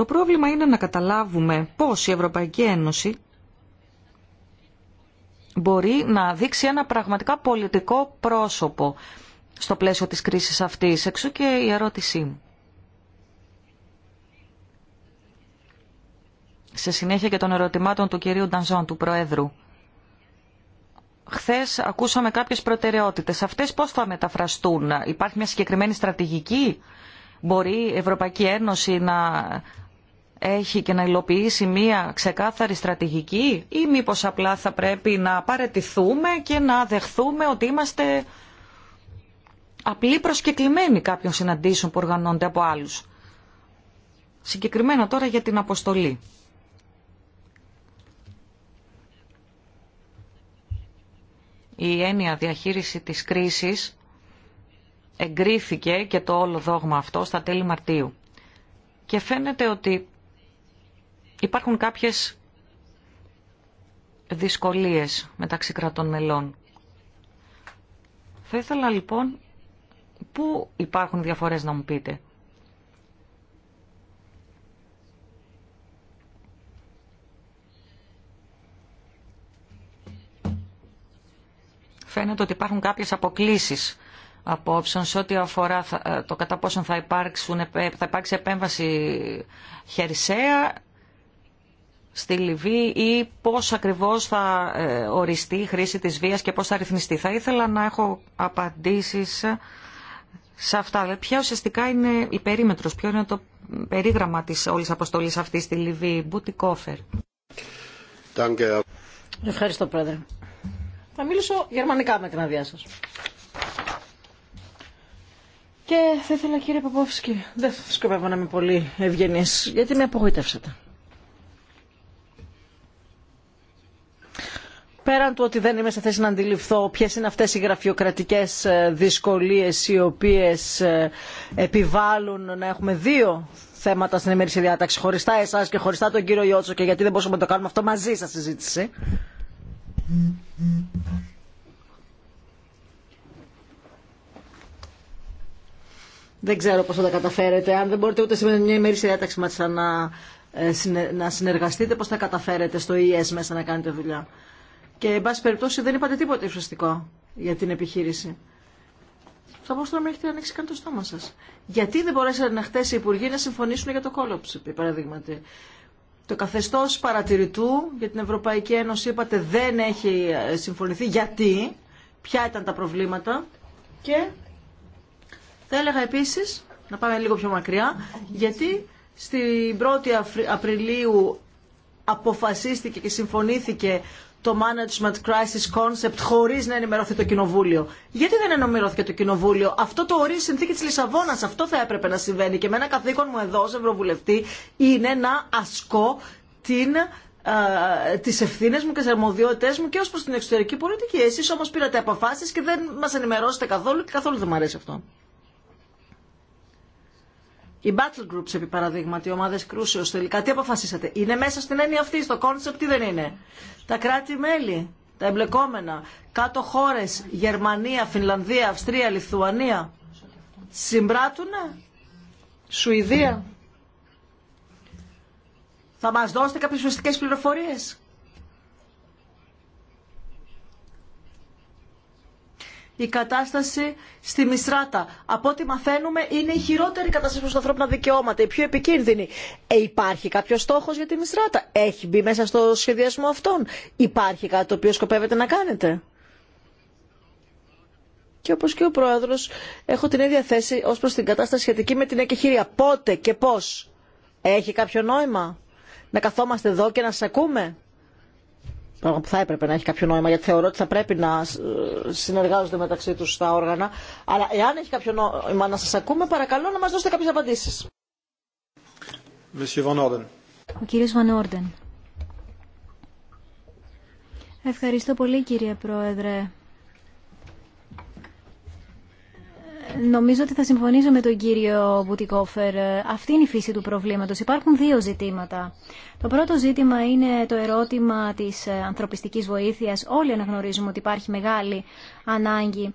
Το πρόβλημα είναι να καταλάβουμε πώς η Ευρωπαϊκή Ένωση μπορεί να δείξει ένα πραγματικά πολιτικό πρόσωπο στο πλαίσιο της κρίσης αυτής. Εξού και η ερώτησή μου. Σε συνέχεια και των ερωτημάτων του κυρίου Ντανζόν, του Προέδρου. Χθες ακούσαμε κάποιες προτεραιότητες. Αυτές πώς θα μεταφραστούν. Υπάρχει μια συγκεκριμένη στρατηγική. Μπορεί η Ευρωπαϊκή Ένωση να έχει και να υλοποιήσει μία ξεκάθαρη στρατηγική ή μήπως απλά θα πρέπει να παρετηθούμε και να δεχθούμε ότι είμαστε απλοί προσκεκλημένοι κάποιων συναντήσεων που οργανώνται από άλλους. Συγκεκριμένα τώρα για την αποστολή. Η έννοια διαχείριση της κρίσης εγκρίθηκε και το όλο δόγμα αυτό στα τέλη Μαρτίου. Και φαίνεται ότι Υπάρχουν κάποιες δυσκολίες μεταξύ κρατών μελών. Θα ήθελα λοιπόν, πού υπάρχουν διαφορές να μου πείτε. Φαίνεται ότι υπάρχουν κάποιες αποκλήσεις απόψεων σε ό,τι αφορά ε, το κατά πόσον θα, θα υπάρξει επέμβαση χερσαία στη Λιβύη ή πώς ακριβώς θα ε, οριστεί η χρήση της βίας και πώς θα ρυθμιστεί. Θα ήθελα να έχω απαντήσεις σε αυτά. Ποια ουσιαστικά είναι η περίμετρος, ποιο είναι το περίγραμμα της όλης αποστολής αυτής στη Λιβύη. Μπούτι Κόφερ. Ευχαριστώ πρόεδρε. Θα μιλήσω γερμανικά με την αδειά σας. Και θα ήθελα κύριε Παπόφσκι, δεν σκοπεύω να είμαι πολύ ευγενής, γιατί με απογοητεύσατε. πέραν του ότι δεν είμαι σε θέση να αντιληφθώ ποιες είναι αυτές οι γραφειοκρατικές ε, δυσκολίες οι οποίες ε, επιβάλλουν να έχουμε δύο θέματα στην ημερήσια διάταξη, χωριστά εσά και χωριστά τον κύριο Ιώτσο και γιατί δεν μπορούσαμε να το κάνουμε αυτό μαζί σα συζήτηση. Δεν ξέρω πώς θα τα καταφέρετε. Αν δεν μπορείτε ούτε σε μια ημερήσια διάταξη να, ε, να συνεργαστείτε, πώς θα καταφέρετε στο ΙΕΣ e μέσα να κάνετε δουλειά. Και, εν πάση περιπτώσει, δεν είπατε τίποτα ουσιαστικό για την επιχείρηση. Θα μπορούσατε να μην έχετε ανοίξει καν το στόμα σα. Γιατί δεν μπορέσατε χτε οι υπουργοί να συμφωνήσουν για το κόλοψη, παραδείγματι. Το καθεστώ παρατηρητού για την Ευρωπαϊκή Ένωση, είπατε, δεν έχει ε, συμφωνηθεί. Γιατί, ποια ήταν τα προβλήματα. Και θα έλεγα επίση, να πάμε λίγο πιο μακριά, γιατί στην 1η Απριλίου αποφασίστηκε και συμφωνήθηκε το management crisis concept χωρίς να ενημερωθεί το κοινοβούλιο. Γιατί δεν ενημερώθηκε το κοινοβούλιο. Αυτό το ορίζει η συνθήκη τη Λισαβόνα, Αυτό θα έπρεπε να συμβαίνει. Και με ένα καθήκον μου εδώ ω Ευρωβουλευτή είναι να ασκώ την ε, τις ευθύνες μου και τι αρμοδιότητες μου και ως προς την εξωτερική πολιτική. Εσείς όμως πήρατε αποφάσεις και δεν μας ενημερώσετε καθόλου και καθόλου δεν μου αρέσει αυτό. Οι battle groups, επί παραδείγματι, οι ομάδε κρούσεω τελικά, τι αποφασίσατε. Είναι μέσα στην έννοια αυτή, στο concept, τι δεν είναι. Τα κράτη-μέλη, τα εμπλεκόμενα, κάτω χώρε, Γερμανία, Φινλανδία, Αυστρία, Λιθουανία, συμπράττουνε. Σουηδία. Θα μας δώσετε κάποιες ουσιαστικές πληροφορίες. η κατάσταση στη Μισράτα. Από ό,τι μαθαίνουμε είναι η χειρότερη κατάσταση προ τα ανθρώπινα δικαιώματα, η πιο επικίνδυνη. Ε, υπάρχει κάποιο στόχος για τη Μισράτα. Έχει μπει μέσα στο σχεδιασμό αυτών. Υπάρχει κάτι το οποίο σκοπεύετε να κάνετε. Και όπως και ο Πρόεδρος έχω την ίδια θέση ως προς την κατάσταση σχετική με την εκεχηρία. Πότε και πώ Έχει κάποιο νόημα να καθόμαστε εδώ και να σα ακούμε πράγμα που θα έπρεπε να έχει κάποιο νόημα, γιατί θεωρώ ότι θα πρέπει να συνεργάζονται μεταξύ του τα όργανα. Αλλά εάν έχει κάποιο νόημα να σας ακούμε, παρακαλώ να μας δώσετε κάποιες απαντήσεις. Ο κύριος Βαν Ευχαριστώ πολύ κύριε Πρόεδρε. Νομίζω ότι θα συμφωνήσω με τον κύριο Μπουτικόφερ. Αυτή είναι η φύση του προβλήματος. Υπάρχουν δύο ζητήματα. Το πρώτο ζήτημα είναι το ερώτημα της ανθρωπιστικής βοήθειας. Όλοι αναγνωρίζουμε ότι υπάρχει μεγάλη ανάγκη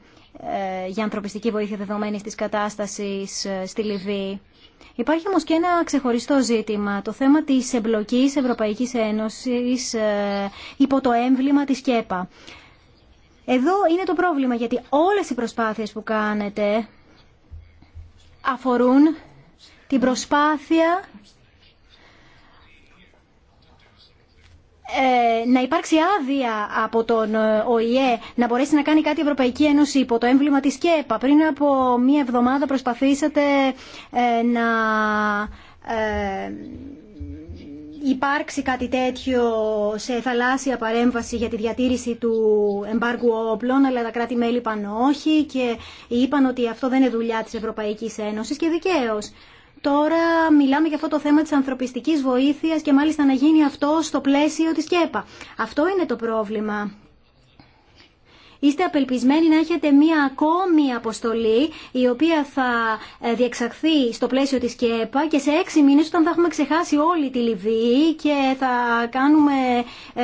ε, για ανθρωπιστική βοήθεια δεδομένης της κατάστασης ε, στη Λιβύη. Υπάρχει όμως και ένα ξεχωριστό ζήτημα, το θέμα της εμπλοκής Ευρωπαϊκής Ένωσης ε, υπό το έμβλημα της ΚΕΠΑ. Εδώ είναι το πρόβλημα, γιατί όλες οι προσπάθειες που κάνετε αφορούν την προσπάθεια ε, να υπάρξει άδεια από τον ε, ΟΗΕ να μπορέσει να κάνει κάτι η Ευρωπαϊκή Ένωση υπό το έμβλημα της ΚΕΠΑ. Πριν από μία εβδομάδα προσπαθήσατε ε, να υπάρξει κάτι τέτοιο σε θαλάσσια παρέμβαση για τη διατήρηση του εμπάργου όπλων, αλλά τα κράτη-μέλη είπαν όχι και είπαν ότι αυτό δεν είναι δουλειά της Ευρωπαϊκής Ένωσης και δικαίω. Τώρα μιλάμε για αυτό το θέμα της ανθρωπιστικής βοήθειας και μάλιστα να γίνει αυτό στο πλαίσιο της ΚΕΠΑ. Αυτό είναι το πρόβλημα. Είστε απελπισμένοι να έχετε μία ακόμη αποστολή η οποία θα ε, διεξαχθεί στο πλαίσιο της ΚΕΠΑ και σε έξι μήνες όταν θα έχουμε ξεχάσει όλη τη Λιβύη και θα κάνουμε ε,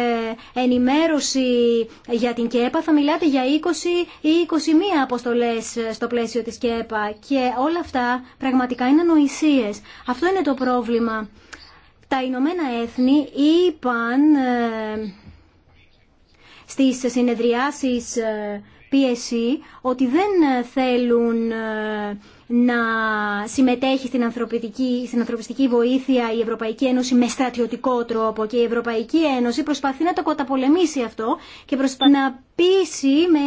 ενημέρωση για την ΚΕΠΑ θα μιλάτε για 20 ή 21 αποστολές ε, στο πλαίσιο της ΚΕΠΑ και όλα αυτά πραγματικά είναι νοησίες. Αυτό είναι το πρόβλημα. Τα Ηνωμένα Έθνη είπαν στις συνεδριάσεις ε, PSE ότι δεν ε, θέλουν ε, να συμμετέχει στην, ανθρωπιστική, στην ανθρωπιστική βοήθεια η Ευρωπαϊκή Ένωση με στρατιωτικό τρόπο και η Ευρωπαϊκή Ένωση προσπαθεί να το καταπολεμήσει αυτό και προσπαθεί να πείσει με...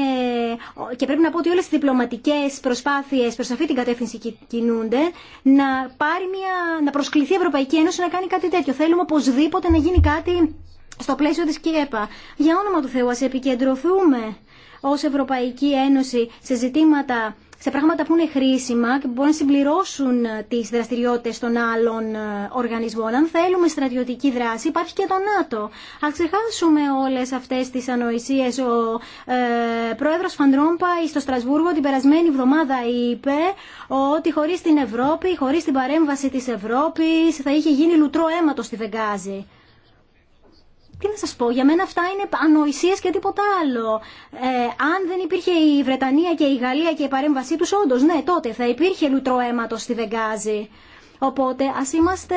και πρέπει να πω ότι όλες οι διπλωματικές προσπάθειες προς αυτή την κατεύθυνση κινούνται να, πάρει μια... να προσκληθεί η Ευρωπαϊκή Ένωση να κάνει κάτι τέτοιο. Θέλουμε οπωσδήποτε να γίνει κάτι στο πλαίσιο της ΚΕΠΑ. Για όνομα του Θεού, ας επικεντρωθούμε ως Ευρωπαϊκή Ένωση σε ζητήματα σε πράγματα που είναι χρήσιμα και που μπορούν να συμπληρώσουν τι δραστηριότητε των άλλων ε, οργανισμών. Αν θέλουμε στρατιωτική δράση, υπάρχει και το ΝΑΤΟ. Α ξεχάσουμε όλε αυτέ τι ανοησίε. Ο ε, πρόεδρο Φαντρόμπα στο Στρασβούργο την περασμένη εβδομάδα είπε ότι χωρί την Ευρώπη, χωρί την παρέμβαση τη Ευρώπη, θα είχε γίνει λουτρό αίματο στη Βεγγάζη τι να σα πω, για μένα αυτά είναι ανοησίες και τίποτα άλλο. Ε, αν δεν υπήρχε η Βρετανία και η Γαλλία και η παρέμβασή του όντω, ναι, τότε θα υπήρχε λουτρό αίματο στη Βεγγάζη. Οπότε, α είμαστε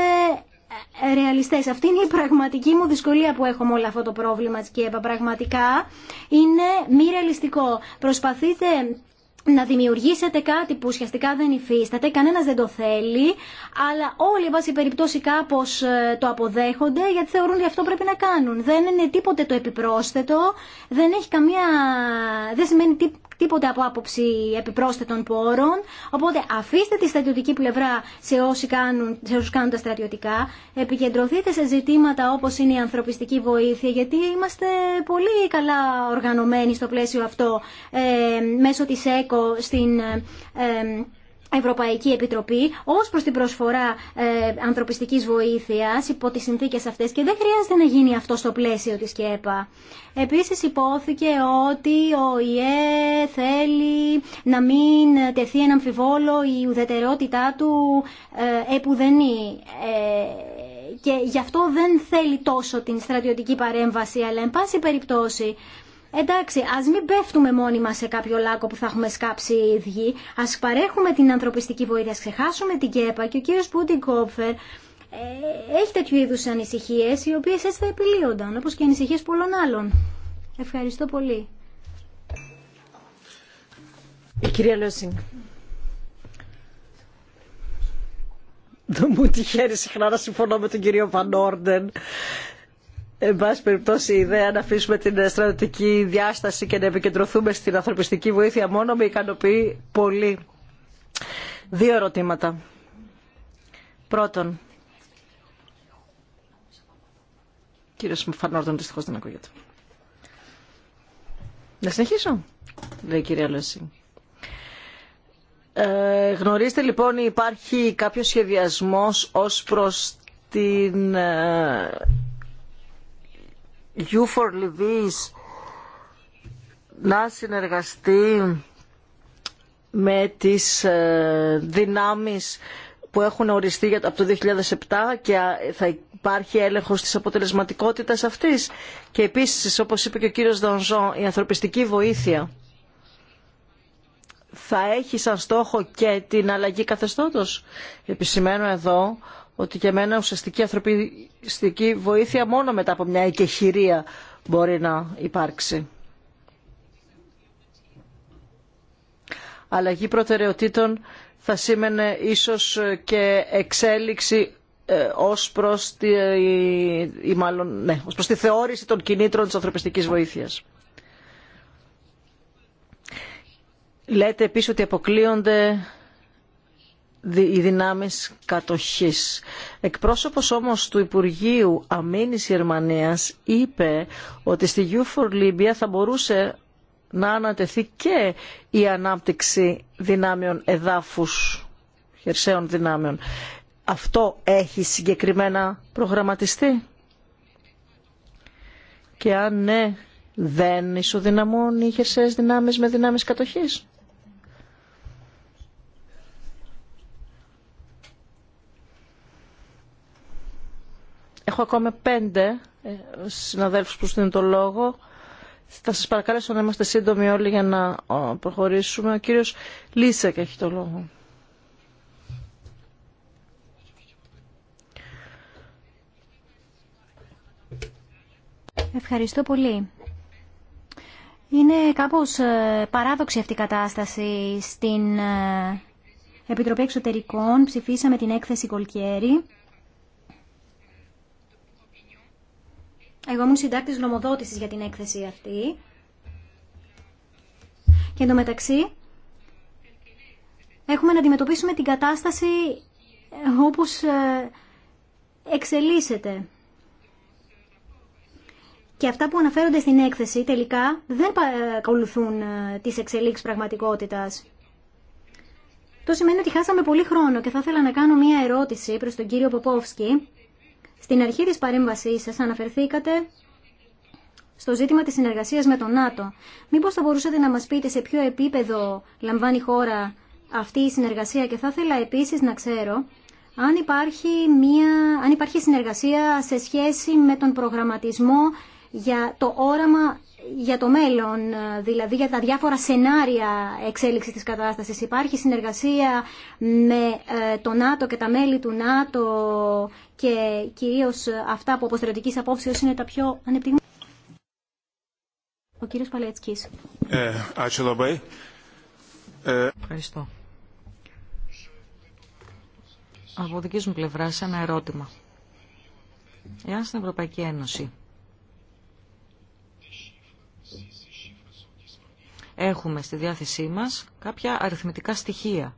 ε, ρεαλιστές. Αυτή είναι η πραγματική μου δυσκολία που έχω με όλο αυτό το πρόβλημα τη ΚΕΠΑ. Πραγματικά είναι μη ρεαλιστικό. Προσπαθείτε να δημιουργήσετε κάτι που ουσιαστικά δεν υφίσταται, κανένας δεν το θέλει, αλλά όλοι βάσει περιπτώσει κάπως ε, το αποδέχονται γιατί θεωρούν ότι αυτό πρέπει να κάνουν. Δεν είναι τίποτε το επιπρόσθετο, δεν, έχει καμία, δεν σημαίνει τίποτα από άποψη επιπρόσθετων πόρων. Οπότε αφήστε τη στρατιωτική πλευρά σε, όσοι κάνουν, σε όσους κάνουν τα στρατιωτικά. Επικεντρωθείτε σε ζητήματα όπως είναι η ανθρωπιστική βοήθεια, γιατί είμαστε πολύ καλά οργανωμένοι στο πλαίσιο αυτό ε, μέσω της ΕΚΟ στην... Ε, Ευρωπαϊκή Επιτροπή ως προς την προσφορά ε, ανθρωπιστικής βοήθειας υπό τις συνθήκες αυτές και δεν χρειάζεται να γίνει αυτό στο πλαίσιο της ΚΕΠΑ. Επίσης υπόθηκε ότι ο ΙΕ θέλει να μην τεθεί ένα αμφιβόλο η ουδετερότητά του ε, επουδενή. Ε, και γι' αυτό δεν θέλει τόσο την στρατιωτική παρέμβαση, αλλά εν πάση περιπτώσει Εντάξει, ας μην πέφτουμε μόνοι μας σε κάποιο λάκκο που θα έχουμε σκάψει οι ίδιοι. Ας παρέχουμε την ανθρωπιστική βοήθεια, ας ξεχάσουμε την ΚΕΠΑ και ο κύριος Μπούντιγκόφερ ε, έχει τέτοιου είδους ανησυχίες οι οποίες έτσι θα επιλύονταν, όπως και ανησυχίες πολλών άλλων. Ευχαριστώ πολύ. Η κυρία Λόσινγκ. Δεν μου τυχαίνει συχνά να συμφωνώ με τον κύριο Εν πάση περιπτώσει, η ιδέα να αφήσουμε την ε, στρατιωτική διάσταση και να επικεντρωθούμε στην ανθρωπιστική βοήθεια μόνο με ικανοποιεί πολύ. Δύο ερωτήματα. Πρώτον, κύριος Φανόρδον δυστυχώς δεν ακούγεται. Να συνεχίσω, λέει η κυρία Λεσί. Ε, γνωρίστε λοιπόν υπάρχει κάποιος σχεδιασμός ως προς την ε, U4 να συνεργαστεί με τις ε, δυνάμεις που έχουν οριστεί από το 2007 και ε, θα υπάρχει έλεγχος της αποτελεσματικότητας αυτής. Και επίσης, όπως είπε και ο κύριος Δονζόν, η ανθρωπιστική βοήθεια θα έχει σαν στόχο και την αλλαγή καθεστώτος. Επισημαίνω εδώ ότι για μένα ουσιαστική ανθρωπιστική βοήθεια μόνο μετά από μια εκεχηρία μπορεί να υπάρξει. Αλλαγή προτεραιοτήτων θα σήμαινε ίσως και εξέλιξη ε, ως προς τη, ή μάλλον, ναι, ως προς τη θεώρηση των κινήτρων της ανθρωπιστικής βοήθειας. Λέτε επίσης ότι αποκλείονται οι δυνάμεις κατοχής. Εκπρόσωπος όμως του Υπουργείου Αμήνης Γερμανίας είπε ότι στη U4 θα μπορούσε να ανατεθεί και η ανάπτυξη δυνάμεων εδάφους, χερσαίων δυνάμεων. Αυτό έχει συγκεκριμένα προγραμματιστεί. Και αν ναι, δεν ισοδυναμώνει οι χερσαίες δυνάμεις με δυνάμεις κατοχής. Έχω ακόμα πέντε ε, συναδέλφους που στείλουν το λόγο. Θα σας παρακαλέσω να είμαστε σύντομοι όλοι για να προχωρήσουμε. Ο κύριος Λίσεκ έχει το λόγο. Ευχαριστώ πολύ. Είναι κάπως ε, παράδοξη αυτή η κατάσταση στην ε, Επιτροπή Εξωτερικών. Ψηφίσαμε την έκθεση Κολκιέρη Εγώ ήμουν συντάκτης γνωμοδότησης για την έκθεση αυτή. Και εντωμεταξύ έχουμε να αντιμετωπίσουμε την κατάσταση όπως ε, εξελίσσεται. Και αυτά που αναφέρονται στην έκθεση τελικά δεν ε, ακολουθούν ε, τις εξελίξει πραγματικότητας. Το σημαίνει ότι χάσαμε πολύ χρόνο και θα ήθελα να κάνω μία ερώτηση προς τον κύριο Ποπόφσκι στην αρχή της παρέμβασής σας αναφερθήκατε στο ζήτημα της συνεργασίας με τον ΝΑΤΟ. Μήπως θα μπορούσατε να μας πείτε σε ποιο επίπεδο λαμβάνει η χώρα αυτή η συνεργασία και θα ήθελα επίσης να ξέρω αν υπάρχει, μια, αν υπάρχει συνεργασία σε σχέση με τον προγραμματισμό για το όραμα για το μέλλον, δηλαδή για τα διάφορα σενάρια εξέλιξης της κατάστασης. Υπάρχει συνεργασία με ε, το ΝΑΤΟ και τα μέλη του ΝΑΤΟ και κυρίως αυτά που από στρατηγικής απόψεως είναι τα πιο ανεπτυγμένα. Ο κύριος Παλαιατσκής. Ε, ε, Ευχαριστώ. Από δική μου πλευρά, ένα ερώτημα. Εάν στην Ευρωπαϊκή Ένωση έχουμε στη διάθεσή μας κάποια αριθμητικά στοιχεία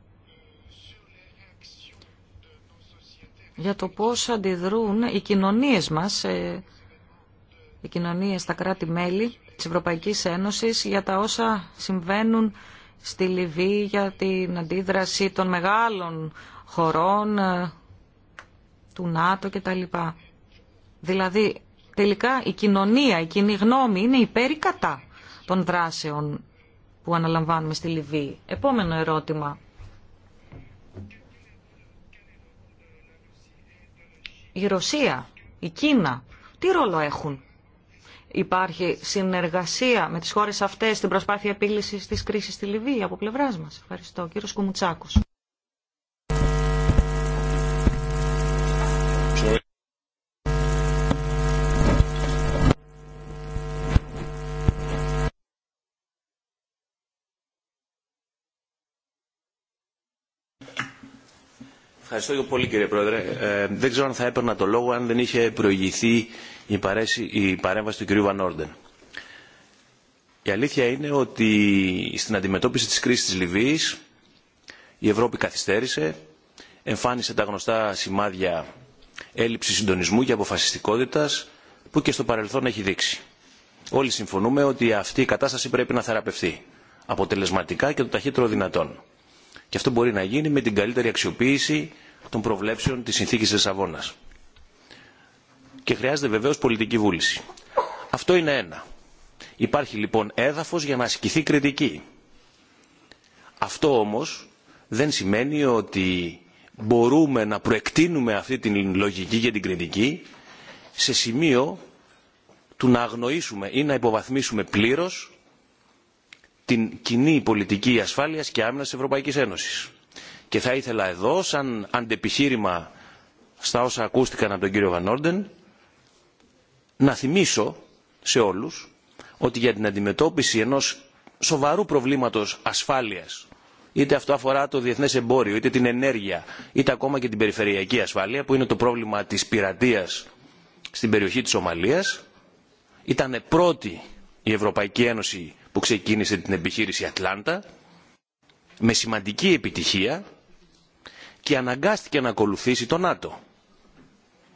για το πώς αντιδρούν οι κοινωνίες μας, ε, οι κοινωνίες στα κράτη-μέλη της Ευρωπαϊκής Ένωσης για τα όσα συμβαίνουν στη Λιβύη, για την αντίδραση των μεγάλων χωρών, ε, του ΝΑΤΟ κτλ. Δηλαδή, τελικά η κοινωνία, η κοινή γνώμη είναι υπέρ ή κατά των δράσεων που αναλαμβάνουμε στη Λιβύη. Επόμενο ερώτημα. Η Ρωσία, η Κίνα, τι ρόλο έχουν. Υπάρχει συνεργασία με τις χώρες αυτές στην προσπάθεια επίλυσης της κρίσης στη Λιβύη από πλευράς μας. Ευχαριστώ. Κύριος Κουμουτσάκος. Ευχαριστώ πολύ κύριε Πρόεδρε. Ε, δεν ξέρω αν θα έπαιρνα το λόγο αν δεν είχε προηγηθεί η, παρέμβαση του κυρίου Βανόρντεν. Η αλήθεια είναι ότι στην αντιμετώπιση της κρίσης της Λιβύης η Ευρώπη καθυστέρησε, εμφάνισε τα γνωστά σημάδια έλλειψη συντονισμού και αποφασιστικότητας που και στο παρελθόν έχει δείξει. Όλοι συμφωνούμε ότι αυτή η κατάσταση πρέπει να θεραπευθεί αποτελεσματικά και το ταχύτερο δυνατόν. Και αυτό μπορεί να γίνει με την καλύτερη αξιοποίηση των προβλέψεων της συνθήκης τη Σαββόνα. Και χρειάζεται βεβαίως πολιτική βούληση. Αυτό είναι ένα. Υπάρχει λοιπόν έδαφος για να ασκηθεί κριτική. Αυτό όμως δεν σημαίνει ότι μπορούμε να προεκτείνουμε αυτή την λογική για την κριτική σε σημείο του να αγνοήσουμε ή να υποβαθμίσουμε πλήρως την κοινή πολιτική ασφάλειας και άμυνας της Ευρωπαϊκής Ένωσης. Και θα ήθελα εδώ, σαν αντεπιχείρημα στα όσα ακούστηκαν από τον κύριο Βανόρντεν, να θυμίσω σε όλους ότι για την αντιμετώπιση ενός σοβαρού προβλήματος ασφάλειας είτε αυτό αφορά το διεθνές εμπόριο, είτε την ενέργεια, είτε ακόμα και την περιφερειακή ασφάλεια που είναι το πρόβλημα της πειρατείας στην περιοχή της Ομαλίας, ήταν πρώτη η Ευρωπαϊκή Ένωση που ξεκίνησε την επιχείρηση Ατλάντα με σημαντική επιτυχία και αναγκάστηκε να ακολουθήσει τον ΝΑΤΟ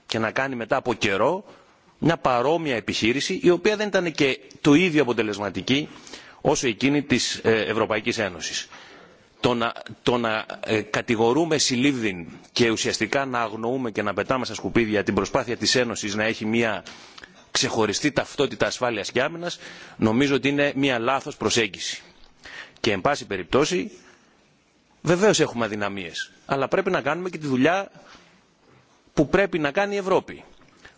και να κάνει μετά από καιρό μια παρόμοια επιχείρηση η οποία δεν ήταν και το ίδιο αποτελεσματική όσο εκείνη της ε, Ευρωπαϊκής Ένωσης. Το να, το ε, κατηγορούμε συλλήβδιν και ουσιαστικά να αγνοούμε και να πετάμε στα σκουπίδια την προσπάθεια της Ένωσης να έχει μια ξεχωριστή ταυτότητα ασφάλειας και άμυνας νομίζω ότι είναι μια λάθος προσέγγιση. Και εν πάση περιπτώσει βεβαίως έχουμε αδυναμίες αλλά πρέπει να κάνουμε και τη δουλειά που πρέπει να κάνει η Ευρώπη.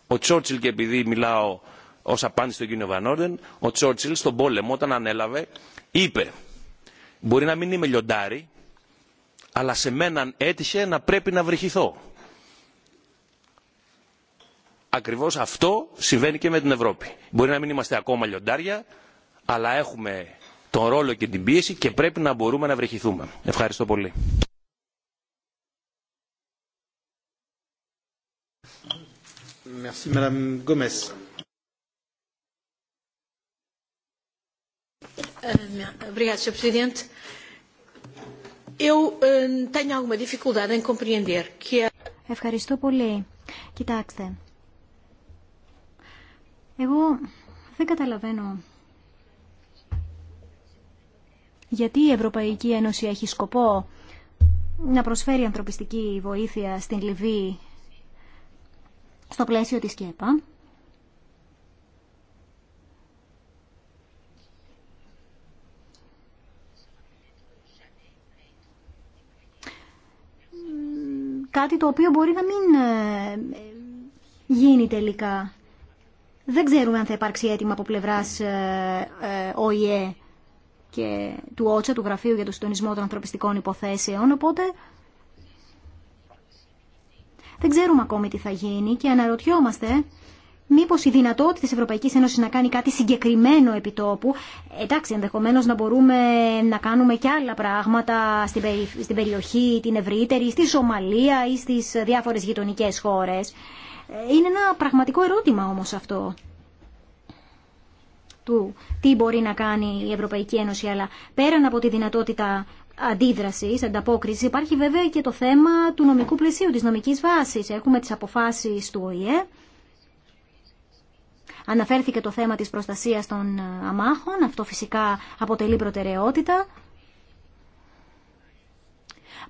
Ο Τσόρτσιλ και επειδή μιλάω ως απάντηση στον κύριο Βανόρντεν, ο Τσόρτσιλ στον πόλεμο όταν ανέλαβε είπε «Μπορεί να μην είμαι λιοντάρι, αλλά σε μέναν έτυχε να πρέπει να βρυχηθώ» Ακριβώς αυτό συμβαίνει και με την Ευρώπη. Μπορεί να μην είμαστε ακόμα λιοντάρια, αλλά έχουμε τον ρόλο και την πίεση και πρέπει να μπορούμε να βρεχηθούμε. Ευχαριστώ πολύ. Merci, Madame eh, Presidente. Eu eh, tenho alguma dificuldade em compreender Ευχαριστώ πολύ. Κοιτάξτε, εγώ δεν καταλαβαίνω γιατί η Ευρωπαϊκή Ένωση έχει σκοπό να προσφέρει ανθρωπιστική βοήθεια στην Λιβύη στο πλαίσιο της ΚΕΠΑ. Κάτι το οποίο μπορεί να μην ε, ε, γίνει τελικά. Δεν ξέρουμε αν θα υπάρξει αίτημα από πλευράς ε, ε, ΟΗΕ και του ΟΤΣΑ, του Γραφείου για το Συντονισμό των Ανθρωπιστικών Υποθέσεων, οπότε δεν ξέρουμε ακόμη τι θα γίνει και αναρωτιόμαστε μήπως η δυνατότητα της Ευρωπαϊκής Ένωσης να κάνει κάτι συγκεκριμένο επιτόπου, εντάξει ενδεχομένως να μπορούμε να κάνουμε και άλλα πράγματα στην περιοχή, την ευρύτερη, στη Σομαλία ή στις διάφορες γειτονικές χώρες, είναι ένα πραγματικό ερώτημα όμως αυτό του τι μπορεί να κάνει η Ευρωπαϊκή Ένωση, αλλά πέραν από τη δυνατότητα αντίδρασης, ανταπόκριση, υπάρχει βέβαια και το θέμα του νομικού πλαισίου, της νομικής βάσης. Έχουμε τις αποφάσεις του ΟΗΕ. Αναφέρθηκε το θέμα της προστασίας των αμάχων, αυτό φυσικά αποτελεί προτεραιότητα.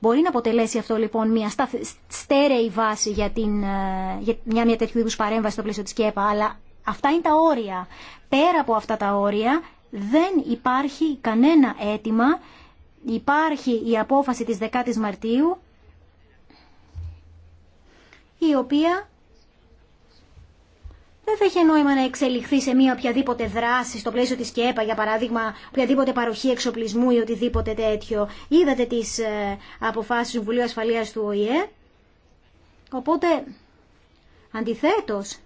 Μπορεί να αποτελέσει αυτό λοιπόν μια στέρεη βάση για, την, ε, για μια, μια τέτοιου είδου παρέμβαση στο πλαίσιο τη ΚΕΠΑ, αλλά αυτά είναι τα όρια. Πέρα από αυτά τα όρια δεν υπάρχει κανένα αίτημα. Υπάρχει η απόφαση της 10ης Μαρτίου η οποία δεν θα είχε νόημα να εξελιχθεί σε μία οποιαδήποτε δράση στο πλαίσιο της ΚΕΠΑ, για παράδειγμα, οποιαδήποτε παροχή εξοπλισμού ή οτιδήποτε τέτοιο. Είδατε τις ε, αποφάσεις του Βουλίου Ασφαλείας του ΟΗΕ. Οπότε, αντιθέτως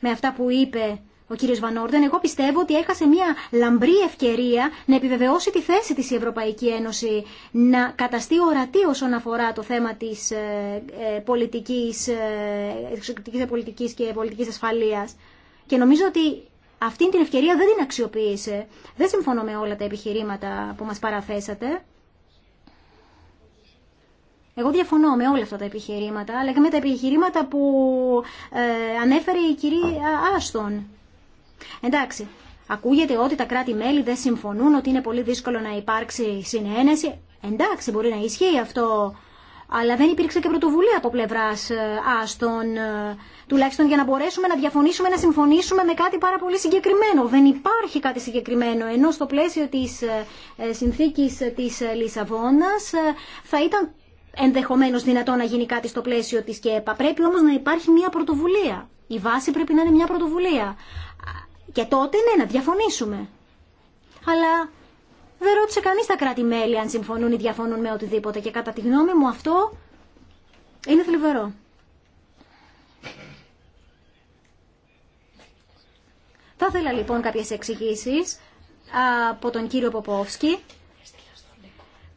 με αυτά που είπε ο κύριος Βανόρντεν, εγώ πιστεύω ότι έχασε μια λαμπρή ευκαιρία να επιβεβαιώσει τη θέση της η Ευρωπαϊκή Ένωση, να καταστεί ορατή όσον αφορά το θέμα της ε, ε, πολιτικής, ε, εξωτερικής πολιτικής και πολιτικής ασφαλείας. Και νομίζω ότι αυτή την ευκαιρία δεν την αξιοποίησε. Δεν συμφωνώ με όλα τα επιχειρήματα που μας παραθέσατε. Εγώ διαφωνώ με όλα αυτά τα επιχειρήματα, αλλά και με τα επιχειρήματα που ανέφερε η κυρία Άστον. Εντάξει, ακούγεται ότι τα κράτη-μέλη δεν συμφωνούν, ότι είναι πολύ δύσκολο να υπάρξει συνένεση. Εντάξει, μπορεί να ισχύει αυτό, αλλά δεν υπήρξε και πρωτοβουλία από πλευρά ε, Άστων ε, τουλάχιστον για να μπορέσουμε να διαφωνήσουμε, να συμφωνήσουμε με κάτι πάρα πολύ συγκεκριμένο. Δεν υπάρχει κάτι συγκεκριμένο, ενώ στο πλαίσιο τη ε, συνθήκη τη Λισαβόνα θα ήταν ενδεχομένω δυνατό να γίνει κάτι στο πλαίσιο τη ΚΕΠΑ. Πρέπει όμω να υπάρχει μια πρωτοβουλία. Η βάση πρέπει να είναι μια πρωτοβουλία. Και τότε ναι, να διαφωνήσουμε. Αλλά δεν ρώτησε κανείς τα κράτη-μέλη αν συμφωνούν ή διαφωνούν με οτιδήποτε. Και κατά τη γνώμη μου αυτό είναι θλιβερό. Θα ήθελα λοιπόν κάποιες εξηγήσει από τον κύριο Ποπόφσκι.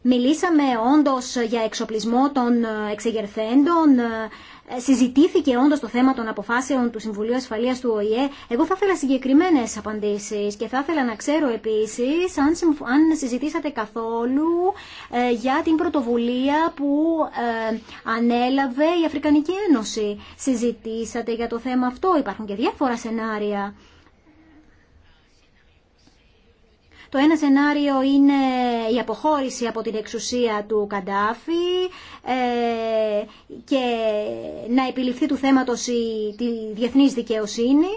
Μιλήσαμε όντως για εξοπλισμό των εξεγερθέντων, συζητήθηκε όντω το θέμα των αποφάσεων του Συμβουλίου Ασφαλεία του ΟΗΕ. Εγώ θα ήθελα συγκεκριμένε απαντήσει και θα ήθελα να ξέρω επίση αν συζητήσατε καθόλου ε, για την πρωτοβουλία που ε, ανέλαβε η Αφρικανική Ένωση. Συζητήσατε για το θέμα αυτό. Υπάρχουν και διάφορα σενάρια. Το ένα σενάριο είναι η αποχώρηση από την εξουσία του Καντάφη ε, και να επιληφθεί του θέματος η, τη διεθνής δικαιοσύνη.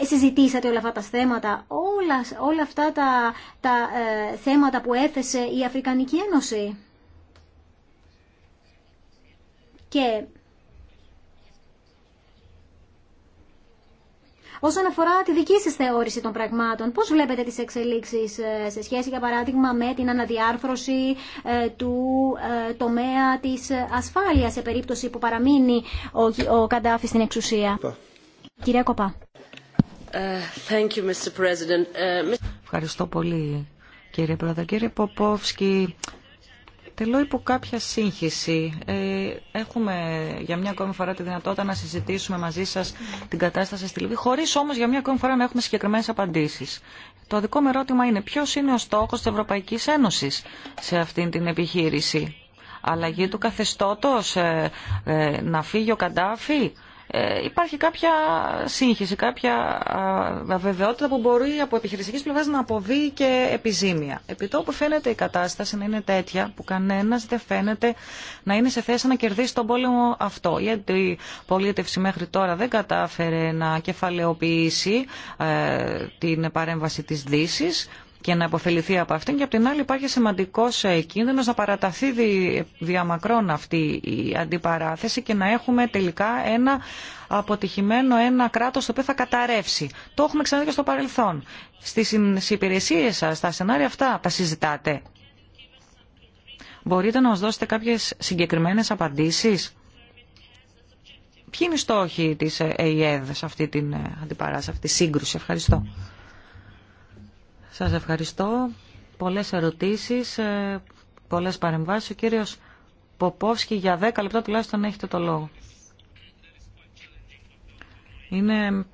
Ε, συζητήσατε όλα αυτά τα θέματα, όλα, όλα αυτά τα, ε, θέματα που έθεσε η Αφρικανική Ένωση. Και Όσον αφορά τη δική σα θεώρηση των πραγμάτων, πώς βλέπετε τις εξελίξεις ε, σε σχέση, για παράδειγμα, με την αναδιάρθρωση ε, του ε, τομέα της ασφάλειας σε περίπτωση που παραμείνει ο, ο Καντάφη στην εξουσία. Κυρία Κοπά. Thank you, Mr. Ευχαριστώ πολύ κύριε Πρόεδρε. Κύριε Ποπόφσκι, Τελώ υπό κάποια σύγχυση. Ε, έχουμε για μια ακόμη φορά τη δυνατότητα να συζητήσουμε μαζί σας την κατάσταση στη Λιβύη, χωρί όμως για μια ακόμη φορά να έχουμε συγκεκριμένες απαντήσεις. Το δικό μου ερώτημα είναι ποιο είναι ο στόχος της Ευρωπαϊκής Ένωσης σε αυτή την επιχείρηση. Αλλαγή του καθεστώτος, ε, ε, να φύγει ο Καντάφη, ε, υπάρχει κάποια σύγχυση, κάποια βεβαιότητα που μπορεί από επιχειρησική πλευρά να αποβεί και επιζήμια. Επί το που φαίνεται η κατάσταση να είναι τέτοια που κανένα δεν φαίνεται να είναι σε θέση να κερδίσει τον πόλεμο αυτό. Γιατί η πολίτευση μέχρι τώρα δεν κατάφερε να κεφαλαιοποιήσει ε, την παρέμβαση τη Δύση και να υποφεληθεί από αυτήν και από την άλλη υπάρχει σημαντικός ε, κίνδυνος να παραταθεί διαμακρών αυτή η αντιπαράθεση και να έχουμε τελικά ένα αποτυχημένο ένα κράτος το οποίο θα καταρρεύσει. Το έχουμε ξαναδεί και στο παρελθόν. Στις υπηρεσίες σας, στα σενάρια αυτά τα συζητάτε. Μπορείτε να μας δώσετε κάποιες συγκεκριμένες απαντήσεις. Ποιοι είναι οι στόχοι της ε, ΕΙΕΔ σε αυτή την ε, αντιπαράσταση, αυτή τη σύγκρουση. Ευχαριστώ. Σας ευχαριστώ. Πολλές ερωτήσεις, ε, πολλές παρεμβάσεις. Ο κύριος Ποπόφσκι για 10 λεπτά τουλάχιστον έχετε το λόγο. Είναι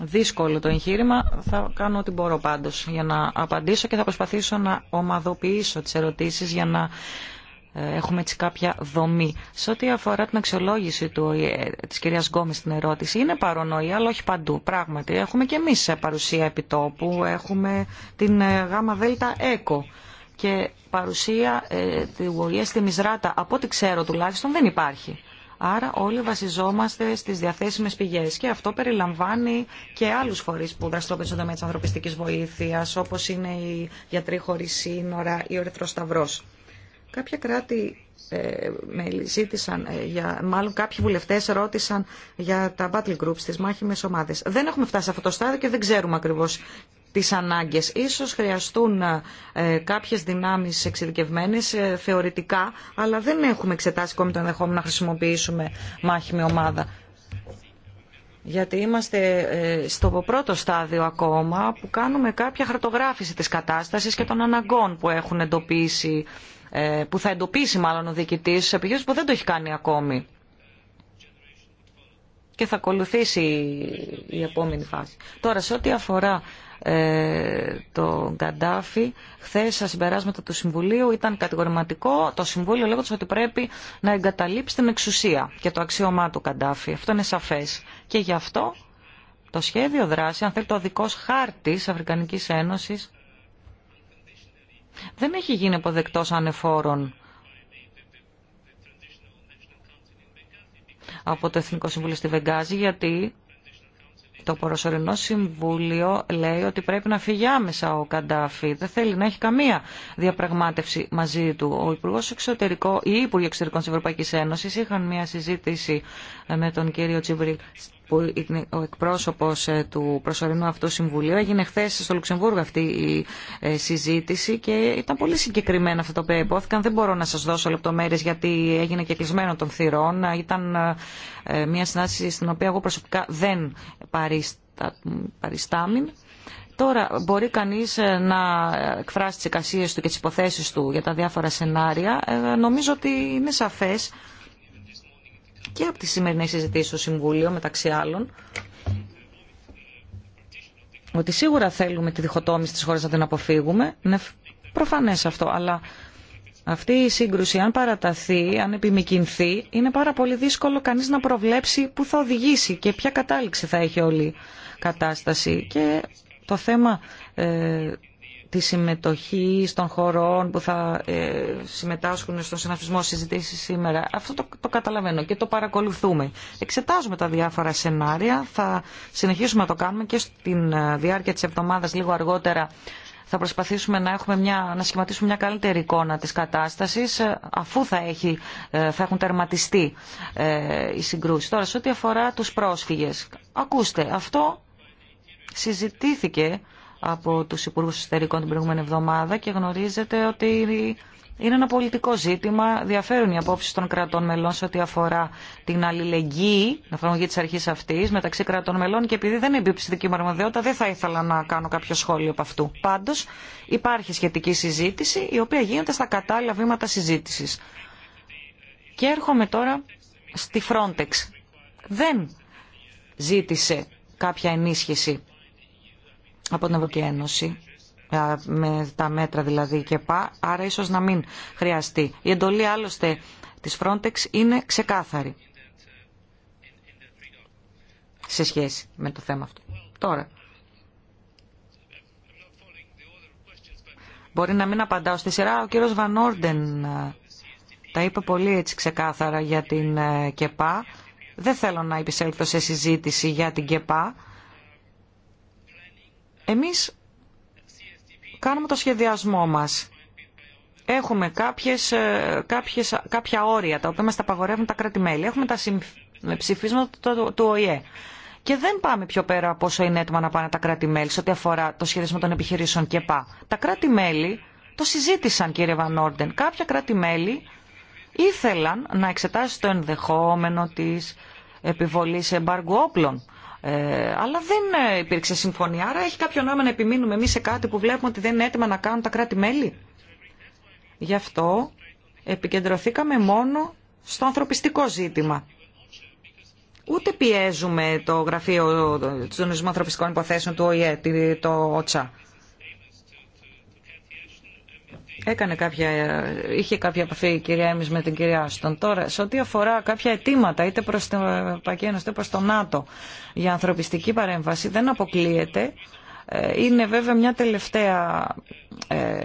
δύσκολο το εγχείρημα. Θα κάνω ό,τι μπορώ πάντως για να απαντήσω και θα προσπαθήσω να ομαδοποιήσω τις ερωτήσεις για να έχουμε έτσι κάποια δομή. Σε ό,τι αφορά την αξιολόγηση του, της κυρίας Γκόμης στην ερώτηση, είναι παρονοή, αλλά όχι παντού. Πράγματι, έχουμε και εμείς παρουσία επιτόπου, έχουμε την ε, γάμα δέλτα ΕΚΟ και παρουσία ε, του ΟΗΕ στη Μισράτα, από ό,τι ξέρω τουλάχιστον, δεν υπάρχει. Άρα όλοι βασιζόμαστε στις διαθέσιμες πηγές και αυτό περιλαμβάνει και άλλους φορείς που δραστηριοποιούνται με τομέα της ανθρωπιστικής βοήθειας, όπως είναι οι γιατροί χωρίς σύνορα ή ο Κάποια κράτη ε, με ζήτησαν, ε, για, μάλλον κάποιοι βουλευτές ρώτησαν για τα battle groups, τις μάχημες ομάδες. Δεν έχουμε φτάσει σε αυτό το στάδιο και δεν ξέρουμε ακριβώς τις ανάγκες. Ίσως χρειαστούν ε, κάποιες δυνάμεις εξειδικευμένες ε, θεωρητικά, αλλά δεν έχουμε εξετάσει ακόμη το ενδεχόμενο να χρησιμοποιήσουμε μάχημη ομάδα. Γιατί είμαστε στο πρώτο στάδιο ακόμα που κάνουμε κάποια χαρτογράφηση της κατάστασης και των αναγκών που έχουν εντοπίσει ε, που θα εντοπίσει μάλλον ο διοικητή σε επιχείρηση που δεν το έχει κάνει ακόμη. Και θα ακολουθήσει η επόμενη φάση. Τώρα, σε ό,τι αφορά ε, τον Γκαντάφη, χθε στα συμπεράσματα του Συμβουλίου ήταν κατηγορηματικό το Συμβούλιο λέγοντα ότι πρέπει να εγκαταλείψει την εξουσία και το αξίωμά του Καντάφη. Αυτό είναι σαφέ. Και γι' αυτό το σχέδιο δράση, αν θέλει το δικό χάρτη Αφρικανική Ένωση, δεν έχει γίνει αποδεκτός ανεφόρον από το Εθνικό Συμβούλιο στη Βεγγάζη γιατί το προσωρινό συμβούλιο λέει ότι πρέπει να φύγει άμεσα ο Καντάφη. Δεν θέλει να έχει καμία διαπραγμάτευση μαζί του. Ο Υπουργό Εξωτερικών ή οι Υπουργοί Εξωτερικών τη Ευρωπαϊκή Ένωση είχαν μια συζήτηση με τον κύριο Τσιμπρίλ που είναι ο εκπρόσωπος ε, του προσωρινού αυτού συμβουλίου. Έγινε χθε στο Λουξεμβούργο αυτή η ε, συζήτηση και ήταν πολύ συγκεκριμένα αυτά τα οποία υπόθηκαν. Δεν μπορώ να σας δώσω λεπτομέρειες γιατί έγινε και κλεισμένο των θυρών. Ήταν ε, μια συνάντηση στην οποία εγώ προσωπικά δεν παριστα... Τώρα μπορεί κανείς να εκφράσει τις εικασίες του και τις υποθέσεις του για τα διάφορα σενάρια. Νομίζω ότι είναι σαφές και από τις σημερινές συζητήσεις στο Συμβούλιο μεταξύ άλλων ότι σίγουρα θέλουμε τη διχοτόμηση της χώρας να την αποφύγουμε. Είναι προφανές αυτό, αλλά αυτή η σύγκρουση αν παραταθεί, αν επιμηκυνθεί, είναι πάρα πολύ δύσκολο κανείς να προβλέψει που θα οδηγήσει και ποια κατάληξη θα έχει όλη η κατάσταση. Και το θέμα ε, τη συμμετοχή των χωρών που θα ε, συμμετάσχουν στον συναφισμό συζητήσει σήμερα. Αυτό το, το καταλαβαίνω και το παρακολουθούμε. Εξετάζουμε τα διάφορα σενάρια, θα συνεχίσουμε να το κάνουμε και στην ε, διάρκεια της εβδομάδας λίγο αργότερα θα προσπαθήσουμε να, έχουμε μια, να σχηματίσουμε μια καλύτερη εικόνα της κατάστασης ε, αφού θα, έχει, ε, θα έχουν τερματιστεί ε, οι συγκρούσεις. Τώρα, σε ό,τι αφορά τους πρόσφυγες, ακούστε, αυτό συζητήθηκε από τους Υπουργούς Εσωτερικών την προηγούμενη εβδομάδα και γνωρίζετε ότι είναι ένα πολιτικό ζήτημα. Διαφέρουν οι απόψει των κρατών μελών σε ό,τι αφορά την αλληλεγγύη, την εφαρμογή τη αρχή αυτή μεταξύ κρατών μελών και επειδή δεν εμπίπτει δική μου αρμοδιότητα, δεν θα ήθελα να κάνω κάποιο σχόλιο από αυτού. Πάντω, υπάρχει σχετική συζήτηση, η οποία γίνεται στα κατάλληλα βήματα συζήτηση. Και έρχομαι τώρα στη Frontex. Δεν ζήτησε κάποια ενίσχυση από την Ευρωπαϊκή Ένωση με τα μέτρα δηλαδή και πά, άρα ίσως να μην χρειαστεί. Η εντολή άλλωστε της Frontex είναι ξεκάθαρη σε σχέση με το θέμα αυτό. Τώρα, μπορεί να μην απαντάω στη σειρά, ο κύριος Βανόρντεν τα είπε πολύ έτσι ξεκάθαρα για την ε, ΚΕΠΑ. Δεν θέλω να επισέλθω σε συζήτηση για την ΚΕΠΑ εμείς κάνουμε το σχεδιασμό μας. Έχουμε κάποιες, ε, κάποιες, κάποια όρια τα οποία μας τα απαγορεύουν τα κράτη-μέλη. Έχουμε τα ψηφίσματα του ΟΗΕ. Και δεν πάμε πιο πέρα από όσο είναι έτοιμα να πάνε τα κράτη-μέλη σε ό,τι αφορά το σχεδιασμό των επιχειρήσεων και πά. Τα κράτη-μέλη το συζήτησαν, κύριε Βανόρντεν. Κάποια κράτη-μέλη ήθελαν να εξετάσει το ενδεχόμενο της επιβολής εμπάργου όπλων ε, αλλά δεν ε, υπήρξε συμφωνία. Άρα έχει κάποιο νόημα να επιμείνουμε εμεί σε κάτι που βλέπουμε ότι δεν είναι έτοιμα να κάνουν τα κράτη-μέλη. Γι' αυτό επικεντρωθήκαμε μόνο στο ανθρωπιστικό ζήτημα. Ούτε πιέζουμε το γραφείο του Ανθρωπιστικών Υποθέσεων του ΟΗΕ, το ΟΤΣΑ. Έκανε κάποια, είχε κάποια επαφή η κυρία Έμις με την κυρία Άστον. Τώρα, σε ό,τι αφορά κάποια αιτήματα, είτε προς την Ευρωπαϊκή Ένωση, είτε προς το ΝΑΤΟ, για ανθρωπιστική παρέμβαση, δεν αποκλείεται. Ε, είναι βέβαια μια τελευταία ε,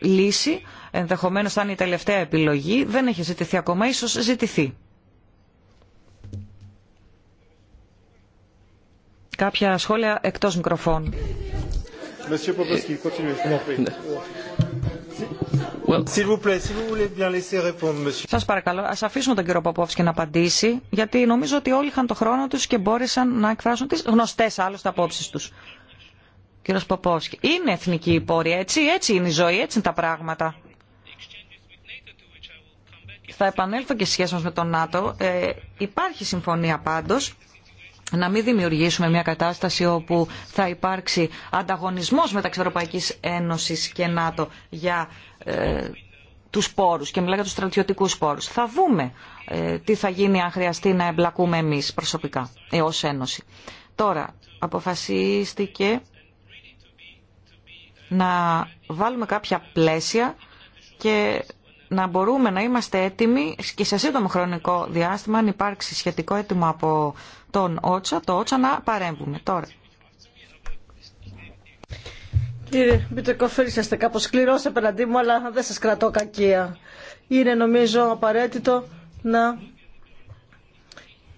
λύση, ενδεχομένως θα είναι η τελευταία επιλογή. Δεν έχει ζητηθεί ακόμα, ίσως ζητηθεί. Κάποια σχόλια εκτός μικροφώνου. Σας παρακαλώ, ας αφήσουμε τον κύριο Παπόφσκι να απαντήσει, γιατί νομίζω ότι όλοι είχαν το χρόνο τους και μπόρεσαν να εκφράσουν τις γνωστές άλλωστε απόψεις τους. Κύριος Παπόφσκι, είναι εθνική η πόρια, έτσι, έτσι είναι η ζωή, έτσι είναι τα πράγματα. Θα επανέλθω και σχέση μας με τον ΝΑΤΟ. Ε, υπάρχει συμφωνία πάντως να μην δημιουργήσουμε μια κατάσταση όπου θα υπάρξει ανταγωνισμός μεταξύ Ευρωπαϊκής Ένωσης και ΝΑΤΟ για του ε, τους πόρους και μιλάω για τους στρατιωτικούς πόρους. Θα δούμε ε, τι θα γίνει αν χρειαστεί να εμπλακούμε εμείς προσωπικά ε, ως Ένωση. Τώρα, αποφασίστηκε να βάλουμε κάποια πλαίσια και να μπορούμε να είμαστε έτοιμοι και σε σύντομο χρονικό διάστημα αν υπάρξει σχετικό έτοιμο από τον Ότσα, το Ότσα να παρέμβουμε. Τώρα, Κύριε Μπιτεκόφερ, είσαστε κάπως σκληρός απέναντί μου, αλλά δεν σας κρατώ κακία. Είναι νομίζω απαραίτητο να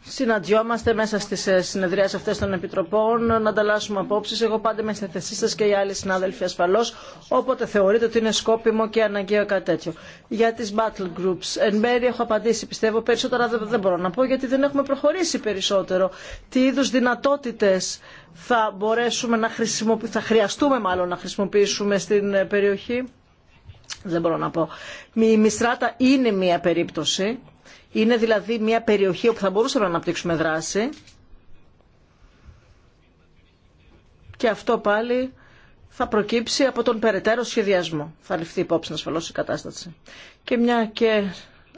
συναντιόμαστε μέσα στι ε, συνεδρίε αυτέ των επιτροπών, να ανταλλάσσουμε απόψει. Εγώ πάντα είμαι στη θέση σα και οι άλλοι συνάδελφοι ασφαλώ, όποτε θεωρείτε ότι είναι σκόπιμο και αναγκαίο κάτι τέτοιο. Για τι battle groups, εν μέρει έχω απαντήσει πιστεύω, περισσότερα δεν μπορώ να πω γιατί δεν έχουμε προχωρήσει περισσότερο. Τι είδου δυνατότητε θα μπορέσουμε να χρησιμοποιήσουμε, θα χρειαστούμε μάλλον να χρησιμοποιήσουμε στην ε, περιοχή. Δεν μπορώ να πω. Η Μιστράτα είναι μία περίπτωση είναι δηλαδή μια περιοχή όπου θα μπορούσαμε να αναπτύξουμε δράση και αυτό πάλι θα προκύψει από τον περαιτέρω σχεδιασμό. Θα ληφθεί υπόψη ασφαλώς η κατάσταση. Και μια και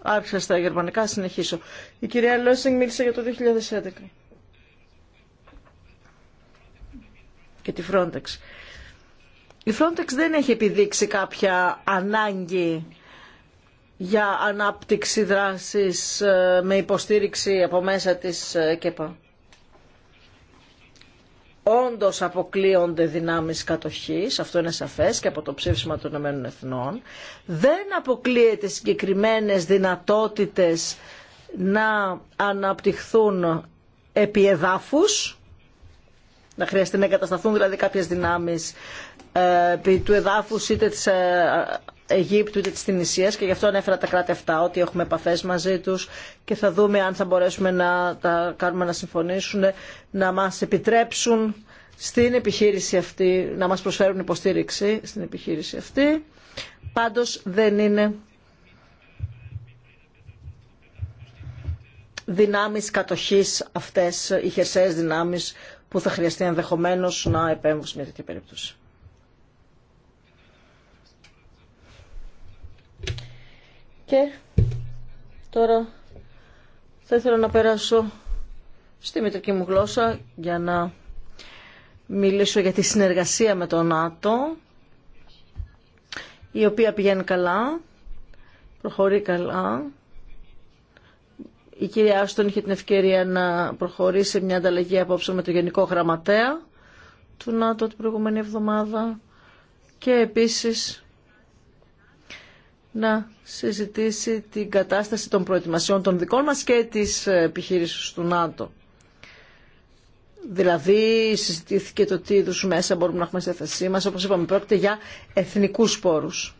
άρχισα στα γερμανικά, συνεχίσω. Η κυρία Λόσινγκ μίλησε για το 2011 και τη Frontex. Η Frontex δεν έχει επιδείξει κάποια ανάγκη για ανάπτυξη δράσης ε, με υποστήριξη από μέσα της ε, ΚΕΠΑ. Όντως αποκλείονται δυνάμεις κατοχής, αυτό είναι σαφές και από το ψήφισμα των Ηνωμένων Εθνών. Δεν αποκλείεται συγκεκριμένες δυνατότητες να αναπτυχθούν επί εδάφους, να χρειαστεί να εγκατασταθούν δηλαδή κάποιες δυνάμεις ε, του εδάφους είτε της Αιγύπτου είτε της Τινησίας και γι' αυτό ανέφερα τα κράτη αυτά ότι έχουμε επαφές μαζί τους και θα δούμε αν θα μπορέσουμε να τα κάνουμε να συμφωνήσουν, να μας επιτρέψουν στην επιχείρηση αυτή, να μας προσφέρουν υποστήριξη στην επιχείρηση αυτή. Πάντως δεν είναι δυνάμεις κατοχής αυτές οι χερσαίες δυνάμεις που θα χρειαστεί ενδεχομένως να επέμβουν σε μια τέτοια περίπτωση. Και τώρα θα ήθελα να περάσω στη μητρική μου γλώσσα για να μιλήσω για τη συνεργασία με τον ΝΑΤΟ η οποία πηγαίνει καλά, προχωρεί καλά. Η κυρία Άστον είχε την ευκαιρία να προχωρήσει μια ανταλλαγή απόψε με το Γενικό Γραμματέα του ΝΑΤΟ την προηγούμενη εβδομάδα και επίσης να συζητήσει την κατάσταση των προετοιμασιών των δικών μας και της επιχείρησης του ΝΑΤΟ. Δηλαδή συζητήθηκε το τι είδους μέσα μπορούμε να έχουμε στη θέση μας. Όπως είπαμε πρόκειται για εθνικούς πόρους.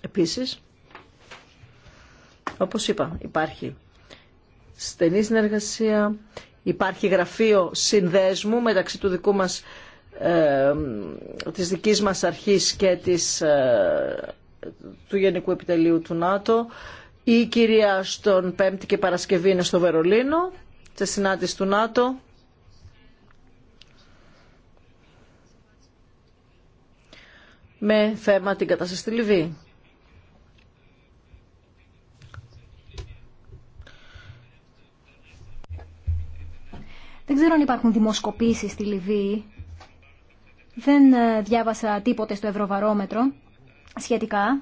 Επίσης, όπως είπα, υπάρχει στενή συνεργασία Υπάρχει γραφείο συνδέσμου μεταξύ του δικού μας, ε, της δικής μας αρχής και της, ε, του Γενικού Επιτελείου του ΝΑΤΟ. Η κυρία στον Πέμπτη και Παρασκευή είναι στο Βερολίνο, σε συνάντηση του ΝΑΤΟ. με θέμα την κατάσταση στη Λιβύη. Δεν ξέρω αν υπάρχουν δημοσκοπήσεις στη Λιβύη. Δεν ε, διάβασα τίποτε στο Ευρωβαρόμετρο σχετικά.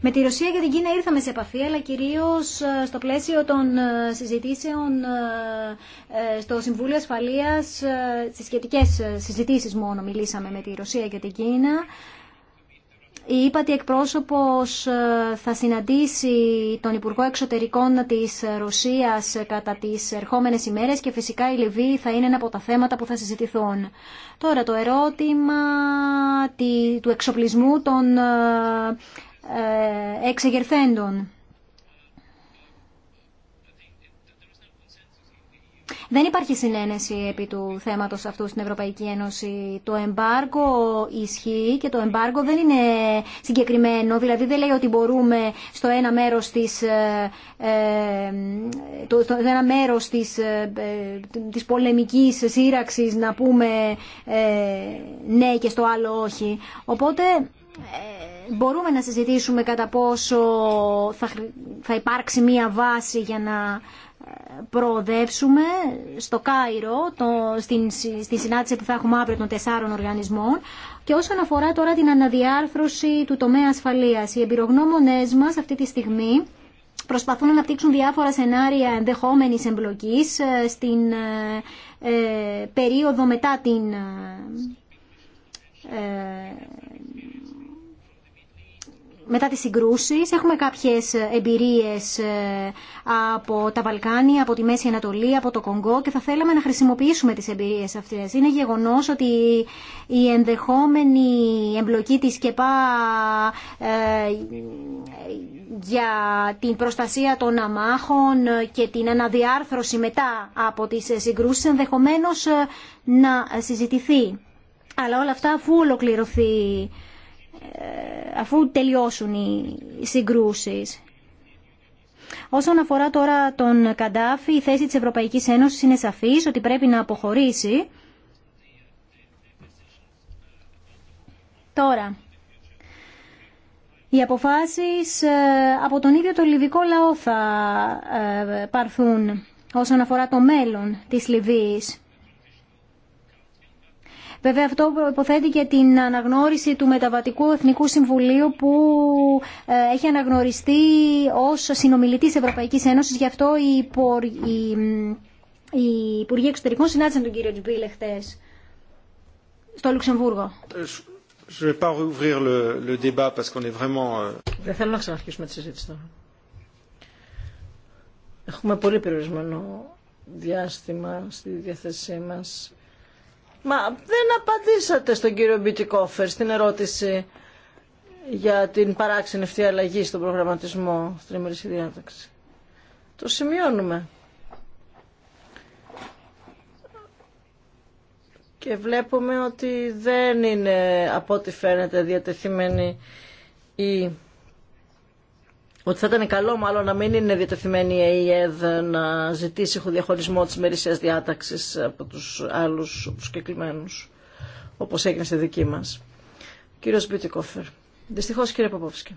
Με τη Ρωσία και την Κίνα ήρθαμε σε επαφή, αλλά κυρίως ε, στο πλαίσιο των ε, συζητήσεων στο Συμβούλιο Ασφαλείας, στις σχετικές συζητήσεις μόνο μιλήσαμε με τη Ρωσία και την Κίνα. Η ύπατη εκπρόσωπος ε, θα συναντήσει τον Υπουργό Εξωτερικών της Ρωσίας κατά τις ερχόμενες ημέρες και φυσικά η Λιβύη θα είναι ένα από τα θέματα που θα συζητηθούν. Τώρα το ερώτημα του εξοπλισμού των ε, ε, εξεγερθέντων. Δεν υπάρχει συνένεση επί του θέματος αυτού στην Ευρωπαϊκή Ένωση. Το εμπάργκο ισχύει και το εμπάργκο δεν είναι συγκεκριμένο. Δηλαδή δεν λέει ότι μπορούμε στο ένα μέρος της, ε, ε, στο ένα της, ε, της πολεμικής σύραξης να πούμε ναι και στο άλλο όχι. Οπότε μπορούμε να συζητήσουμε κατά πόσο θα, θα υπάρξει μία βάση για να προοδεύσουμε στο Κάιρο, το, στην, στη συνάντηση που θα έχουμε αύριο των τεσσάρων οργανισμών. Και όσον αφορά τώρα την αναδιάρθρωση του τομέα ασφαλείας, οι εμπειρογνώμονές μας αυτή τη στιγμή προσπαθούν να αναπτύξουν διάφορα σενάρια ενδεχόμενης εμπλοκής ε, στην ε, ε, περίοδο μετά την ε, μετά τις συγκρούσεις. Έχουμε κάποιες εμπειρίες ε, από τα Βαλκάνια, από τη Μέση Ανατολή, από το Κονγκό και θα θέλαμε να χρησιμοποιήσουμε τις εμπειρίες αυτές. Είναι γεγονός ότι η ενδεχόμενη εμπλοκή της ΚΕΠΑ ε, για την προστασία των αμάχων και την αναδιάρθρωση μετά από τις συγκρούσεις ενδεχομένως ε, να συζητηθεί. Αλλά όλα αυτά αφού ολοκληρωθεί ε, αφού τελειώσουν οι συγκρούσεις. Όσον αφορά τώρα τον Καντάφη, η θέση της Ευρωπαϊκής Ένωσης είναι σαφής ότι πρέπει να αποχωρήσει. Τώρα, οι αποφάσεις ε, από τον ίδιο το λιβικό λαό θα ε, παρθούν όσον αφορά το μέλλον της Λιβύης. Βέβαια αυτό υποθέτει και την αναγνώριση του Μεταβατικού Εθνικού Συμβουλίου που ε, έχει αναγνωριστεί ως συνομιλητής Ευρωπαϊκής Ένωσης. Γι' αυτό οι Υπουργοί Εξωτερικών συνάντησαν τον κύριο Τζμπίλε χτες στο Λουξεμβούργο. Δεν θέλω να ξαναρχίσουμε τη συζήτηση τώρα. Έχουμε πολύ περιορισμένο διάστημα στη διαθέσή μας. Μα δεν απαντήσατε στον κύριο Μπιτικόφερ στην ερώτηση για την παράξενη αυτή αλλαγή στον προγραμματισμό στην ημερήσια διάταξη. Το σημειώνουμε. Και βλέπουμε ότι δεν είναι από ό,τι φαίνεται διατεθειμένη η ότι θα ήταν καλό μάλλον να μην είναι διατεθειμένη η ΑΕΔ να ζητήσει χωδιαχωρισμό της μερισσίας διάταξης από τους άλλους προσκεκλημένους, όπως έγινε στη δική μας. Κύριος Μπιουτικόφερ. Δυστυχώς κύριε Παπόφσκι.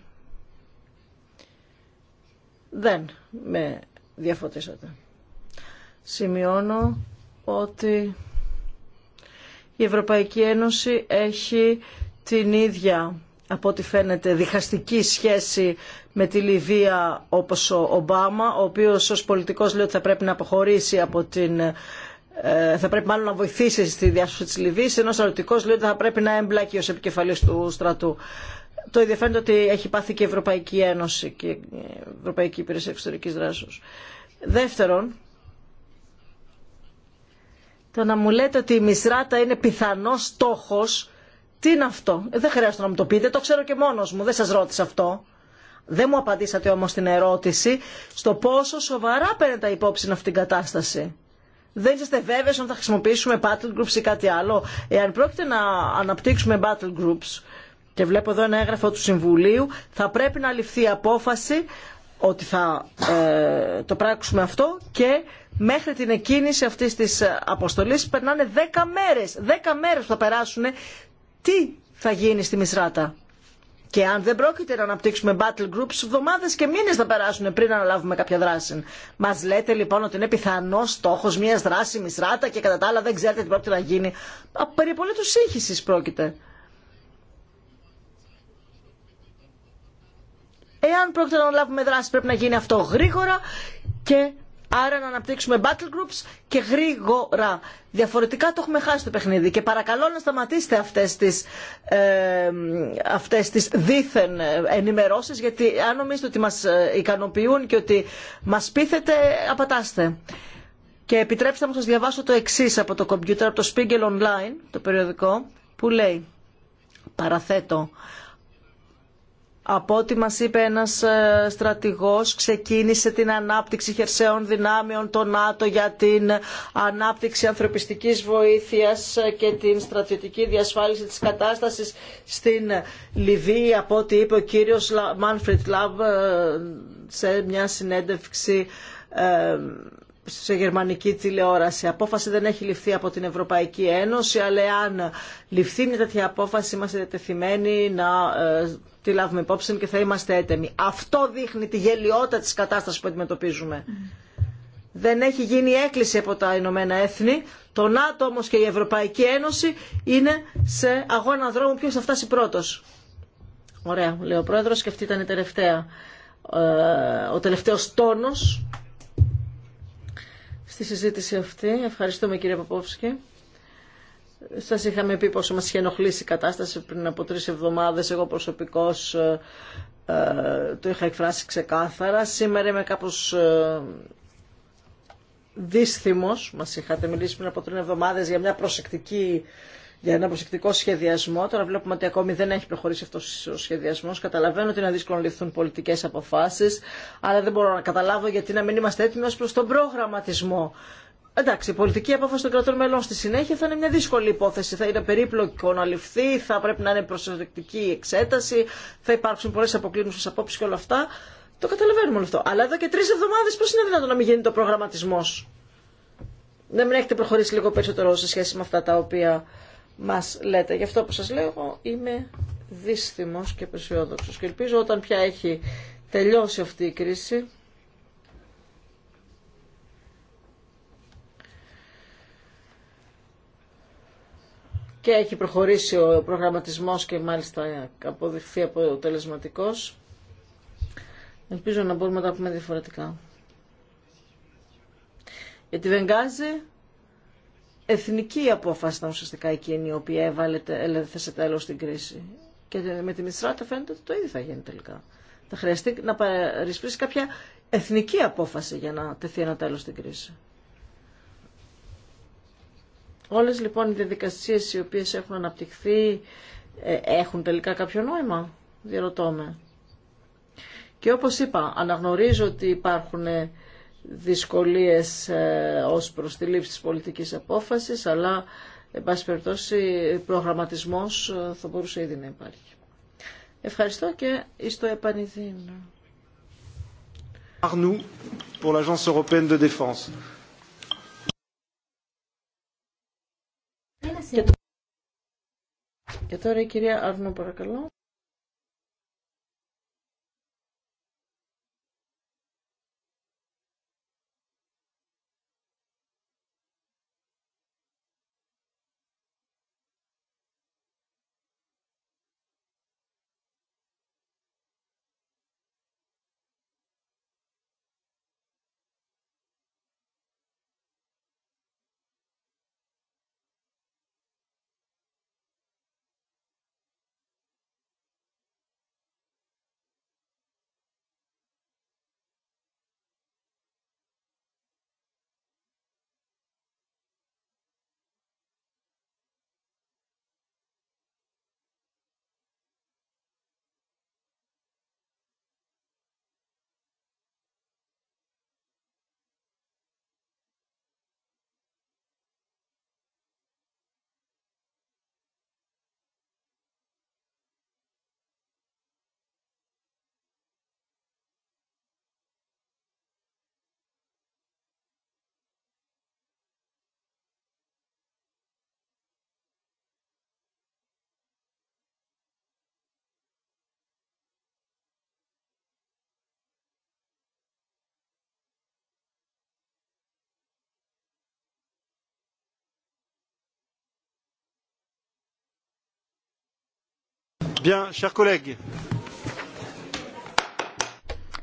Δεν με διαφωτίσατε. Σημειώνω ότι η Ευρωπαϊκή Ένωση έχει την ίδια από ό,τι φαίνεται διχαστική σχέση με τη Λιβύα όπως ο Ομπάμα, ο οποίος ως πολιτικός λέει ότι θα πρέπει να αποχωρήσει από την ε, θα πρέπει μάλλον να βοηθήσει στη διάσωση της Λιβύης, ενώ στρατιωτικός λέει ότι θα πρέπει να εμπλακεί ως επικεφαλής του στρατού. Το ενδιαφέρον ότι έχει πάθει και η Ευρωπαϊκή Ένωση και η Ευρωπαϊκή Υπηρεσία Εξωτερικής Δράσεως. Δεύτερον, το να μου λέτε ότι η Μισράτα είναι πιθανός στόχος τι είναι αυτό. Δεν χρειάζεται να μου το πείτε, το ξέρω και μόνος μου, δεν σας ρώτησα αυτό. Δεν μου απαντήσατε όμως την ερώτηση στο πόσο σοβαρά παίρνετε υπόψη αυτή την κατάσταση. Δεν είστε βέβαιε αν θα χρησιμοποιήσουμε battle groups ή κάτι άλλο. Εάν πρόκειται να αναπτύξουμε battle groups, και βλέπω εδώ ένα έγγραφο του Συμβουλίου, θα πρέπει να ληφθεί απόφαση ότι θα ε, το πράξουμε αυτό και μέχρι την εκκίνηση αυτής της αποστολής περνάνε δέκα μέρες. 10 μέρες που θα περάσουν τι θα γίνει στη Μισράτα. Και αν δεν πρόκειται να αναπτύξουμε battle groups, εβδομάδες και μήνε θα περάσουν πριν αναλάβουμε κάποια δράση. Μα λέτε λοιπόν ότι είναι πιθανό στόχο μιας δράσης Μισράτα και κατά τα άλλα δεν ξέρετε τι πρόκειται να γίνει. Περί του σύγχυση πρόκειται. Εάν πρόκειται να αναλάβουμε δράση πρέπει να γίνει αυτό γρήγορα και Άρα να αναπτύξουμε battle groups και γρήγορα. Διαφορετικά το έχουμε χάσει το παιχνίδι. Και παρακαλώ να σταματήσετε αυτές τις, ε, αυτές τις δίθεν ε, ενημερώσεις, γιατί αν νομίζετε ότι μας ε, ικανοποιούν και ότι μας πείθετε, απατάστε. Και επιτρέψτε μου να σας διαβάσω το εξή από το computer, από το Spiegel Online, το περιοδικό, που λέει, παραθέτω, από ό,τι μας είπε ένας ε, στρατηγός, ξεκίνησε την ανάπτυξη χερσαίων δυνάμεων το ΝΑΤΟ για την ανάπτυξη ανθρωπιστικής βοήθειας ε, και την στρατιωτική διασφάλιση της κατάστασης στην Λιβύη, από ό,τι είπε ο κύριος Μάνφριτ Λαμπ ε, σε μια συνέντευξη σε γερμανική τηλεόραση. απόφαση δεν έχει ληφθεί από την Ευρωπαϊκή Ένωση, αλλά αν ληφθεί μια τέτοια απόφαση, είμαστε να τη λάβουμε υπόψη και θα είμαστε έτοιμοι. Αυτό δείχνει τη γελιότητα της κατάστασης που αντιμετωπίζουμε. Δεν έχει γίνει έκκληση από τα Ηνωμένα Έθνη. Το ΝΑΤΟ όμω και η Ευρωπαϊκή Ένωση είναι σε αγώνα δρόμου ποιο θα φτάσει πρώτο. Ωραία, λέει ο πρόεδρο και αυτή ήταν η τελευταία. Ε, ο τελευταίο τόνο στη συζήτηση αυτή. Ευχαριστούμε κύριε Παπόφσκι. Σας είχαμε πει πόσο μας είχε ενοχλήσει η κατάσταση πριν από τρεις εβδομάδες. Εγώ προσωπικώς ε, ε το είχα εκφράσει ξεκάθαρα. Σήμερα είμαι κάπως ε, δύσθυμος. Μας είχατε μιλήσει πριν από τρεις εβδομάδες για μια προσεκτική για ένα προσεκτικό σχεδιασμό. Τώρα βλέπουμε ότι ακόμη δεν έχει προχωρήσει αυτός ο σχεδιασμός. Καταλαβαίνω ότι είναι δύσκολο να ληφθούν πολιτικέ αποφάσει, αλλά δεν μπορώ να καταλάβω γιατί να μην είμαστε έτοιμοι ω προ τον προγραμματισμό Εντάξει, η πολιτική απόφαση των κρατών μελών στη συνέχεια θα είναι μια δύσκολη υπόθεση. Θα είναι περίπλοκο να ληφθεί, θα πρέπει να είναι προσεκτική η εξέταση, θα υπάρξουν πολλέ αποκλίνουσε απόψει και όλα αυτά. Το καταλαβαίνουμε όλο αυτό. Αλλά εδώ και τρει εβδομάδε πώ είναι δυνατόν να μην γίνει το προγραμματισμό. Να μην έχετε προχωρήσει λίγο περισσότερο σε σχέση με αυτά τα οποία μα λέτε. Γι' αυτό που σα λέω, είμαι και απεσιόδοξο. Και ελπίζω όταν πια έχει τελειώσει αυτή η κρίση και έχει προχωρήσει ο προγραμματισμός και μάλιστα αποδειχθεί αποτελεσματικός. Ελπίζω να μπορούμε να τα πούμε διαφορετικά. Για τη εθνική απόφαση ήταν ουσιαστικά εκείνη η οποία έβαλε σε τέλος την κρίση. Και με τη μισράτα φαίνεται ότι το ίδιο θα γίνει τελικά. Θα χρειαστεί να παρισπίσει κάποια εθνική απόφαση για να τεθεί ένα τέλος στην κρίση. Όλες λοιπόν οι διαδικασίες οι οποίες έχουν αναπτυχθεί ε, έχουν τελικά κάποιο νόημα, διαρωτώ με. Και όπως είπα, αναγνωρίζω ότι υπάρχουν ε, δυσκολίες ε, ως προς τη λήψη της πολιτικής απόφασης, αλλά, εν πάση περιπτώσει, προγραμματισμός θα μπορούσε ήδη να υπάρχει. Ευχαριστώ και εις το επανειδήν. Και τώρα η κυρία Αρνού παρακαλώ.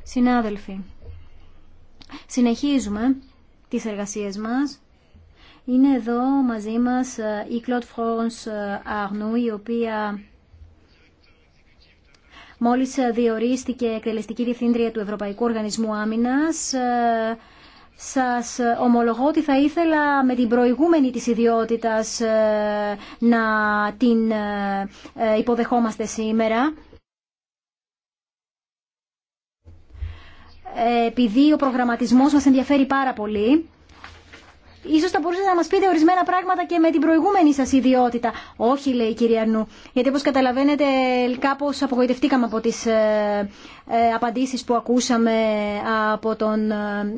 Συνάδελφοι, συνεχίζουμε τις εργασίες μας. Είναι εδώ μαζί μας ε, η Claude France Αρνού, ε, η οποία μόλις ε, διορίστηκε εκτελεστική διευθύντρια του Ευρωπαϊκού Οργανισμού Άμυνας. Σας ομολογώ ότι θα ήθελα με την προηγούμενη της ιδιότητας ε, να την ε, ε, υποδεχόμαστε σήμερα. Επειδή ο προγραμματισμός μας ενδιαφέρει πάρα πολύ, Ίσως θα μπορούσατε να μας πείτε ορισμένα πράγματα και με την προηγούμενη σας ιδιότητα. Όχι, λέει η κυρία Νου, γιατί όπως καταλαβαίνετε κάπως απογοητευτήκαμε από τις ε, ε απαντήσεις που ακούσαμε από τον ε,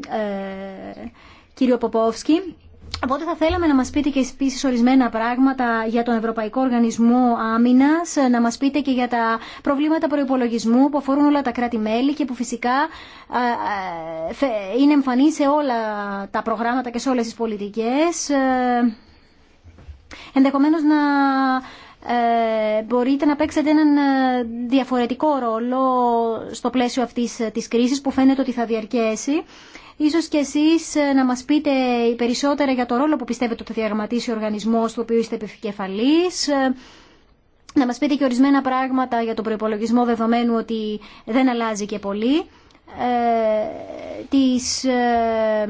ε κύριο Ποπόφσκι. Οπότε θα θέλαμε να μας πείτε και επίση ορισμένα πράγματα για τον Ευρωπαϊκό Οργανισμό Άμυνας, να μας πείτε και για τα προβλήματα προϋπολογισμού που αφορούν όλα τα κράτη-μέλη και που φυσικά είναι εμφανή σε όλα τα προγράμματα και σε όλες τις πολιτικές. Ε, ενδεχομένως να ε, μπορείτε να παίξετε έναν ε, διαφορετικό ρόλο στο πλαίσιο αυτής της κρίσης που φαίνεται ότι θα διαρκέσει. Ίσως και εσείς ε, να μας πείτε περισσότερα για το ρόλο που πιστεύετε ότι θα διαγραμματίσει ο οργανισμός του οποίου είστε επικεφαλής. Ε, να μας πείτε και ορισμένα πράγματα για τον προϋπολογισμό δεδομένου ότι δεν αλλάζει και πολύ. Ε, τις, ε,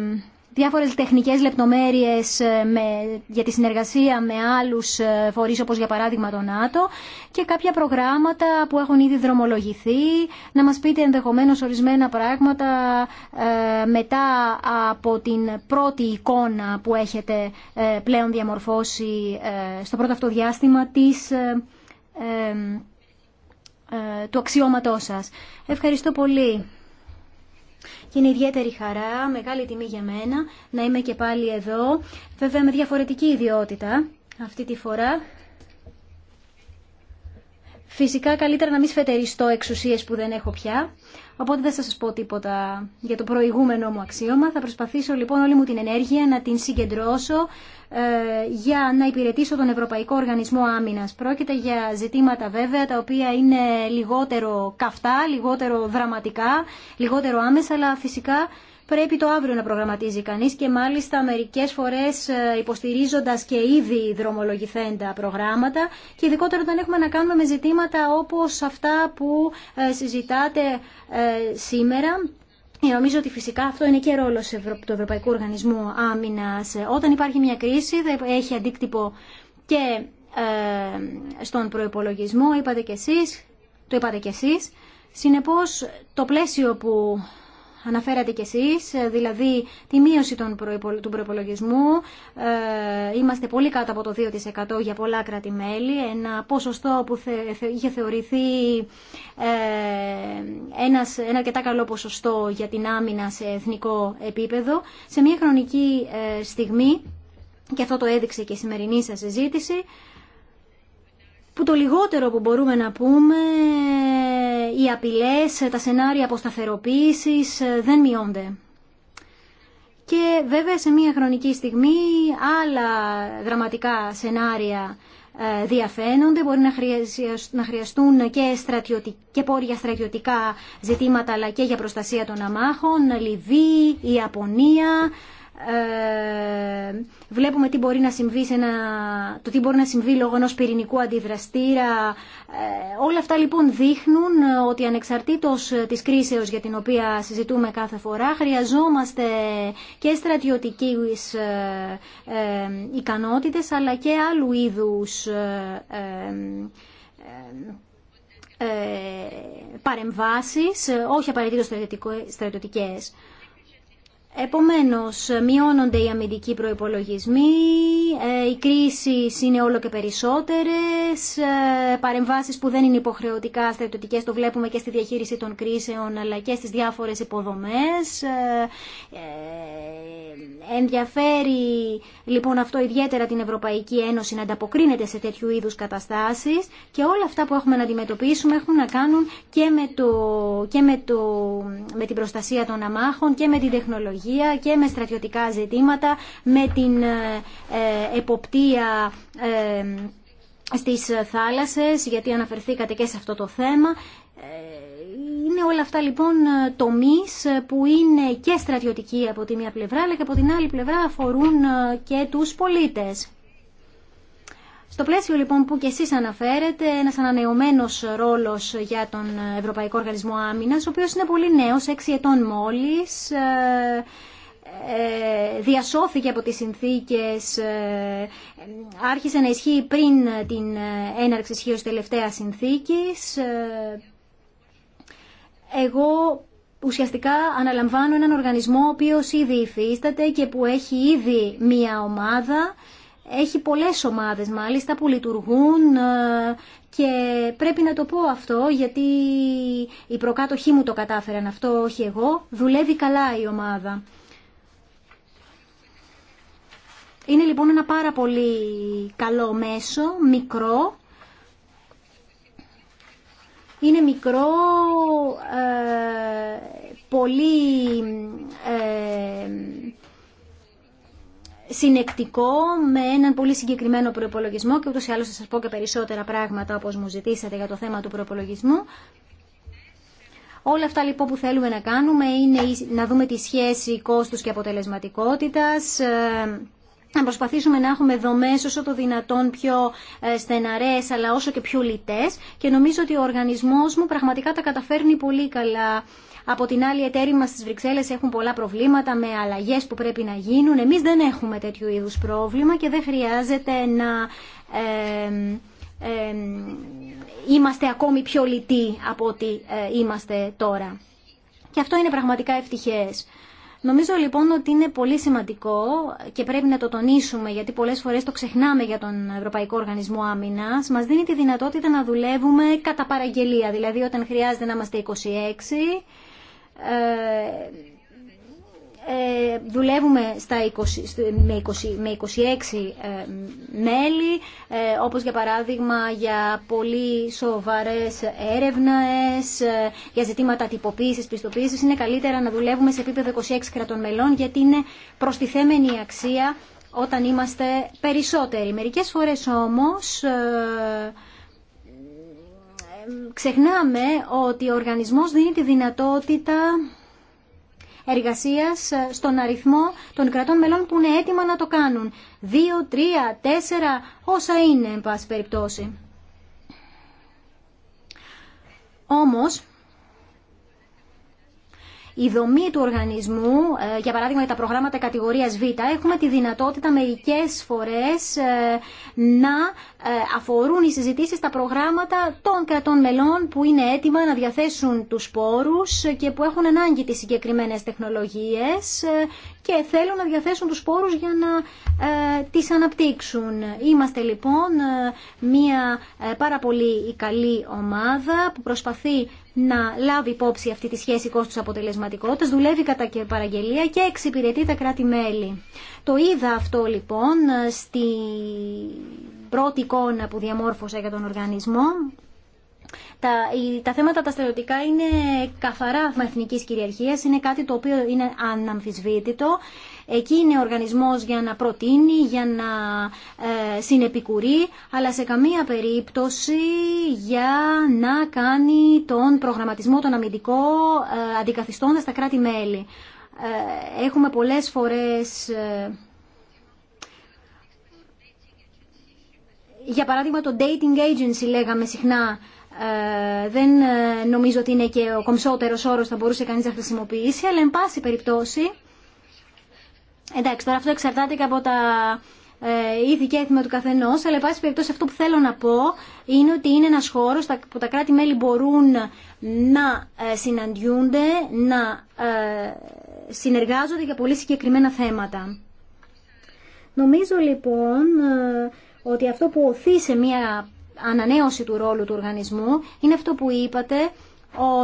διάφορες τεχνικές λεπτομέρειες ε, με, για τη συνεργασία με άλλους ε, φορείς όπως για παράδειγμα το ΝΑΤΟ και κάποια προγράμματα που έχουν ήδη δρομολογηθεί να μας πείτε ενδεχομένως ορισμένα πράγματα ε, μετά από την πρώτη εικόνα που έχετε πλέον διαμορφώσει στο πρώτο αυτό διάστημα της, του αξιώματός σας. Ευχαριστώ πολύ είναι ιδιαίτερη χαρά, μεγάλη τιμή για μένα να είμαι και πάλι εδώ, βέβαια με διαφορετική ιδιότητα αυτή τη φορά. Φυσικά καλύτερα να μην σφετεριστώ εξουσίες που δεν έχω πια, Οπότε δεν θα σας πω τίποτα για το προηγούμενο μου αξίωμα. Θα προσπαθήσω λοιπόν όλη μου την ενέργεια να την συγκεντρώσω ε, για να υπηρετήσω τον Ευρωπαϊκό Οργανισμό Άμυνας. Πρόκειται για ζητήματα βέβαια τα οποία είναι λιγότερο καυτά, λιγότερο δραματικά, λιγότερο άμεσα, αλλά φυσικά πρέπει το αύριο να προγραμματίζει κανείς και μάλιστα μερικές φορές ε, υποστηρίζοντας και ήδη δρομολογηθέντα προγράμματα και ειδικότερα όταν έχουμε να κάνουμε με ζητήματα όπως αυτά που ε, συζητάτε ε, σήμερα Νομίζω ότι φυσικά αυτό είναι και ρόλο του Ευρωπαϊκού Οργανισμού Άμυνα. Όταν υπάρχει μια κρίση, έχει αντίκτυπο και στον προπολογισμό, είπατε και εσείς, το είπατε κι εσείς. Συνεπώς, το πλαίσιο που αναφέρατε κι εσείς, ε, δηλαδή τη μείωση του προπολογισμού. Ε, είμαστε πολύ κάτω από το 2% για πολλά κράτη-μέλη, ένα ποσοστό που είχε θεωρηθεί ε, ένας, ένα αρκετά καλό ποσοστό για την άμυνα σε εθνικό επίπεδο. Σε μια χρονική στιγμή, και αυτό το έδειξε και η σημερινή σας συζήτηση, που το λιγότερο που μπορούμε να πούμε, οι απειλές, τα σενάρια αποσταθεροποίησης ε, δεν μειώνται. Και βέβαια σε μια χρονική στιγμή άλλα δραματικά σενάρια ε, διαφαίνονται, μπορεί να χρειαστούν και, στρατιωτικ... και στρατιωτικά ζητήματα αλλά και για προστασία των αμάχων, Λιβύη, Ιαπωνία, ε, βλέπουμε τι μπορεί να συμβεί σε ένα, το τι μπορεί να συμβεί λόγω ενός πυρηνικού αντιδραστήρα. Ε, όλα αυτά λοιπόν δείχνουν ότι ανεξαρτήτως ε, της κρίσεως για την οποία συζητούμε κάθε φορά χρειαζόμαστε και στρατιωτική ε, ε, ικανότητες αλλά και άλλου είδους παρεμβάσεις, όχι απαραίτητο στρατιωτικές. Επομένως, μειώνονται οι αμυντικοί προϋπολογισμοί, ε, οι κρίσεις είναι όλο και περισσότερες, ε, παρεμβάσεις που δεν είναι υποχρεωτικά στρατιωτικές, το βλέπουμε και στη διαχείριση των κρίσεων, αλλά και στις διάφορες υποδομές. Ε, ενδιαφέρει λοιπόν αυτό ιδιαίτερα την Ευρωπαϊκή Ένωση να ανταποκρίνεται σε τέτοιου είδους καταστάσεις και όλα αυτά που έχουμε να αντιμετωπίσουμε έχουν να κάνουν και με, το, και με, το, με την προστασία των αμάχων και με την τεχνολογία και με στρατιωτικά ζητήματα, με την ε, ε, εποπτεία ε, στις θάλασσες γιατί αναφερθήκατε και σε αυτό το θέμα ε, είναι όλα αυτά λοιπόν ε, τομεί ε, που είναι και στρατιωτικοί από τη μία πλευρά αλλά και από την άλλη πλευρά αφορούν ε, και τους πολίτες. Στο πλαίσιο λοιπόν που και εσείς αναφέρετε, ένας ανανεωμένος ρόλος για τον Ευρωπαϊκό Οργανισμό Άμυνας, ο οποίος είναι πολύ νέος, έξι ετών μόλις, διασώθηκε από τις συνθήκες, άρχισε να ισχύει πριν την έναρξη ισχύω τελευταία συνθήκης, εγώ ουσιαστικά αναλαμβάνω έναν οργανισμό ο οποίος ήδη υφίσταται και που έχει ήδη μία ομάδα, έχει πολλές ομάδες μάλιστα που λειτουργούν ε, και πρέπει να το πω αυτό γιατί η προκάτοχή μου το κατάφεραν αυτό, όχι εγώ, δουλεύει καλά η ομάδα. Είναι λοιπόν ένα πάρα πολύ καλό μέσο, μικρό, είναι μικρό, ε, πολύ ε, συνεκτικό με έναν πολύ συγκεκριμένο προπολογισμό και ούτως ή άλλως θα σας πω και περισσότερα πράγματα όπως μου ζητήσατε για το θέμα του προπολογισμού. Όλα αυτά λοιπόν που θέλουμε να κάνουμε είναι να δούμε τη σχέση κόστους και αποτελεσματικότητας, ε, να προσπαθήσουμε να έχουμε δομέ όσο το δυνατόν πιο ε, στεναρές αλλά όσο και πιο λιτές και νομίζω ότι ο οργανισμός μου πραγματικά τα καταφέρνει πολύ καλά. Από την άλλη, οι εταίροι μα στι Βρυξέλλε έχουν πολλά προβλήματα με αλλαγέ που πρέπει να γίνουν. Εμεί δεν έχουμε τέτοιου είδου πρόβλημα και δεν χρειάζεται να. Ε, είμαστε ακόμη πιο λιτοί από ό,τι ε, είμαστε τώρα. Και αυτό είναι πραγματικά ευτυχές. Νομίζω λοιπόν ότι είναι πολύ σημαντικό και πρέπει να το τονίσουμε γιατί πολλές φορές το ξεχνάμε για τον Ευρωπαϊκό Οργανισμό Άμυνας. Μας δίνει τη δυνατότητα να δουλεύουμε κατά παραγγελία, δηλαδή όταν χρειάζεται να είμαστε 26 ε, δουλεύουμε στα 20, με, 20, με 26 ε, μέλη, ε, όπως για παράδειγμα για πολύ σοβαρές έρευνες, για ζητήματα τυποποίησης, πιστοποίησης. Είναι καλύτερα να δουλεύουμε σε επίπεδο 26 κρατών μελών, γιατί είναι προστιθέμενη αξία όταν είμαστε περισσότεροι. Μερικές φορές όμως ξεχνάμε ότι ο οργανισμός δίνει τη δυνατότητα εργασίας ε, στον αριθμό των κρατών μελών που είναι έτοιμα να το κάνουν. Δύο, τρία, τέσσερα, όσα είναι, εν πάση περιπτώσει. Όμως, η δομή του οργανισμού, ε, για παράδειγμα τα προγράμματα κατηγορίας Β, έχουμε τη δυνατότητα μερικές φορές ε, να ε, αφορούν οι συζητήσεις τα προγράμματα των κρατών μελών που είναι έτοιμα να διαθέσουν τους πόρους και που έχουν ανάγκη τις συγκεκριμένες τεχνολογίες και θέλουν να διαθέσουν τους πόρους για να τις αναπτύξουν. Είμαστε λοιπόν μια πάρα πολύ καλή ομάδα που προσπαθεί να λάβει υπόψη αυτή τη σχέση κόστους αποτελεσματικότητας, δουλεύει κατά και παραγγελία και εξυπηρετεί τα κράτη-μέλη. Το είδα αυτό λοιπόν στη πρώτη εικόνα που διαμόρφωσα για τον οργανισμό. Τα, η, τα θέματα τα στρατιωτικά είναι καθαρά εθνικής κυριαρχίας, είναι κάτι το οποίο είναι αναμφισβήτητο. Εκεί είναι ο οργανισμός για να προτείνει, για να ε, συνεπικουρεί, αλλά σε καμία περίπτωση για να κάνει τον προγραμματισμό τον αμυντικό ε, αντικαθιστώντας τα κράτη-μέλη. Ε, έχουμε πολλές φορές... Για παράδειγμα το dating agency λέγαμε συχνά δεν νομίζω ότι είναι και ο κομψότερος όρος θα μπορούσε κανείς να χρησιμοποιήσει, αλλά εν πάση περιπτώσει Εντάξει, τώρα αυτό εξαρτάται και από τα ε, είδη και έθιμα του καθενό, αλλά πάση περιπτώσει αυτό που θέλω να πω είναι ότι είναι ένα χώρο που τα κράτη-μέλη μπορούν να ε, συναντιούνται, να ε, συνεργάζονται για πολύ συγκεκριμένα θέματα. Νομίζω λοιπόν ε, ότι αυτό που οθεί σε μια ανανέωση του ρόλου του οργανισμού είναι αυτό που είπατε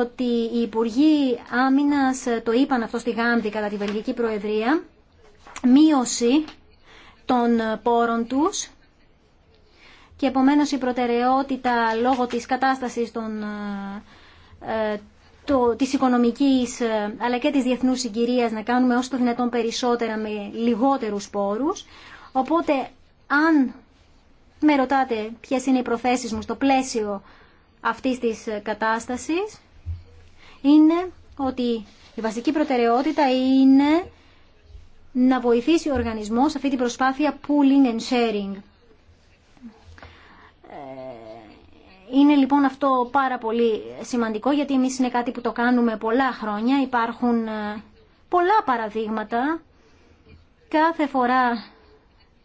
ότι οι Υπουργοί Άμυνας το είπαν αυτό στη Γάνδη κατά τη Βελγική Προεδρία μείωση των πόρων τους και επομένως η προτεραιότητα λόγω της κατάστασης των, ε, της οικονομικής ε, αλλά και της διεθνούς συγκυρίας να κάνουμε όσο το δυνατόν περισσότερα με λιγότερους πόρους. Οπότε αν με ρωτάτε ποιες είναι οι προθέσεις μου στο πλαίσιο αυτής της ε, κατάστασης είναι ότι η βασική προτεραιότητα είναι να βοηθήσει ο οργανισμός σε αυτή την προσπάθεια pooling and sharing. Ε, είναι λοιπόν αυτό πάρα πολύ σημαντικό γιατί εμείς είναι κάτι που το κάνουμε πολλά χρόνια. Υπάρχουν ε, πολλά παραδείγματα. Κάθε φορά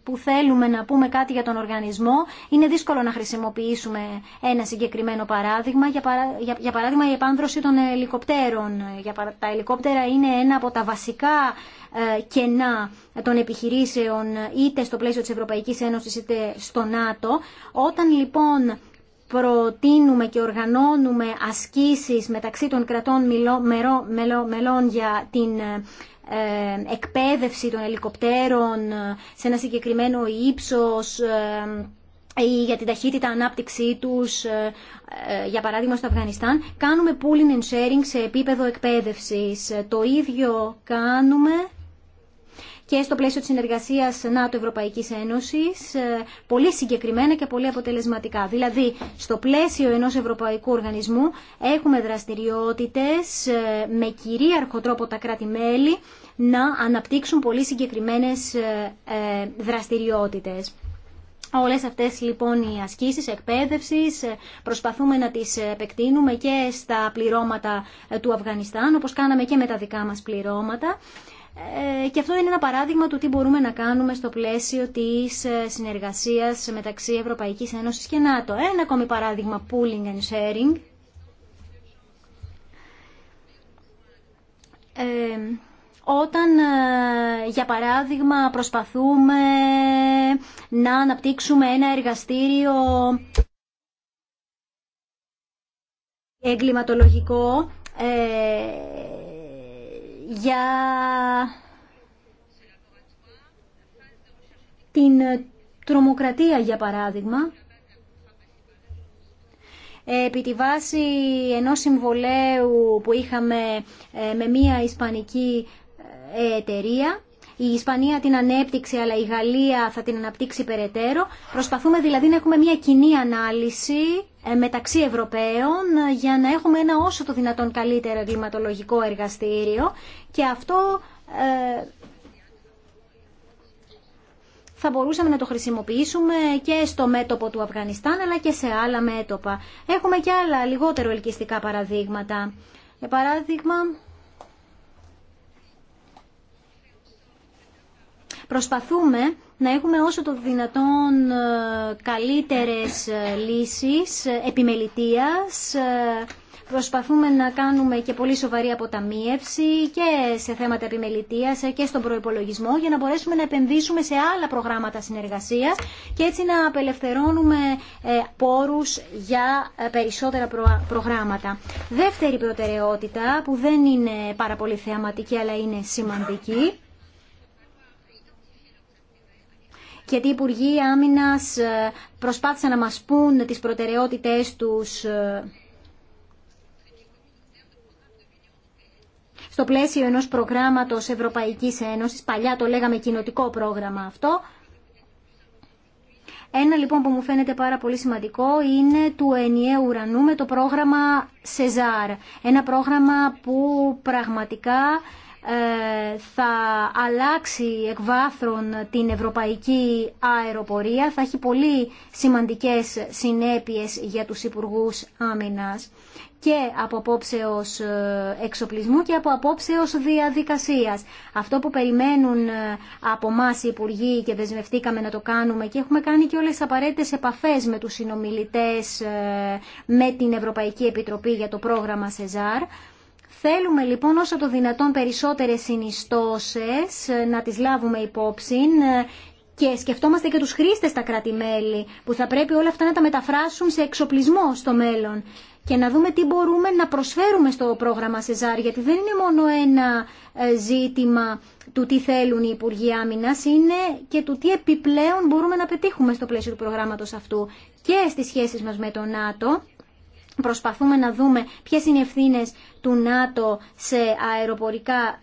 που θέλουμε να πούμε κάτι για τον οργανισμό, είναι δύσκολο να χρησιμοποιήσουμε ένα συγκεκριμένο παράδειγμα. Για, για, για παράδειγμα, η επάνδρωση των ελικοπτέρων. Για, τα ελικόπτερα είναι ένα από τα βασικά ε, κενά των επιχειρήσεων είτε στο πλαίσιο της Ευρωπαϊκής Ένωσης είτε στο ΝΑΤΟ. Όταν λοιπόν προτείνουμε και οργανώνουμε ασκήσεις μεταξύ των κρατών μελών για την ε, ε, εκπαίδευση των ελικοπτέρων σε ένα συγκεκριμένο ύψος ε, ή για την ταχύτητα ανάπτυξή τους, ε, για παράδειγμα στο Αφγανιστάν, κάνουμε pooling and sharing σε επίπεδο εκπαίδευσης. Το ίδιο κάνουμε και στο πλαίσιο της συνεργασίας ΝΑΤΟ-Ευρωπαϊκής Ένωσης ε, πολύ συγκεκριμένα και πολύ αποτελεσματικά. Δηλαδή, στο πλαίσιο ενός ευρωπαϊκού οργανισμού έχουμε δραστηριότητες ε, με κυρίαρχο τρόπο τα κράτη-μέλη να αναπτύξουν πολύ συγκεκριμένες ε, δραστηριότητες. Όλες αυτές λοιπόν οι ασκήσεις εκπαίδευσης προσπαθούμε να τις επεκτείνουμε και στα πληρώματα του Αφγανιστάν όπως κάναμε και με τα δικά μας πληρώματα ε, και αυτό είναι ένα παράδειγμα του τι μπορούμε να κάνουμε στο πλαίσιο της ε, συνεργασίας μεταξύ Ευρωπαϊκής Ένωσης και ΝΑΤΟ. Ένα ακόμη παράδειγμα, pooling and sharing. Ε, όταν, ε, για παράδειγμα, προσπαθούμε να αναπτύξουμε ένα εργαστήριο εγκληματολογικό, για την ε, τρομοκρατία, για παράδειγμα, επί τη βάση ενός συμβολέου που είχαμε ε, με μία ισπανική ε, εταιρεία η Ισπανία την ανέπτυξε αλλά η Γαλλία θα την αναπτύξει περαιτέρω. Προσπαθούμε δηλαδή να έχουμε μια κοινή ανάλυση ε, μεταξύ Ευρωπαίων για να έχουμε ένα όσο το δυνατόν καλύτερο εγκληματολογικό εργαστήριο και αυτό ε, θα μπορούσαμε να το χρησιμοποιήσουμε και στο μέτωπο του Αφγανιστάν αλλά και σε άλλα μέτωπα. Έχουμε και άλλα λιγότερο ελκυστικά παραδείγματα. Για παράδειγμα, Προσπαθούμε να έχουμε όσο το δυνατόν ε, καλύτερες ε, λύσεις ε, επιμελητίας. Προσπαθούμε να κάνουμε και πολύ σοβαρή αποταμίευση και σε θέματα επιμελητείας και στον προϋπολογισμό για να μπορέσουμε να επενδύσουμε σε άλλα προγράμματα συνεργασίας και έτσι να απελευθερώνουμε πόρους για περισσότερα προγράμματα. Δεύτερη προτεραιότητα που δεν είναι πάρα πολύ θεαματική αλλά είναι σημαντική γιατί οι Υπουργοί Άμυνα ε, προσπάθησαν να μας πούν τις προτεραιότητες τους ε, στο πλαίσιο ενός προγράμματος Ευρωπαϊκής Ένωσης, παλιά το λέγαμε κοινοτικό πρόγραμμα αυτό, ένα λοιπόν που μου φαίνεται πάρα πολύ σημαντικό είναι του ενιαίου ουρανού με το πρόγραμμα Σεζάρ. Ένα πρόγραμμα που πραγματικά ε, θα αλλάξει εκ την ευρωπαϊκή αεροπορία, θα έχει πολύ σημαντικές συνέπειες για τους Υπουργούς Άμυνας και από απόψεως ε, εξοπλισμού και από απόψεως διαδικασίας. Αυτό που περιμένουν ε, από εμά οι Υπουργοί και δεσμευτήκαμε να το κάνουμε και έχουμε κάνει και όλες τις απαραίτητες επαφές με τους συνομιλητές με την Ευρωπαϊκή Επιτροπή για το πρόγραμμα ΣΕΖΑΡ Θέλουμε λοιπόν όσο το δυνατόν περισσότερες συνιστώσεις ε, να τις λάβουμε υπόψη ε, και σκεφτόμαστε και τους χρήστες στα κράτη-μέλη που θα πρέπει όλα αυτά να τα μεταφράσουν σε εξοπλισμό στο μέλλον και να δούμε τι μπορούμε να προσφέρουμε στο πρόγραμμα ΣΕΖΑΡ γιατί δεν είναι μόνο ένα ε, ζήτημα του τι θέλουν οι Υπουργοί Άμυνα, είναι και του τι επιπλέον μπορούμε να πετύχουμε στο πλαίσιο του προγράμματος αυτού και στις σχέσεις μας με το ΝΑΤΟ Προσπαθούμε να δούμε ποιες είναι οι ευθύνες του ΝΑΤΟ σε αεροπορικά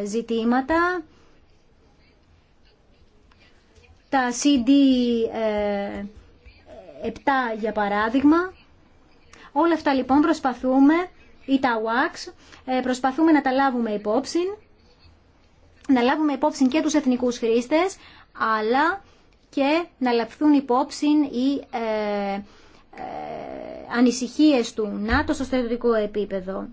ε, ζητήματα. Τα CD7 ε, για παράδειγμα. Όλα αυτά λοιπόν προσπαθούμε, ή τα WACS, ε, προσπαθούμε να τα λάβουμε υπόψη. Να λάβουμε υπόψη και τους εθνικούς χρήστες, αλλά και να λαφθούν υπόψη οι ανησυχίες του ΝΑΤΟ στο στρατιωτικό επίπεδο.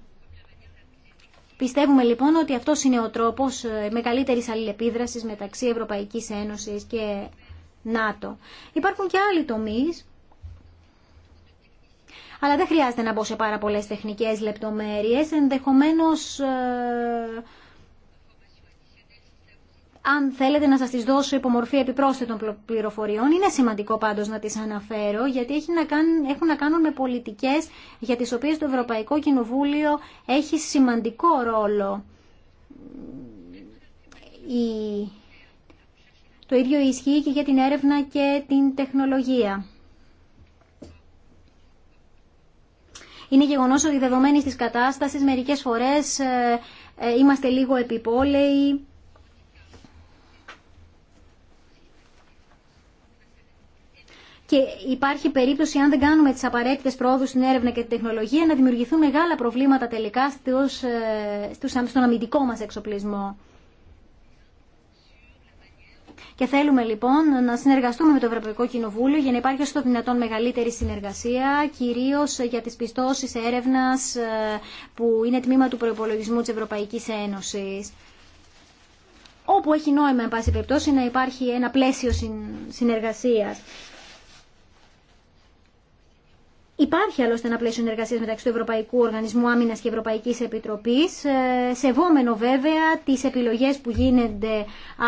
Πιστεύουμε λοιπόν ότι αυτό είναι ο τρόπος ε, μεγαλύτερης αλληλεπίδρασης μεταξύ Ευρωπαϊκής Ένωσης και ΝΑΤΟ. Υπάρχουν και άλλοι τομείς, αλλά δεν χρειάζεται να μπω σε πάρα πολλές τεχνικές λεπτομέρειες, ενδεχομένως ε, αν θέλετε να σας τις δώσω υπομορφή επιπρόσθετων πληροφοριών. Είναι σημαντικό πάντως να τις αναφέρω γιατί κάνουν, έχουν να κάνουν με πολιτικές για τις οποίες το Ευρωπαϊκό Κοινοβούλιο έχει σημαντικό ρόλο. Το ίδιο ισχύει και για την έρευνα και την τεχνολογία. Είναι γεγονός ότι δεδομένη της κατάστασης μερικές φορές ε, ε, είμαστε λίγο επιπόλαιοι και υπάρχει περίπτωση, αν δεν κάνουμε τι απαραίτητε πρόοδου στην έρευνα και την τεχνολογία, να δημιουργηθούν μεγάλα προβλήματα τελικά στους, ε, στους, στον αμυντικό μα εξοπλισμό. Και θέλουμε λοιπόν να συνεργαστούμε με το Ευρωπαϊκό Κοινοβούλιο για να υπάρχει όσο το δυνατόν μεγαλύτερη συνεργασία, κυρίω για τι πιστώσει έρευνα ε, που είναι τμήμα του προπολογισμού τη Ευρωπαϊκή Ένωση. Όπου έχει νόημα, εν πάση περιπτώσει, να υπάρχει ένα πλαίσιο συνεργασία. Υπάρχει άλλωστε ένα πλαίσιο συνεργασία μεταξύ του Ευρωπαϊκού Οργανισμού Άμυνα και Ευρωπαϊκή Επιτροπή, ε, σεβόμενο βέβαια τι επιλογέ που γίνονται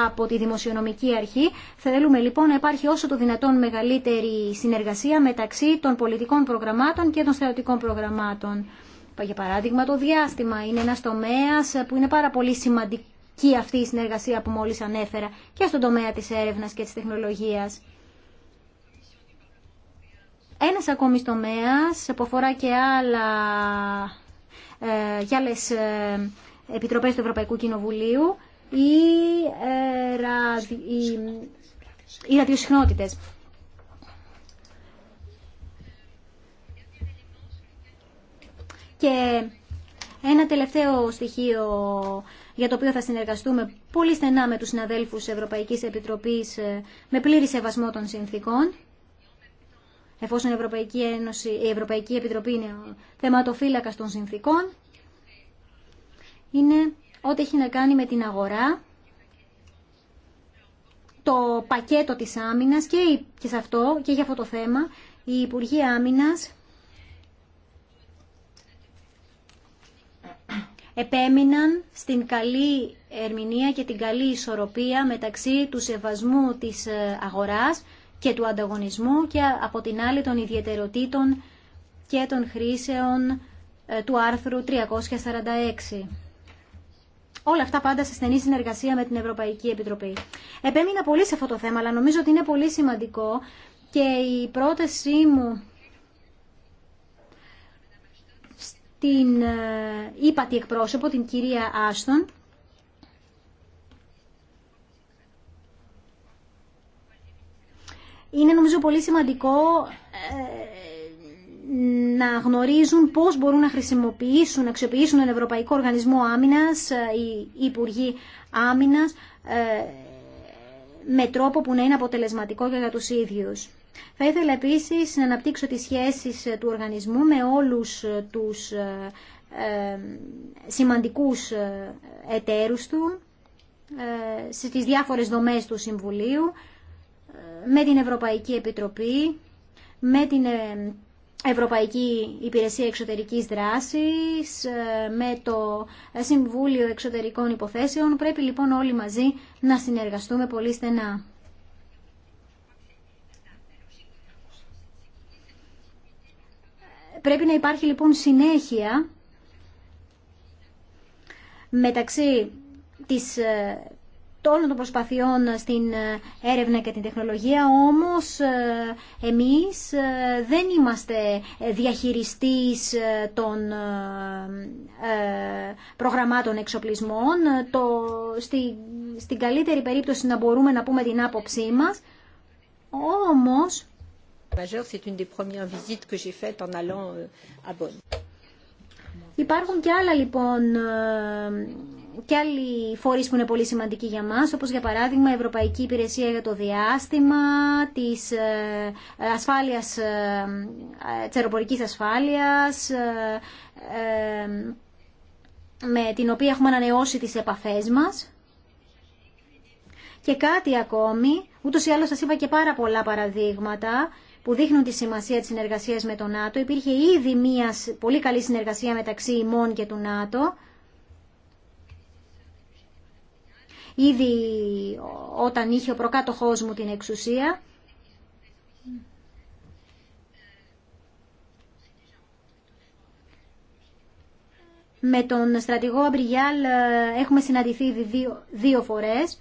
από τη Δημοσιονομική Αρχή. Θέλουμε λοιπόν να υπάρχει όσο το δυνατόν μεγαλύτερη συνεργασία μεταξύ των πολιτικών προγραμμάτων και των στρατιωτικών προγραμμάτων. Για παράδειγμα, το διάστημα είναι ένα τομέα που είναι πάρα πολύ σημαντική αυτή η συνεργασία που μόλι ανέφερα και στον τομέα τη έρευνα και τη τεχνολογία. Ένας ακόμη τομέας που αφορά και ε, άλλες ε, επιτροπές του Ευρωπαϊκού Κοινοβουλίου ή ε, ραδι, οι, οι Και ένα τελευταίο στοιχείο για το οποίο θα συνεργαστούμε πολύ στενά με τους συναδέλφους Ευρωπαϊκής Επιτροπής ε, με πλήρη σεβασμό των συνθήκων εφόσον η Ευρωπαϊκή, Ένωση, η Ευρωπαϊκή Επιτροπή είναι θεματοφύλακα των συνθήκων, είναι ό,τι έχει να κάνει με την αγορά, το πακέτο της άμυνας και, και σε αυτό και για αυτό το θέμα η Υπουργοί Άμυνας επέμειναν στην καλή ερμηνεία και την καλή ισορροπία μεταξύ του σεβασμού της ε, αγοράς και του ανταγωνισμού και από την άλλη των ιδιαιτεροτήτων και των χρήσεων ε, του άρθρου 346. Όλα αυτά πάντα σε στενή συνεργασία με την Ευρωπαϊκή Επιτροπή. Επέμεινα πολύ σε αυτό το θέμα, αλλά νομίζω ότι είναι πολύ σημαντικό και η πρότασή μου στην ύπατη ε, εκπρόσωπο, την κυρία Άστον, είναι νομίζω πολύ σημαντικό ε, να γνωρίζουν πώς μπορούν να χρησιμοποιήσουν, να αξιοποιήσουν τον Ευρωπαϊκό Οργανισμό Άμυνας, ε, οι Υπουργοί Άμυνας, ε, με τρόπο που να είναι αποτελεσματικό και για τους ίδιους. Θα ήθελα επίσης να αναπτύξω τις σχέσεις του οργανισμού με όλους τους σημαντικούς εταίρους του, στις διάφορες δομές του Συμβουλίου, με την Ευρωπαϊκή Επιτροπή, με την ε, Ευρωπαϊκή Υπηρεσία Εξωτερικής Δράσης, ε, με το Συμβούλιο Εξωτερικών Υποθέσεων. Πρέπει λοιπόν όλοι μαζί να συνεργαστούμε πολύ στενά. Πρέπει να υπάρχει λοιπόν συνέχεια μεταξύ της ε, όλων των προσπαθειών στην ε, έρευνα και την τεχνολογία, όμως ε, εμείς ε, δεν είμαστε διαχειριστής των προγραμμάτων εξοπλισμών. Το, στη, στην καλύτερη περίπτωση να μπορούμε να πούμε την άποψή μας, όμως... Υπάρχουν και άλλα λοιπόν και άλλοι φορείς που είναι πολύ σημαντικοί για μας, όπως για παράδειγμα η Ευρωπαϊκή Υπηρεσία για το Διάστημα, της ε, ασφάλειας, ε, ε, της αεροπορικής ασφάλειας, με την οποία έχουμε ανανεώσει τις επαφές μας. Και κάτι ακόμη, ούτως ή άλλως σας είπα και πάρα πολλά παραδείγματα, που δείχνουν τη σημασία της συνεργασίας με το ΝΑΤΟ. Υπήρχε ήδη μια πολύ καλή συνεργασία μεταξύ ημών και του ΝΑΤΟ ήδη όταν είχε ο προκάτοχός μου την εξουσία. Με τον στρατηγό Αμπριγιάλ ε, έχουμε συναντηθεί δύο, δύο φορές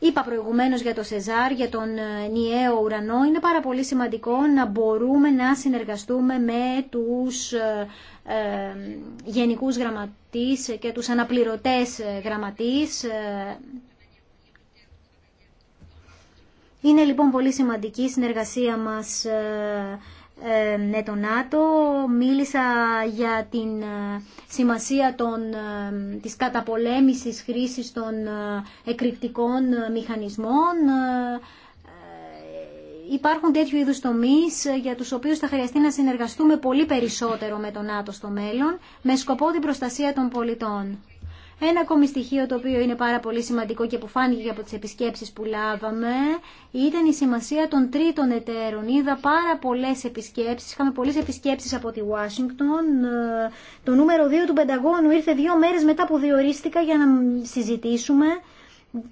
Είπα προηγουμένως για το ΣΕΖΑΡ, για τον ε, νιαίο ουρανό, είναι πάρα πολύ σημαντικό να μπορούμε να συνεργαστούμε με τους ε, ε γενικούς γραμματείς και τους αναπληρωτές γραμματείς. Ε, είναι λοιπόν πολύ σημαντική η συνεργασία μας ε, με το ΝΑΤΟ, μίλησα για την ε, σημασία των, ε, της καταπολέμησης χρήσης των εκρηκτικών μηχανισμών. Υπάρχουν τέτοιου είδους τομείς για τους οποίους θα χρειαστεί να συνεργαστούμε πολύ περισσότερο με τον ΝΑΤΟ στο μέλλον, με σκοπό την προστασία των πολιτών. Ένα ακόμη στοιχείο το οποίο είναι πάρα πολύ σημαντικό και που φάνηκε από τις επισκέψεις που λάβαμε ήταν η σημασία των τρίτων εταίρων. Είδα πάρα πολλές επισκέψεις, είχαμε πολλές επισκέψεις από τη Ουάσιγκτον. Ε, το νούμερο 2 του Πενταγώνου ήρθε δύο μέρες μετά που διορίστηκα για να συζητήσουμε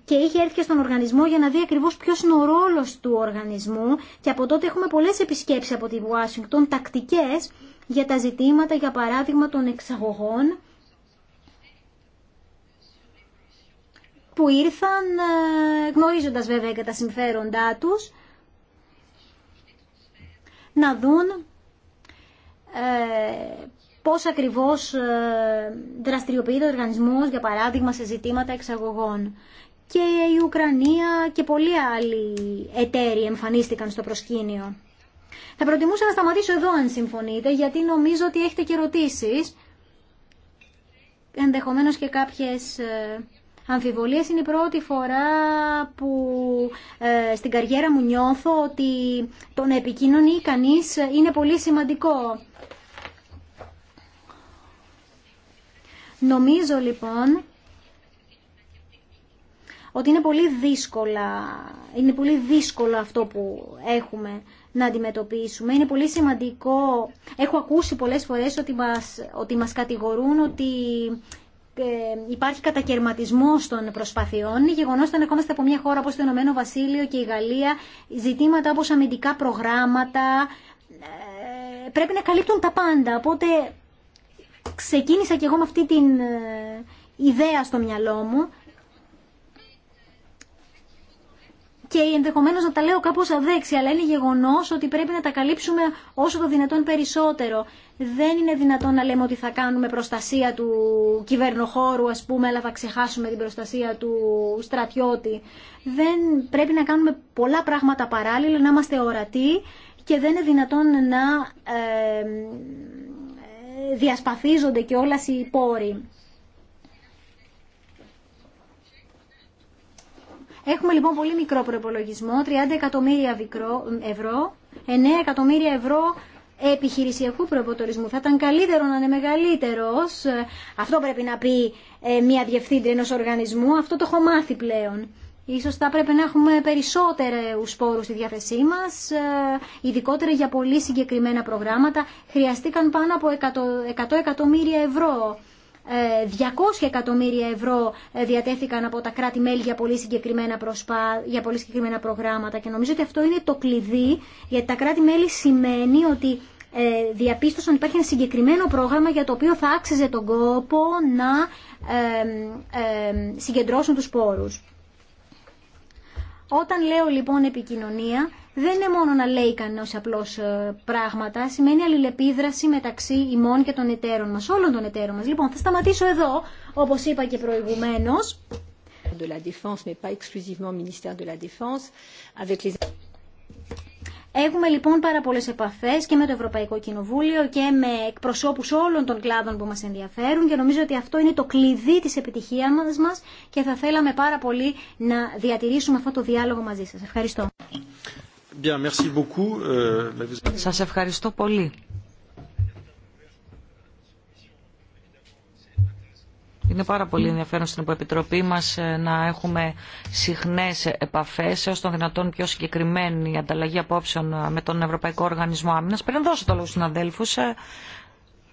και είχε έρθει και στον οργανισμό για να δει ακριβώ ποιο είναι ο ρόλο του οργανισμού. Και από τότε έχουμε πολλέ επισκέψει από τη Ουάσιγκτον, τακτικέ για τα ζητήματα, για παράδειγμα, των εξαγωγών που ήρθαν ε, γνωρίζοντας βέβαια και τα συμφέροντά τους να δουν ε, πώς ακριβώς ε, δραστηριοποιείται ο οργανισμός, για παράδειγμα, σε ζητήματα εξαγωγών. Και η Ουκρανία και πολλοί άλλοι εταίροι εμφανίστηκαν στο προσκήνιο. Θα προτιμούσα να σταματήσω εδώ αν συμφωνείτε, γιατί νομίζω ότι έχετε και ερωτήσεις, ενδεχομένως και κάποιες αμφιβολίες. Είναι η πρώτη φορά που ε, στην καριέρα μου νιώθω ότι το να επικοινωνεί κανείς είναι πολύ σημαντικό. Νομίζω λοιπόν ότι είναι πολύ, δύσκολα, είναι πολύ δύσκολο αυτό που έχουμε να αντιμετωπίσουμε. Είναι πολύ σημαντικό. Έχω ακούσει πολλές φορές ότι μας, ότι μας κατηγορούν ότι ε, υπάρχει κατακαιρματισμό των προσπαθειών. Είναι γεγονός όταν ερχόμαστε από μια χώρα όπω το Ηνωμένο Βασίλειο και η Γαλλία, ζητήματα όπω αμυντικά προγράμματα ε, πρέπει να καλύπτουν τα πάντα. Οπότε ξεκίνησα και εγώ με αυτή την ε, ιδέα στο μυαλό μου και ενδεχομένω να τα λέω κάπω αδέξια, αλλά είναι γεγονό ότι πρέπει να τα καλύψουμε όσο το δυνατόν περισσότερο. Δεν είναι δυνατόν να λέμε ότι θα κάνουμε προστασία του κυβερνοχώρου, α πούμε, αλλά θα ξεχάσουμε την προστασία του στρατιώτη. Δεν πρέπει να κάνουμε πολλά πράγματα παράλληλα, να είμαστε ορατοί και δεν είναι δυνατόν να ε, ε διασπαθίζονται και όλα οι πόροι. Έχουμε λοιπόν πολύ μικρό προπολογισμό, 30 εκατομμύρια ευρώ, 9 εκατομμύρια ευρώ επιχειρησιακού προποτορισμού. Θα ήταν καλύτερο να είναι μεγαλύτερο. Ε, αυτό πρέπει να πει ε, μια διευθύντρια ενό οργανισμού. Αυτό το έχω μάθει πλέον. Ίσως θα πρέπει να έχουμε περισσότερους σπόρους στη διάθεσή μας, ε, ειδικότερα για πολύ συγκεκριμένα προγράμματα. Χρειαστήκαν πάνω από 100 εκατομμύρια ευρώ 200 ε, εκατομμύρια ευρώ ε, διατέθηκαν από τα κράτη-μέλη για, πολύ συγκεκριμένα για πολύ συγκεκριμένα προγράμματα και νομίζω ότι αυτό είναι το κλειδί γιατί τα κράτη-μέλη σημαίνει ότι ε, διαπίστωσαν ότι υπάρχει ένα συγκεκριμένο πρόγραμμα για το οποίο θα άξιζε τον κόπο να συγκεντρώσουν τους πόρους. Όταν λέω λοιπόν επικοινωνία, δεν είναι μόνο να λέει κανένας απλώς ε, πράγματα, σημαίνει αλληλεπίδραση μεταξύ ημών και των εταίρων μα, όλων των εταίρων μας. Λοιπόν, θα σταματήσω εδώ, όπως είπα και προηγουμένως. Έχουμε λοιπόν πάρα πολλέ επαφέ και με το Ευρωπαϊκό Κοινοβούλιο και με εκπροσώπου όλων των κλάδων που μα ενδιαφέρουν και νομίζω ότι αυτό είναι το κλειδί τη επιτυχία μα και θα θέλαμε πάρα πολύ να διατηρήσουμε αυτό το διάλογο μαζί σα. Ευχαριστώ. Euh, σα ευχαριστώ πολύ. Είναι πάρα πολύ ενδιαφέρον στην Επιτροπή μας ε, να έχουμε συχνές επαφές έως των δυνατόν πιο συγκεκριμένη ανταλλαγή απόψεων ε, με τον Ευρωπαϊκό Οργανισμό Άμυνας. Πριν δώσω το λόγο στους αδέλφους, ε,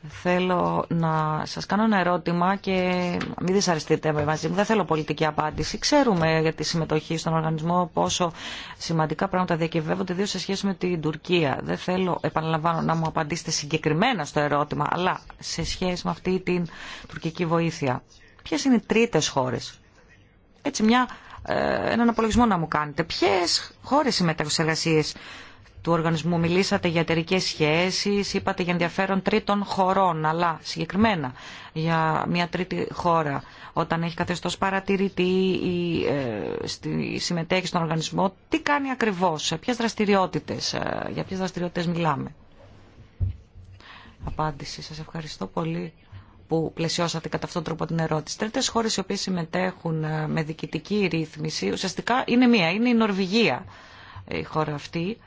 Θέλω να σας κάνω ένα ερώτημα και μην δυσαρεστείτε μαζί μου, δεν θέλω πολιτική απάντηση. Ξέρουμε για τη συμμετοχή στον οργανισμό πόσο σημαντικά πράγματα διακυβεύονται, ιδίω σε σχέση με την Τουρκία. Δεν θέλω, επαναλαμβάνω, να μου απαντήσετε συγκεκριμένα στο ερώτημα, αλλά σε σχέση με αυτή την τουρκική βοήθεια. Ποιε είναι οι τρίτε χώρε. Έτσι, μια, ε, έναν απολογισμό να μου κάνετε. Ποιε χώρε συμμετέχουν σε εργασίε του οργανισμού. Μιλήσατε για εταιρικέ σχέσει, είπατε για ενδιαφέρον τρίτων χωρών, αλλά συγκεκριμένα για μια τρίτη χώρα, όταν έχει καθεστώ παρατηρητή ή ε, συμμετέχει στον οργανισμό, τι κάνει ακριβώ, ε, για ποιε δραστηριότητε μιλάμε. Απάντηση. σα ευχαριστώ πολύ που πλαισιώσατε κατά αυτόν τον τρόπο την ερώτηση. Τρίτες χώρες οι οποίες συμμετέχουν ε, με διοικητική ρύθμιση, ουσιαστικά είναι μία, είναι η Νορβηγία η χώρα αυτή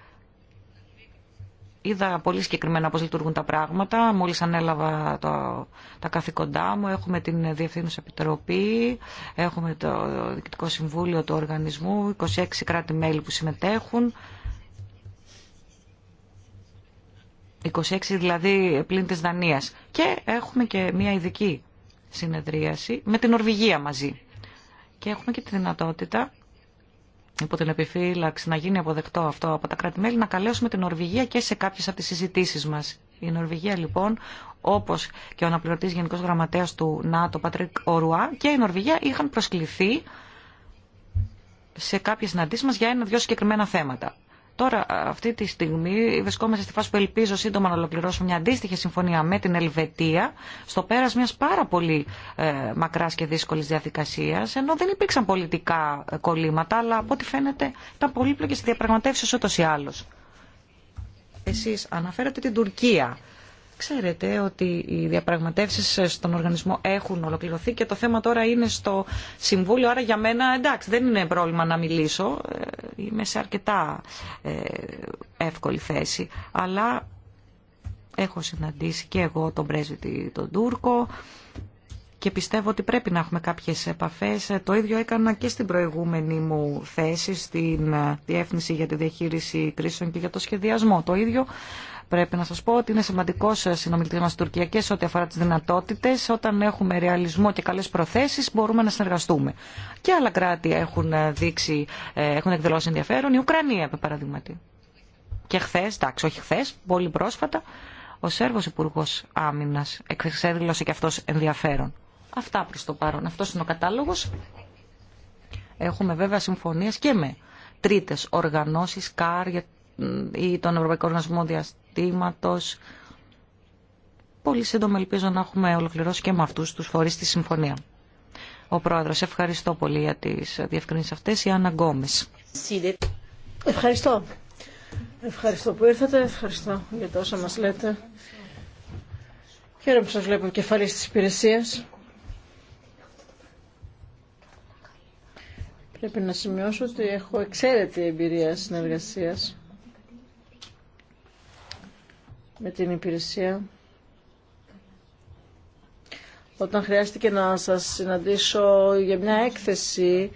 είδα πολύ συγκεκριμένα πώς λειτουργούν τα πράγματα. Μόλις ανέλαβα το, τα καθήκοντά μου, έχουμε την Διευθύνουσα Επιτροπή, έχουμε το Διοικητικό Συμβούλιο του Οργανισμού, 26 κράτη-μέλη που συμμετέχουν. 26 δηλαδή πλήν της Δανίας. Και έχουμε και μια ειδική συνεδρίαση με την Ορβηγία μαζί. Και έχουμε και τη δυνατότητα υπό την επιφύλαξη να γίνει αποδεκτό αυτό από τα κράτη-μέλη, να καλέσουμε την Νορβηγία και σε κάποιες από τις συζητήσεις μας. Η Νορβηγία λοιπόν, όπως και ο αναπληρωτής Γενικός Γραμματέας του ΝΑΤΟ, Πατρίκ Ορουά, και η Νορβηγία είχαν προσκληθεί σε κάποιες συναντήσεις μας για ένα-δυο συγκεκριμένα θέματα. Τώρα, αυτή τη στιγμή, βρισκόμαστε στη φάση που ελπίζω σύντομα να ολοκληρώσουμε μια αντίστοιχη συμφωνία με την Ελβετία, στο πέρα μια πάρα πολύ ε, μακρά και δύσκολη διαδικασία, ενώ δεν υπήρξαν πολιτικά ε, κολλήματα, αλλά από ό,τι φαίνεται ήταν πολύπλοκε διαπραγματεύσει ούτω ή άλλω. Εσεί αναφέρατε την Τουρκία Ξέρετε ότι οι διαπραγματεύσει στον οργανισμό έχουν ολοκληρωθεί και το θέμα τώρα είναι στο Συμβούλιο, άρα για μένα εντάξει δεν είναι πρόβλημα να μιλήσω, ε, είμαι σε αρκετά ε, εύκολη θέση, αλλά έχω συναντήσει και εγώ τον πρέσβητη τον Τούρκο και πιστεύω ότι πρέπει να έχουμε κάποιες επαφές. Ε, το ίδιο έκανα και στην προηγούμενη μου θέση, στην Διεύθυνση για τη Διαχείριση Κρίσεων και για το Σχεδιασμό. Το ίδιο πρέπει να σας πω ότι είναι σημαντικό ε, συνομιλητής μας Τουρκία ό,τι αφορά τις δυνατότητες. Όταν έχουμε ρεαλισμό και καλές προθέσεις μπορούμε να συνεργαστούμε. Και άλλα κράτη έχουν, ε, δείξει, ε, έχουν εκδηλώσει ενδιαφέρον. Η Ουκρανία, επί παραδείγματι. Και χθε, εντάξει, όχι χθε, πολύ πρόσφατα, ο Σέρβος Υπουργό Άμυνα εξέδηλωσε και αυτό ενδιαφέρον. Αυτά προ το παρόν. Αυτό είναι ο κατάλογο. Έχουμε βέβαια συμφωνίε και με τρίτε οργανώσει, ΚΑΡ, ή τον Ευρωπαϊκό Οργανισμό διαστήματο. Πολύ σύντομα ελπίζω να έχουμε ολοκληρώσει και με αυτού τους φορεί τη συμφωνία. Ο Πρόεδρος, ευχαριστώ πολύ για τις διευκρινήσεις αυτές. Η Άννα Γκόμες. Ευχαριστώ. Ευχαριστώ που ήρθατε, ευχαριστώ για τα όσα μας λέτε. Χαίρομαι που σας βλέπω κεφαλής της υπηρεσίας. Πρέπει να σημειώσω ότι έχω εξαίρετη εμπειρία συνεργασίας με την υπηρεσία. Όταν χρειάστηκε να σας συναντήσω για μια έκθεση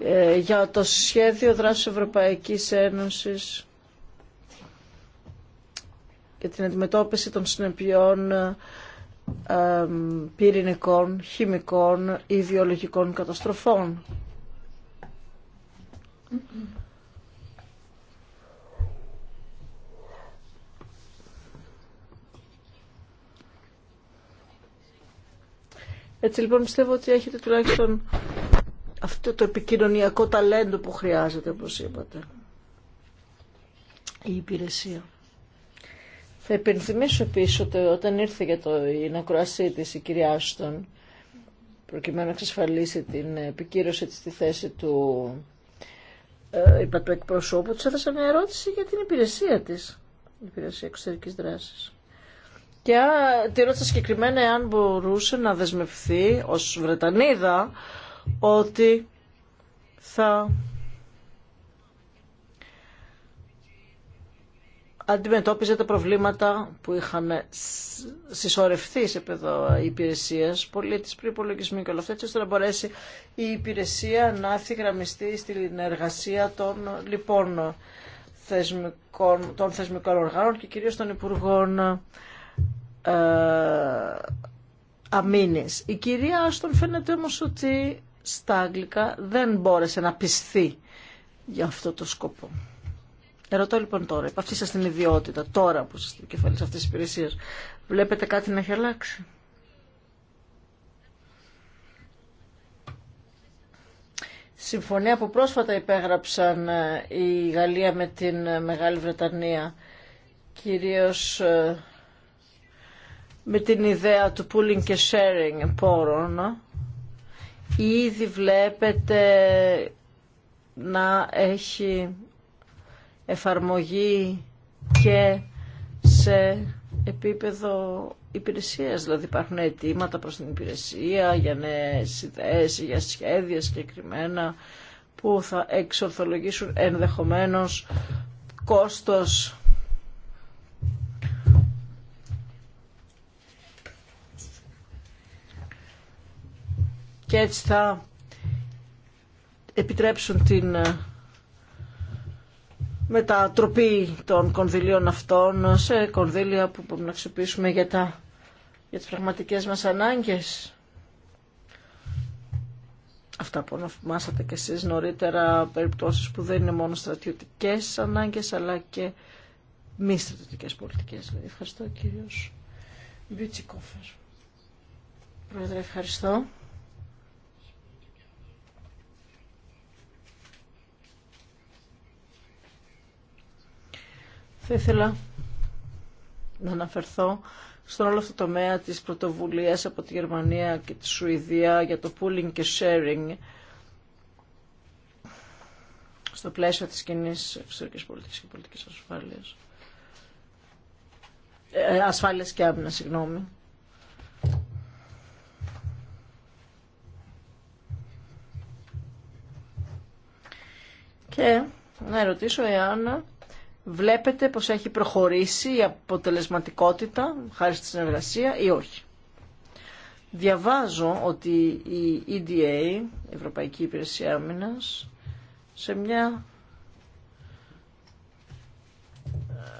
ε, για το σχέδιο δράσης Ευρωπαϊκής Ένωσης για την αντιμετώπιση των συνεπειών ε, ε, πυρηνικών, χημικών ή βιολογικών καταστροφών. Έτσι λοιπόν πιστεύω ότι έχετε τουλάχιστον αυτό το επικοινωνιακό ταλέντο που χρειάζεται, όπως είπατε, η υπηρεσία. Θα υπενθυμίσω επίσης ότι όταν ήρθε για το, η ακροασή η κυρία Άστον, προκειμένου να εξασφαλίσει την επικύρωση της στη θέση του ε, εκπροσώπου, της έδωσα μια ερώτηση για την υπηρεσία της, η υπηρεσία εξωτερικής δράσης. Και τη ρώτησα συγκεκριμένα εάν μπορούσε να δεσμευθεί ως Βρετανίδα ότι θα αντιμετώπιζε τα προβλήματα που είχαν συσσωρευτεί σε επίπεδο υπηρεσία, πολίτη, προπολογισμού και όλα αυτά, έτσι ώστε να μπορέσει η υπηρεσία να αυθυγραμμιστεί στην εργασία των λοιπόν θεσμικών, των θεσμικών οργάνων και κυρίως των υπουργών ε, αμήνες. Η κυρία Άστον φαίνεται όμως ότι στα αγγλικά δεν μπόρεσε να πιστεί για αυτό το σκοπό. Ερωτώ λοιπόν τώρα, επ' αυτή σας την ιδιότητα, τώρα που είστε κεφαλής αυτής της υπηρεσίας, βλέπετε κάτι να έχει αλλάξει. Συμφωνία που πρόσφατα υπέγραψαν ε, η Γαλλία με την ε, Μεγάλη Βρετανία, κυρίως με την ιδέα του pooling και sharing πόρων ήδη βλέπετε να έχει εφαρμογή και σε επίπεδο υπηρεσίας. Δηλαδή υπάρχουν αιτήματα προς την υπηρεσία για νέες ιδέες, για σχέδια συγκεκριμένα που θα εξορθολογήσουν ενδεχομένως κόστος και έτσι θα επιτρέψουν την ε, μετατροπή των κονδυλίων αυτών σε κονδύλια που μπορούμε να αξιοποιήσουμε για, τα, για τις πραγματικές μας ανάγκες. Αυτά που ονομάσατε και εσείς νωρίτερα, περιπτώσεις που δεν είναι μόνο στρατιωτικές ανάγκες, αλλά και μη στρατιωτικές πολιτικές. Ευχαριστώ κύριος Μπιτσικόφερ. Πρόεδρε, ευχαριστώ. Θα ήθελα να αναφερθώ στον όλο αυτό το τομέα της πρωτοβουλίας από τη Γερμανία και τη Σουηδία για το pooling και sharing στο πλαίσιο της κοινή εξωτερικής πολιτικής και πολιτικής ασφάλειας. Ε, ασφάλειας και άμυνα, συγγνώμη. Και να ρωτήσω εάν βλέπετε πως έχει προχωρήσει η αποτελεσματικότητα χάρη στη συνεργασία ή όχι. Διαβάζω ότι η EDA, η Ευρωπαϊκή Υπηρεσία Άμυνας, σε μια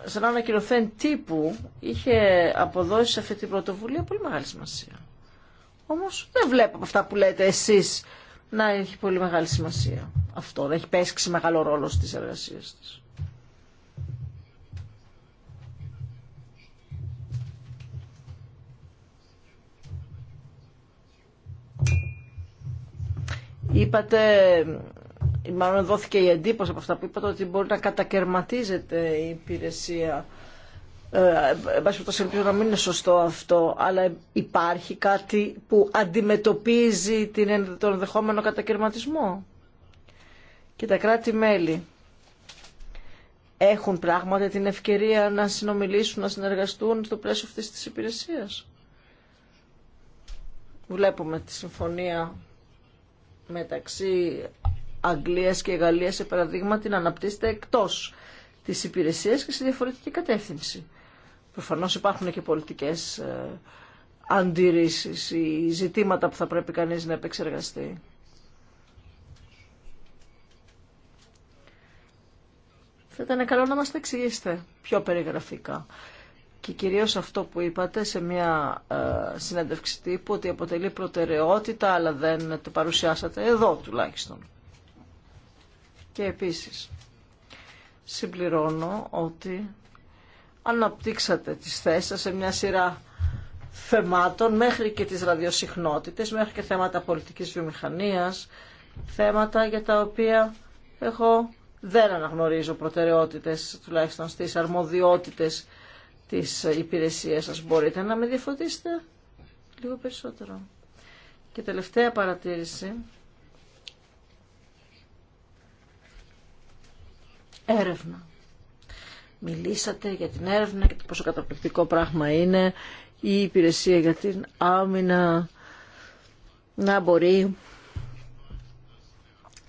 σε ένα ανακοινωθέν τύπου είχε αποδώσει σε αυτή την πρωτοβουλία πολύ μεγάλη σημασία. Όμως δεν βλέπω από αυτά που λέτε εσείς να έχει πολύ μεγάλη σημασία αυτό, να έχει πέσει μεγάλο ρόλο στις εργασίες της. Είπατε, μάλλον δόθηκε η εντύπωση από αυτά που είπατε, ότι μπορεί να κατακαιρματίζεται η υπηρεσία. Ε, εν πάση ελπίζω να μην είναι σωστό αυτό, αλλά υπάρχει κάτι που αντιμετωπίζει την, τον ενδεχόμενο κατακαιρματισμό. Και τα κράτη-μέλη έχουν πράγματι την ευκαιρία να συνομιλήσουν, να συνεργαστούν στο πλαίσιο αυτής της Βλέπουμε τη συμφωνία μεταξύ Αγγλίας και Γαλλίας, σε παραδείγμα, την αναπτύσσεται εκτός της υπηρεσίας και σε διαφορετική κατεύθυνση. Προφανώς υπάρχουν και πολιτικές ε, αντιρρήσεις ή ζητήματα που θα πρέπει κανείς να επεξεργαστεί. Θα ήταν καλό να μας τα εξηγήσετε πιο περιγραφικά και κυρίως αυτό που είπατε σε μια ε, συνέντευξη τύπου ότι αποτελεί προτεραιότητα αλλά δεν το παρουσιάσατε εδώ τουλάχιστον. Και επίσης συμπληρώνω ότι αναπτύξατε τις θέσεις σε μια σειρά θεμάτων μέχρι και τις ραδιοσυχνότητες, μέχρι και θέματα πολιτικής βιομηχανίας, θέματα για τα οποία εγώ δεν αναγνωρίζω προτεραιότητες, τουλάχιστον στις αρμοδιότητες της υπηρεσίας σας. Μπορείτε να με διαφωτίσετε λίγο περισσότερο. Και τελευταία παρατήρηση. Έρευνα. Μιλήσατε για την έρευνα και το πόσο καταπληκτικό πράγμα είναι η υπηρεσία για την άμυνα να μπορεί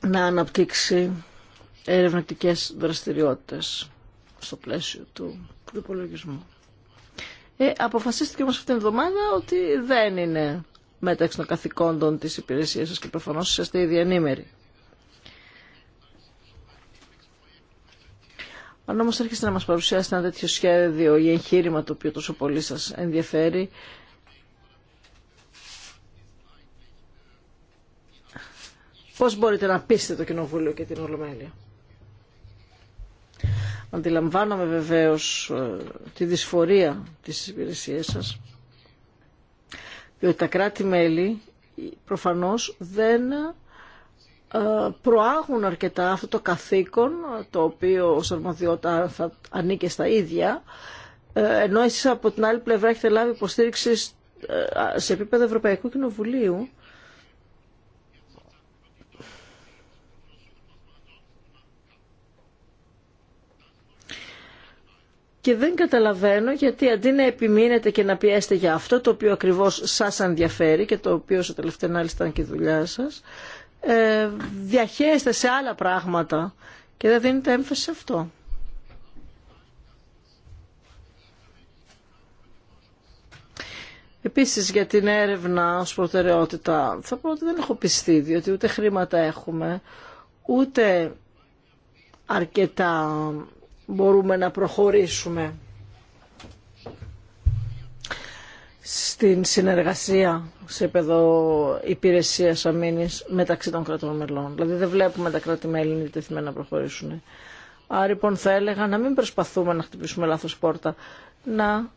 να αναπτύξει ερευνητικές δραστηριότητες στο πλαίσιο του ε, αποφασίστηκε όμως αυτήν την εβδομάδα ότι δεν είναι μεταξύ των καθηκόντων της υπηρεσίας σας και προφανώς είστε ήδη ενήμεροι. Αν όμως έρχεστε να μας παρουσιάσετε ένα τέτοιο σχέδιο ή εγχείρημα το οποίο τόσο πολύ σας ενδιαφέρει, πώς μπορείτε να πείσετε το Κοινοβούλιο και την Ολομέλεια. Αντιλαμβάνομαι βεβαίως ε, τη δυσφορία της υπηρεσίας σας, διότι τα κράτη-μέλη ε, προφανώς δεν ε, προάγουν αρκετά αυτό το καθήκον, το οποίο ως αρμοδιότητα θα ανήκε στα ίδια, ενώ εσείς από την άλλη πλευρά έχετε λάβει υποστήριξη σε επίπεδο Ευρωπαϊκού Κοινοβουλίου και δεν καταλαβαίνω γιατί αντί να επιμείνετε και να πιέσετε για αυτό το οποίο ακριβώς σας ενδιαφέρει και το οποίο σε τελευταία ανάλυση ήταν και η δουλειά σας, ε, διαχέεστε σε άλλα πράγματα και δεν δίνετε έμφαση σε αυτό. Επίσης για την έρευνα ως προτεραιότητα θα πω ότι δεν έχω πιστεί διότι ούτε χρήματα έχουμε ούτε αρκετά μπορούμε να προχωρήσουμε στην συνεργασία σε επίπεδο υπηρεσία αμήνη μεταξύ των κρατών μελών. Δηλαδή δεν βλέπουμε τα κράτη-μέλη νητεθειμένα να προχωρήσουν. Άρα λοιπόν θα έλεγα να μην προσπαθούμε να χτυπήσουμε λάθο πόρτα, να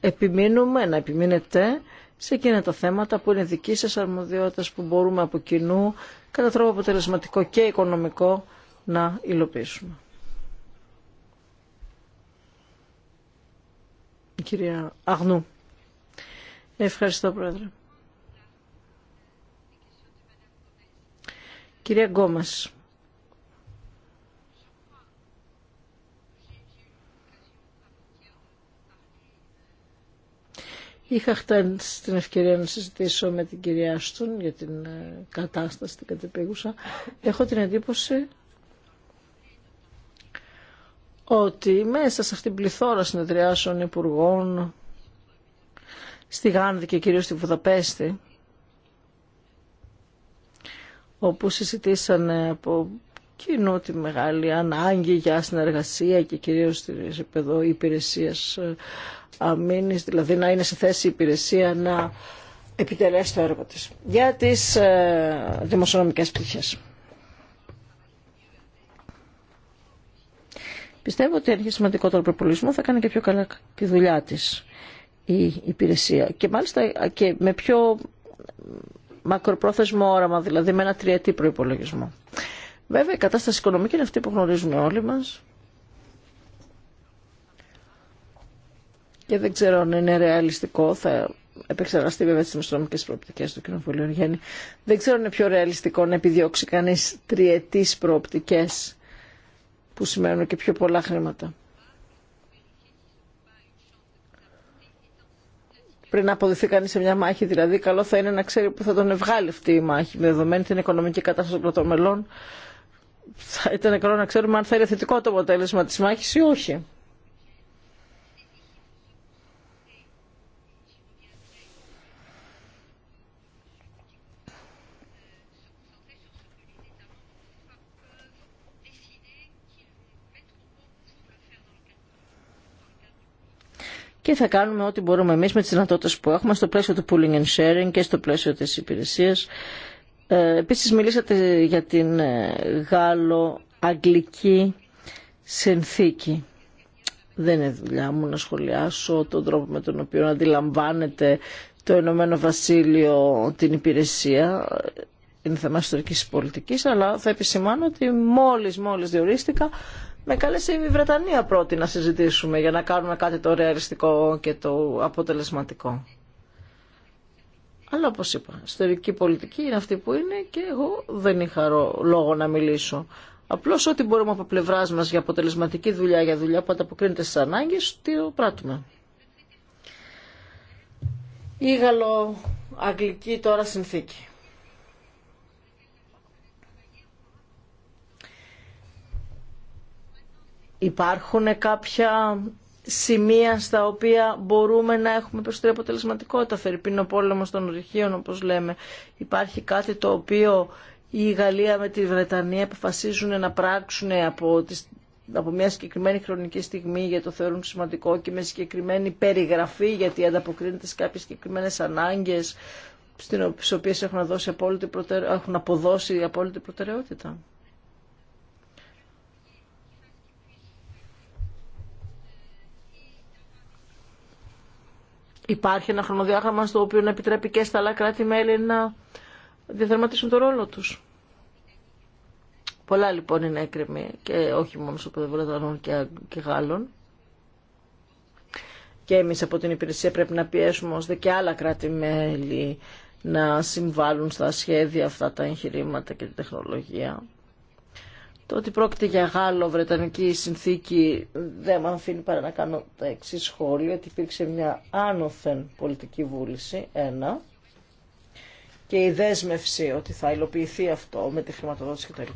επιμείνουμε, να επιμείνετε σε εκείνα τα θέματα που είναι δική σα αρμοδιότητα που μπορούμε από κοινού κατά τρόπο αποτελεσματικό και οικονομικό να υλοποιήσουμε. κυρία Αγνού. Ευχαριστώ, Πρόεδρε. Κυρία Γκόμας. Είχα χτάνει την ευκαιρία να συζητήσω με την κυρία Άστον για την ε, κατάσταση, την κατεπίγουσα. Έχω την εντύπωση ότι μέσα σε αυτήν την πληθώρα συνεδριάσεων υπουργών στη Γάνδη και κυρίως στη Βουδαπέστη όπου συζητήσαν από κοινού τη μεγάλη ανάγκη για συνεργασία και κυρίως στην επίπεδο υπηρεσίας ε, αμήνης, δηλαδή να είναι σε θέση η υπηρεσία να επιτελέσει το έργο της για τις ε, δημοσιονομικές πτυχές. Πιστεύω ότι αν είχε σημαντικότερο προπολογισμό θα κάνει και πιο καλά τη δουλειά τη η υπηρεσία. Και μάλιστα και με πιο μακροπρόθεσμο όραμα, δηλαδή με ένα τριετή προπολογισμό. Βέβαια η κατάσταση οικονομική είναι αυτή που γνωρίζουμε όλοι μα. Και δεν ξέρω αν είναι ρεαλιστικό, θα επεξεργαστεί βέβαια τι μεσονομικέ προοπτικές του Κοινοβουλίου Γέννη. Δεν ξέρω αν είναι πιο ρεαλιστικό να επιδιώξει κανεί τριετή προοπτικέ που σημαίνουν και πιο πολλά χρήματα. Πριν αποδεθεί κανεί σε μια μάχη, δηλαδή, καλό θα είναι να ξέρει που θα τον ευγάλει αυτή η μάχη, με δεδομένη την οικονομική κατάσταση των πρωτομελών, Θα ήταν καλό να ξέρουμε αν θα είναι θετικό το αποτέλεσμα τη μάχη ή όχι. και θα κάνουμε ό,τι μπορούμε εμείς με τις δυνατότητες που έχουμε στο πλαίσιο του pooling and sharing και στο πλαίσιο της υπηρεσίας. Ε, επίσης μιλήσατε για την ε, γάλλο-αγγλική συνθήκη. Δεν είναι δουλειά μου να σχολιάσω τον τρόπο με τον οποίο αντιλαμβάνεται το Ηνωμένο Βασίλειο την υπηρεσία. Είναι θέμα ιστορικής πολιτικής, αλλά θα επισημάνω ότι μόλις, μόλις διορίστηκα με καλέσε η Βρετανία πρώτη να συζητήσουμε για να κάνουμε κάτι το ρεαλιστικό και το αποτελεσματικό. Αλλά όπως είπα, ιστορική πολιτική είναι αυτή που είναι και εγώ δεν είχα λόγο να μιλήσω. Απλώς ό,τι μπορούμε από πλευρά μας για αποτελεσματική δουλειά, για δουλειά που ανταποκρίνεται στις ανάγκες, το πράττουμε. Ήγαλο, αγγλικη τώρα συνθήκη. Υπάρχουν κάποια σημεία στα οποία μπορούμε να έχουμε περισσότερη αποτελεσματικότητα. Φερρυπίν ο των ρηχείων, όπως λέμε. Υπάρχει κάτι το οποίο η Γαλλία με τη Βρετανία αποφασίζουν να πράξουν από τις από μια συγκεκριμένη χρονική στιγμή για το θεωρούν σημαντικό και με συγκεκριμένη περιγραφή γιατί ανταποκρίνεται σε κάποιες συγκεκριμένε ανάγκες στις οποίες έχουν, δώσει απόλυτη έχουν αποδώσει απόλυτη προτεραιότητα. Υπάρχει ένα χρονοδιάγραμμα στο οποίο να επιτρέπει και στα άλλα κράτη-μέλη να διαδραματίσουν το ρόλο τους. Πολλά λοιπόν είναι έκρημη και όχι μόνο στο επίπεδο και, και Γάλλων. Και εμείς από την υπηρεσία πρέπει να πιέσουμε δε και άλλα κράτη-μέλη να συμβάλλουν στα σχέδια αυτά τα εγχειρήματα και τη τεχνολογία. Το ότι πρόκειται για Γάλλο-Βρετανική συνθήκη δεν με αφήνει παρά να κάνω τα εξή σχόλια, ότι υπήρξε μια άνωθεν πολιτική βούληση, ένα, και η δέσμευση ότι θα υλοποιηθεί αυτό με τη χρηματοδότηση κτλ.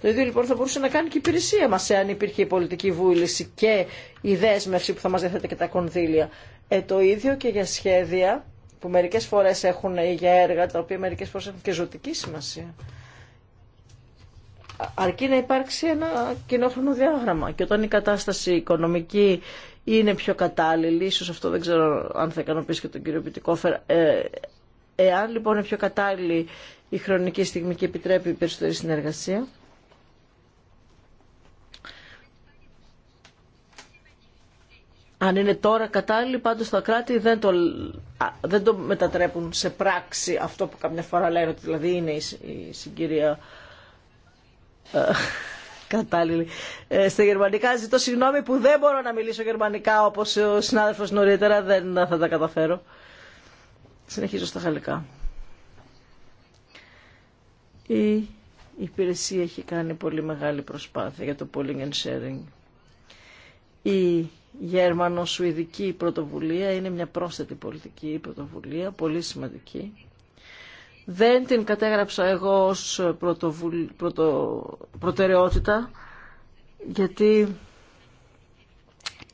Το ίδιο λοιπόν θα μπορούσε να κάνει και η υπηρεσία μα, εάν υπήρχε η πολιτική βούληση και η δέσμευση που θα μα διαθέτει και τα κονδύλια. Ε, το ίδιο και για σχέδια που μερικέ φορέ έχουν ή για έργα, τα οποία μερικέ φορέ έχουν και ζωτική σημασία αρκεί να υπάρξει ένα κοινόχρονο διάγραμμα. Και όταν η κατάσταση οικονομική είναι πιο κατάλληλη, ίσως αυτό δεν ξέρω αν θα ικανοποιήσει και τον κύριο Πιτικόφερ, ε, εάν λοιπόν είναι πιο κατάλληλη η χρονική στιγμή και επιτρέπει περισσότερη συνεργασία. Αν είναι τώρα κατάλληλη, πάντως τα κράτη δεν το, δεν το μετατρέπουν σε πράξη αυτό που καμιά φορά λένε ότι δηλαδή είναι η συγκυρία ε, κατάλληλη. Ε, στα γερμανικά ζητώ συγγνώμη που δεν μπορώ να μιλήσω γερμανικά όπως ο συνάδελφος νωρίτερα δεν θα τα καταφέρω. Συνεχίζω στα γαλλικά. Η υπηρεσία έχει κάνει πολύ μεγάλη προσπάθεια για το polling and sharing. Η γερμανο-σουηδική πρωτοβουλία είναι μια πρόσθετη πολιτική πρωτοβουλία, πολύ σημαντική δεν την κατέγραψα εγώ ως πρωτοβουλ... πρωτο... προτεραιότητα, γιατί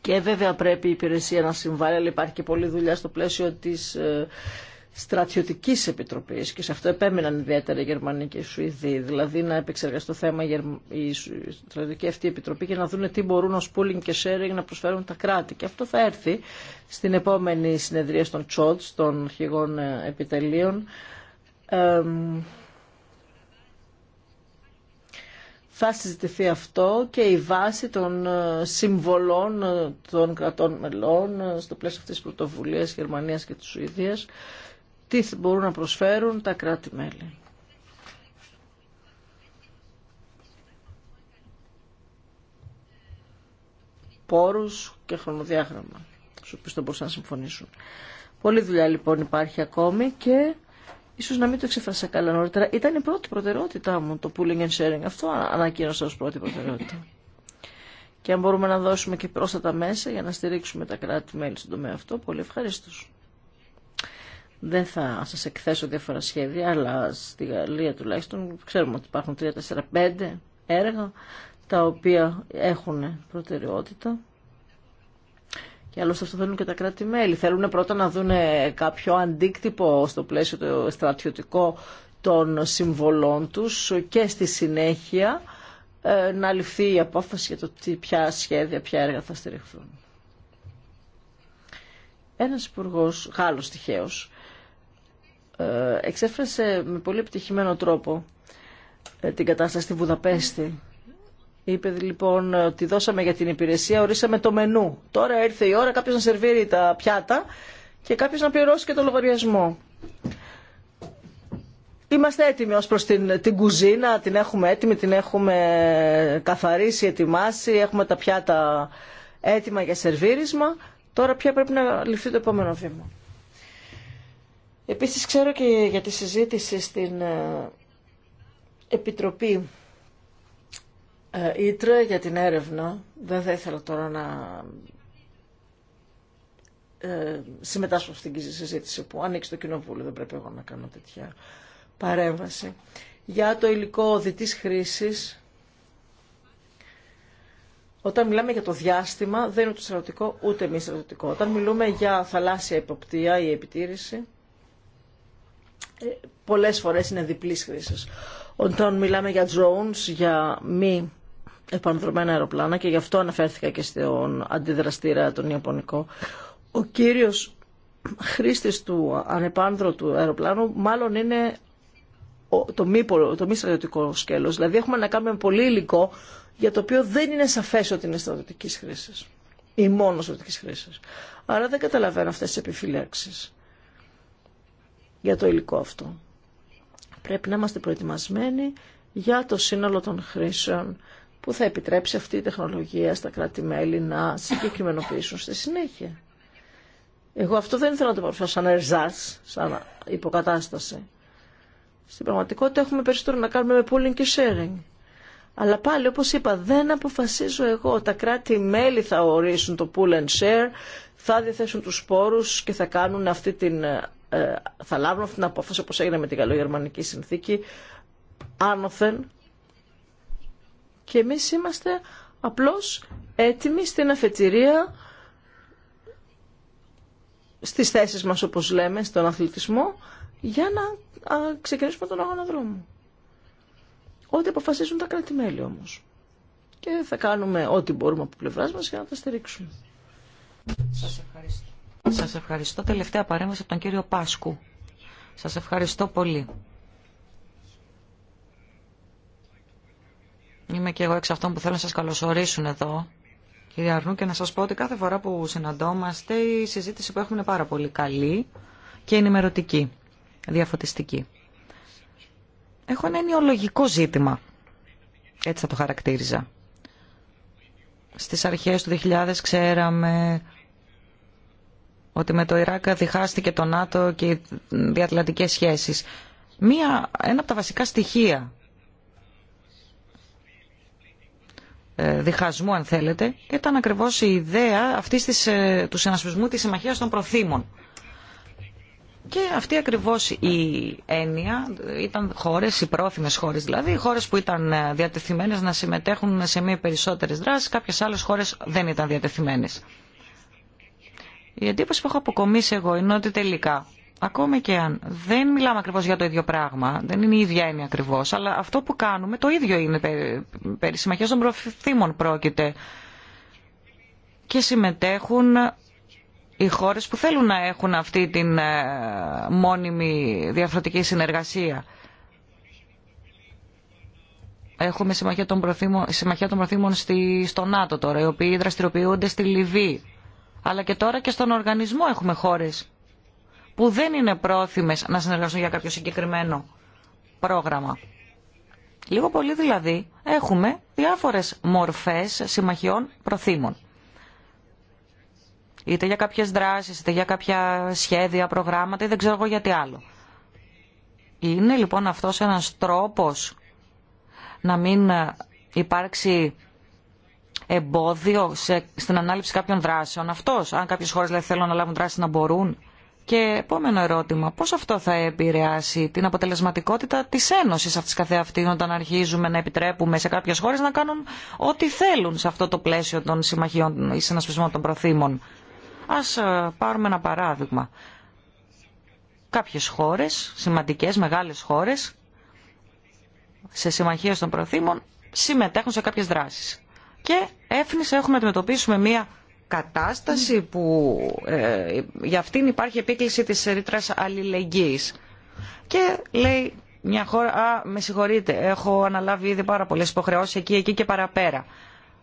και βέβαια πρέπει η υπηρεσία να συμβάλλει, αλλά υπάρχει και πολλή δουλειά στο πλαίσιο της ε, στρατιωτικής επιτροπής και σε αυτό επέμειναν ιδιαίτερα οι Γερμανοί και οι Σουηδοί, δηλαδή να επεξεργαστεί το θέμα η στρατιωτική αυτή επιτροπή και να δουν τι μπορούν ως pooling και sharing να προσφέρουν τα κράτη. Και αυτό θα έρθει στην επόμενη συνεδρία των Τσότ, των αρχηγών ε, επιτελείων, θα συζητηθεί αυτό και η βάση των ε, συμβολών ε, των κρατών μελών ε, στο πλαίσιο αυτής της πρωτοβουλίας Γερμανίας και της Σουηδίας τι μπορούν να προσφέρουν τα κράτη-μέλη. Πόρους και χρονοδιάγραμμα, στους οποίους δεν μπορούσαν να συμφωνήσουν. Πολύ δουλειά λοιπόν υπάρχει ακόμη και ίσως να μην το εξεφράσα καλά νωρίτερα, ήταν η πρώτη προτεραιότητά μου το pooling and sharing. Αυτό ανακοίνωσα ω πρώτη προτεραιότητα. Και αν μπορούμε να δώσουμε και πρόσθετα μέσα για να στηρίξουμε τα κράτη-μέλη στον τομέα αυτό, πολύ ευχαρίστω. Δεν θα σας εκθέσω διάφορα σχέδια, αλλά στη Γαλλία τουλάχιστον ξέρουμε ότι υπάρχουν 3, 4, 5 έργα τα οποία έχουν προτεραιότητα. Και άλλωστε αυτό θέλουν και τα κράτη-μέλη. Θέλουν πρώτα να δουν κάποιο αντίκτυπο στο πλαίσιο το στρατιωτικό των συμβολών τους και στη συνέχεια ε, να ληφθεί η απόφαση για το τι, ποια σχέδια, ποια έργα θα στηριχθούν. Ένας υπουργό, Γάλλος τυχαίο. Ε, εξέφρασε με πολύ επιτυχημένο τρόπο ε, την κατάσταση στη Βουδαπέστη Είπε λοιπόν ότι δώσαμε για την υπηρεσία, ορίσαμε το μενού. Τώρα ήρθε η ώρα κάποιο να σερβίρει τα πιάτα και κάποιο να πληρώσει και το λογαριασμό. Είμαστε έτοιμοι ως προς την, την κουζίνα, την έχουμε έτοιμη, την έχουμε καθαρίσει, ετοιμάσει, έχουμε τα πιάτα έτοιμα για σερβίρισμα. Τώρα πια πρέπει να ληφθεί το επόμενο βήμα. Επίσης ξέρω και για τη συζήτηση στην ε, Επιτροπή ε, Ήτρε για την έρευνα. Δεν θα ήθελα τώρα να ε, συμμετάσχω στην συζήτηση που ανοίξει το κοινοβούλιο. Δεν πρέπει εγώ να κάνω τέτοια παρέμβαση. Για το υλικό διτής χρήσης, όταν μιλάμε για το διάστημα, δεν είναι ούτε στρατιωτικό ούτε μη στρατιωτικό. Όταν μιλούμε για θαλάσσια υποπτία ή επιτήρηση, ε, πολλές φορές είναι διπλής χρήσης. Όταν μιλάμε για drones, για μη επανδρομένα αεροπλάνα και γι' αυτό αναφέρθηκα και στον αντιδραστήρα τον Ιαπωνικό. Ο κύριος χρήστης του ανεπάνδρωτου αεροπλάνου μάλλον είναι το μη, το μη στρατιωτικό σκέλος. Δηλαδή έχουμε να κάνουμε πολύ υλικό για το οποίο δεν είναι σαφές ότι είναι στρατιωτική χρήση ή μόνο στρατιωτική χρήση. Άρα δεν καταλαβαίνω αυτές τις επιφυλάξεις για το υλικό αυτό. Πρέπει να είμαστε προετοιμασμένοι για το σύνολο των χρήσεων που θα επιτρέψει αυτή η τεχνολογία στα κράτη-μέλη να συγκεκριμενοποιήσουν στη συνέχεια. Εγώ αυτό δεν ήθελα να το παρουσιάσω σαν ερζάς, σαν υποκατάσταση. Στην πραγματικότητα έχουμε περισσότερο να κάνουμε με pooling και sharing. Αλλά πάλι, όπως είπα, δεν αποφασίζω εγώ. Τα κράτη-μέλη θα ορίσουν το pool and share, θα διαθέσουν τους σπόρους και θα κάνουν αυτή την, ε, θα λάβουν αυτή την απόφαση όπως έγινε με την καλογερμανική συνθήκη άνωθεν και εμείς είμαστε απλώς έτοιμοι στην αφετηρία στις θέσεις μας όπως λέμε στον αθλητισμό για να ξεκινήσουμε τον αγώνα δρόμου. Ό,τι αποφασίζουν τα κράτη-μέλη όμως. Και θα κάνουμε ό,τι μπορούμε από πλευράς μας για να τα στηρίξουμε. Σας ευχαριστώ. Σας ευχαριστώ. Τελευταία παρέμβαση από τον κύριο Πάσκου. Σας ευχαριστώ πολύ. Είμαι και εγώ εξ αυτών που θέλω να σας καλωσορίσουν εδώ, κύριε Αρνού, και να σας πω ότι κάθε φορά που συναντώμαστε η συζήτηση που έχουμε είναι πάρα πολύ καλή και ενημερωτική, διαφωτιστική. Έχω ένα ενοιολογικό ζήτημα, έτσι θα το χαρακτήριζα. Στις αρχές του 2000 ξέραμε ότι με το Ιράκ διχάστηκε το ΝΑΤΟ και οι διατλαντικές σχέσεις. Μία, ένα από τα βασικά στοιχεία Ε, διχασμού αν θέλετε ήταν ακριβώς η ιδέα αυτής της, ε, του συνασπισμού της συμμαχίας των προθήμων. Και αυτή ακριβώς η έννοια ε, ήταν χώρες, οι πρόθυμες χώρες δηλαδή, οι χώρες που ήταν διατεθειμένες να συμμετέχουν σε μία περισσότερες δράσεις, κάποιες άλλες χώρες δεν ήταν διατεθειμένες. Η εντύπωση που έχω αποκομίσει εγώ είναι ότι τελικά Ακόμη και αν δεν μιλάμε ακριβώ για το ίδιο πράγμα, δεν είναι η ίδια έννοια ακριβώ, αλλά αυτό που κάνουμε το ίδιο είναι. Περί συμμαχία των προθύμων πρόκειται. Και συμμετέχουν οι χώρε που θέλουν να έχουν αυτή την ε, μόνιμη διαφορετική συνεργασία. Έχουμε συμμαχία των προθύμων, συμμαχία των προθύμων στη, στο ΝΑΤΟ τώρα, οι οποίοι δραστηριοποιούνται στη Λιβύη. Αλλά και τώρα και στον οργανισμό έχουμε χώρες που δεν είναι πρόθυμες να συνεργαστούν για κάποιο συγκεκριμένο πρόγραμμα. Λίγο πολύ δηλαδή έχουμε διάφορες μορφές συμμαχιών προθύμων. Είτε για κάποιες δράσεις, είτε για κάποια σχέδια, προγράμματα ή δεν ξέρω εγώ γιατί άλλο. Είναι λοιπόν αυτός ένας τρόπος να μην υπάρξει εμπόδιο σε, στην ανάληψη κάποιων δράσεων. Αυτός, αν κάποιες χώρες θέλουν να λάβουν δράση να μπορούν. Και επόμενο ερώτημα, πώς αυτό θα επηρεάσει την αποτελεσματικότητα της Ένωσης αυτής καθεαυτή όταν αρχίζουμε να επιτρέπουμε σε κάποιες χώρες να κάνουν ό,τι θέλουν σε αυτό το πλαίσιο των συμμαχιών ή συνασπισμών των προθήμων. Ας ε, πάρουμε ένα παράδειγμα. Κάποιες χώρες, σημαντικές, μεγάλες χώρες, σε συμμαχίες των προθήμων συμμετέχουν σε κάποιες δράσεις. Και έφνησε, έχουμε να αντιμετωπίσουμε μία κατάσταση που ε, για αυτήν υπάρχει επίκληση της ρήτρας αλληλεγγύης. Και λέει μια χώρα, α, με συγχωρείτε, έχω αναλάβει ήδη πάρα πολλές υποχρεώσεις εκεί, εκεί και παραπέρα.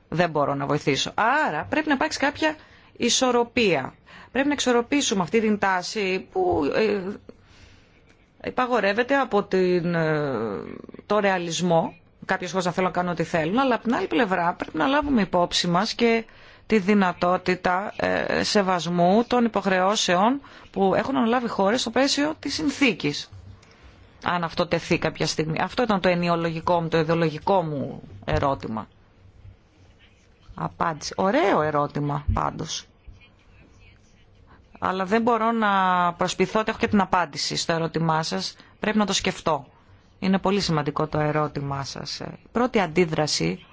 Δεν μπορώ να βοηθήσω. Άρα πρέπει να υπάρξει κάποια ισορροπία. Πρέπει να εξορροπήσουμε αυτή την τάση που ε, υπαγορεύεται από την, ε, το ρεαλισμό. Κάποιες χώρες να θέλουν να κάνουν ό,τι θέλουν, αλλά από την άλλη πλευρά πρέπει να λάβουμε υπόψη μας και τη δυνατότητα ε, σεβασμού των υποχρεώσεων που έχουν αναλάβει χώρε στο πλαίσιο τη συνθήκη Αν αυτό τεθεί κάποια στιγμή. Αυτό ήταν το ενιολογικό μου, το ιδεολογικό μου ερώτημα. Απάντηση. Ωραίο ερώτημα πάντως. Αλλά δεν μπορώ να προσπιθώ ότι έχω και την απάντηση στο ερώτημά σας. Πρέπει να το σκεφτώ. Είναι πολύ σημαντικό το ερώτημά σας. Ε, πρώτη αντίδραση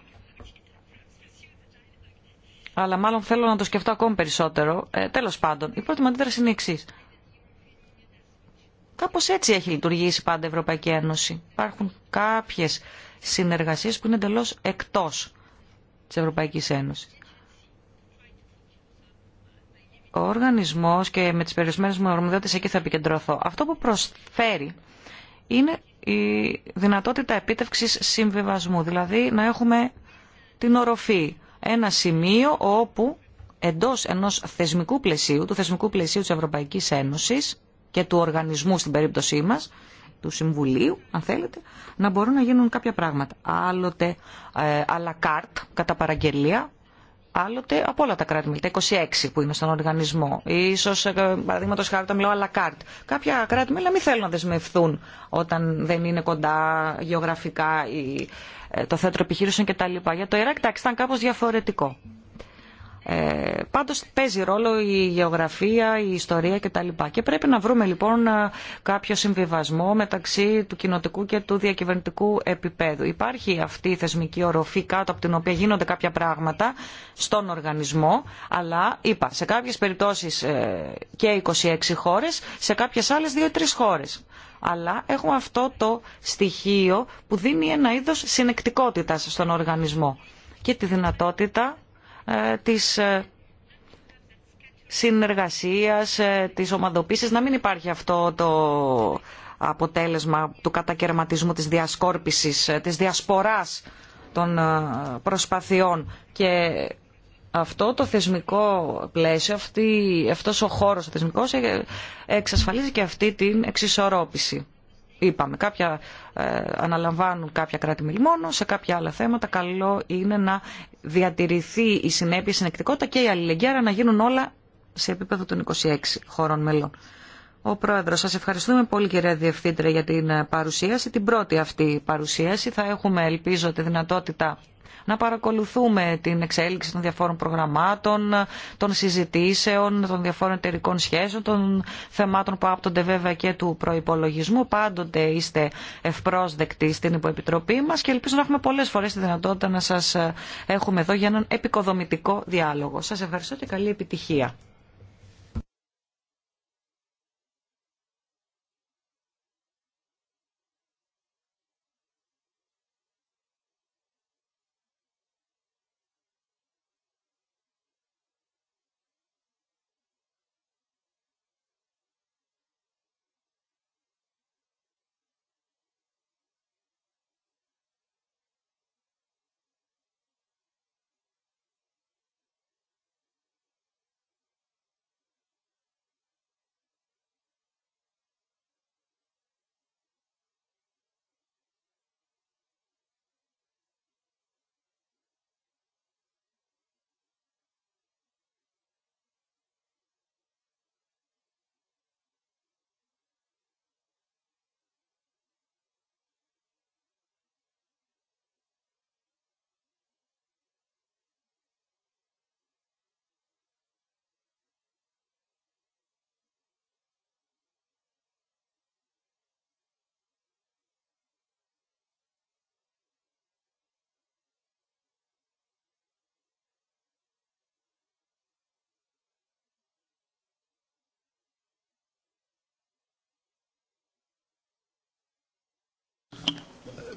αλλά μάλλον θέλω να το σκεφτώ ακόμη περισσότερο. Ε, τέλος πάντων, η πρώτη μου αντίδραση είναι η εξή. Κάπως έτσι έχει λειτουργήσει πάντα η Ευρωπαϊκή Ένωση. Υπάρχουν κάποιες συνεργασίες που είναι εντελώ εκτός της Ευρωπαϊκής Ένωσης. Ο οργανισμός και με τις περιορισμένες μου αρμοδιότητες εκεί θα επικεντρωθώ. Αυτό που προσφέρει είναι η δυνατότητα επίτευξης συμβιβασμού, δηλαδή να έχουμε την οροφή ένα σημείο όπου εντός ενός θεσμικού πλαισίου, του θεσμικού πλαισίου της Ευρωπαϊκής Ένωσης και του οργανισμού στην περίπτωσή μας, του Συμβουλίου, αν θέλετε, να μπορούν να γίνουν κάποια πράγματα. Άλλοτε, ε, κατά παραγγελία, άλλοτε από όλα τα κράτη-μέλη, τα 26 που είναι στον οργανισμό. Ίσως, ε, παραδείγματο χάρη, όταν μιλάω αλακάρτ. Κάποια κράτη-μέλη να μην θέλουν να δεσμευθούν όταν δεν είναι κοντά γεωγραφικά ε, το θέατρο επιχείρησεων κτλ. Για το Ιράκ, εντάξει, ήταν κάπως διαφορετικό. Ε, πάντως παίζει ρόλο η γεωγραφία, η ιστορία κτλ. Και πρέπει να βρούμε λοιπόν ε, κάποιο συμβιβασμό μεταξύ του κοινοτικού και του διακυβερνητικού επίπεδου. Υπάρχει αυτή η θεσμική οροφή κάτω από την οποία γίνονται κάποια πράγματα στον οργανισμό, αλλά είπα, σε κάποιες περιπτώσεις ε, και 26 χώρες, σε κάποιες άλλες 2-3 χώρες αλλά έχουμε αυτό το στοιχείο που δίνει ένα είδος συνεκτικότητα στον οργανισμό και τη δυνατότητα ε, της ε, συνεργασίας, ε, της ομαδοποίησης, να μην υπάρχει αυτό το αποτέλεσμα του κατακαιρματισμού, της διασκόρπισης, της διασποράς των προσπαθειών και αυτό το θεσμικό πλαίσιο, αυτή, αυτός ο χώρος ο θεσμικός εξασφαλίζει και αυτή την εξισορρόπηση είπαμε, κάποια ε, αναλαμβάνουν κάποια μιλμόνο, σε κάποια άλλα θέματα καλό είναι να διατηρηθεί η συνέπεια, συνεκτικότητα και η αλληλεγγύα να γίνουν όλα σε επίπεδο των 26 χωρών μελών. Ο Πρόεδρο, σα ευχαριστούμε πολύ κυρία Διευθύντρια για την παρουσίαση, την πρώτη αυτή παρουσίαση. Θα έχουμε, ελπίζω, τη δυνατότητα να παρακολουθούμε την εξέλιξη των διαφόρων προγραμμάτων, των συζητήσεων, των διαφόρων εταιρικών σχέσεων, των θεμάτων που άπτονται βέβαια και του προπολογισμού. Πάντοτε είστε ευπρόσδεκτοι στην υποεπιτροπή μα και ελπίζω να έχουμε πολλέ φορέ τη δυνατότητα να σα έχουμε εδώ για έναν επικοδομητικό διάλογο. Σα ευχαριστώ και καλή επιτυχία.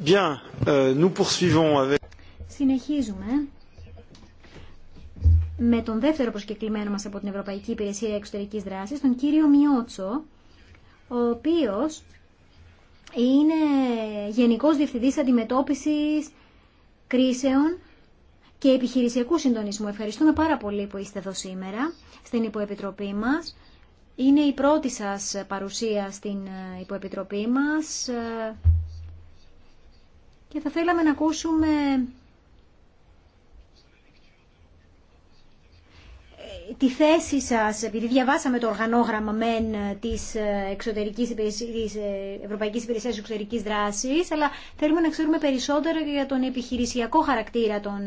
Bien, euh, nous poursuivons avec... Συνεχίζουμε με τον δεύτερο προσκεκλημένο μας από την Ευρωπαϊκή Υπηρεσία Εξωτερικής Δράσης, τον κύριο Μιώτσο, ο οποίος είναι Γενικός Διευθυντής Αντιμετώπισης Κρίσεων και Επιχειρησιακού Συντονισμού. Ευχαριστούμε πάρα πολύ που είστε εδώ σήμερα στην Υποεπιτροπή μας. Είναι η πρώτη σας παρουσία στην ε, Υποεπιτροπή μας. Ε, και θα θέλαμε να ακούσουμε ε, τη θέση σας, επειδή διαβάσαμε το οργανόγραμμα μεν της, ε, εξωτερικής, της ε, Ευρωπαϊκής Υπηρεσίας Εξωτερικής Δράσης, αλλά θέλουμε να ξέρουμε περισσότερο για τον επιχειρησιακό χαρακτήρα των,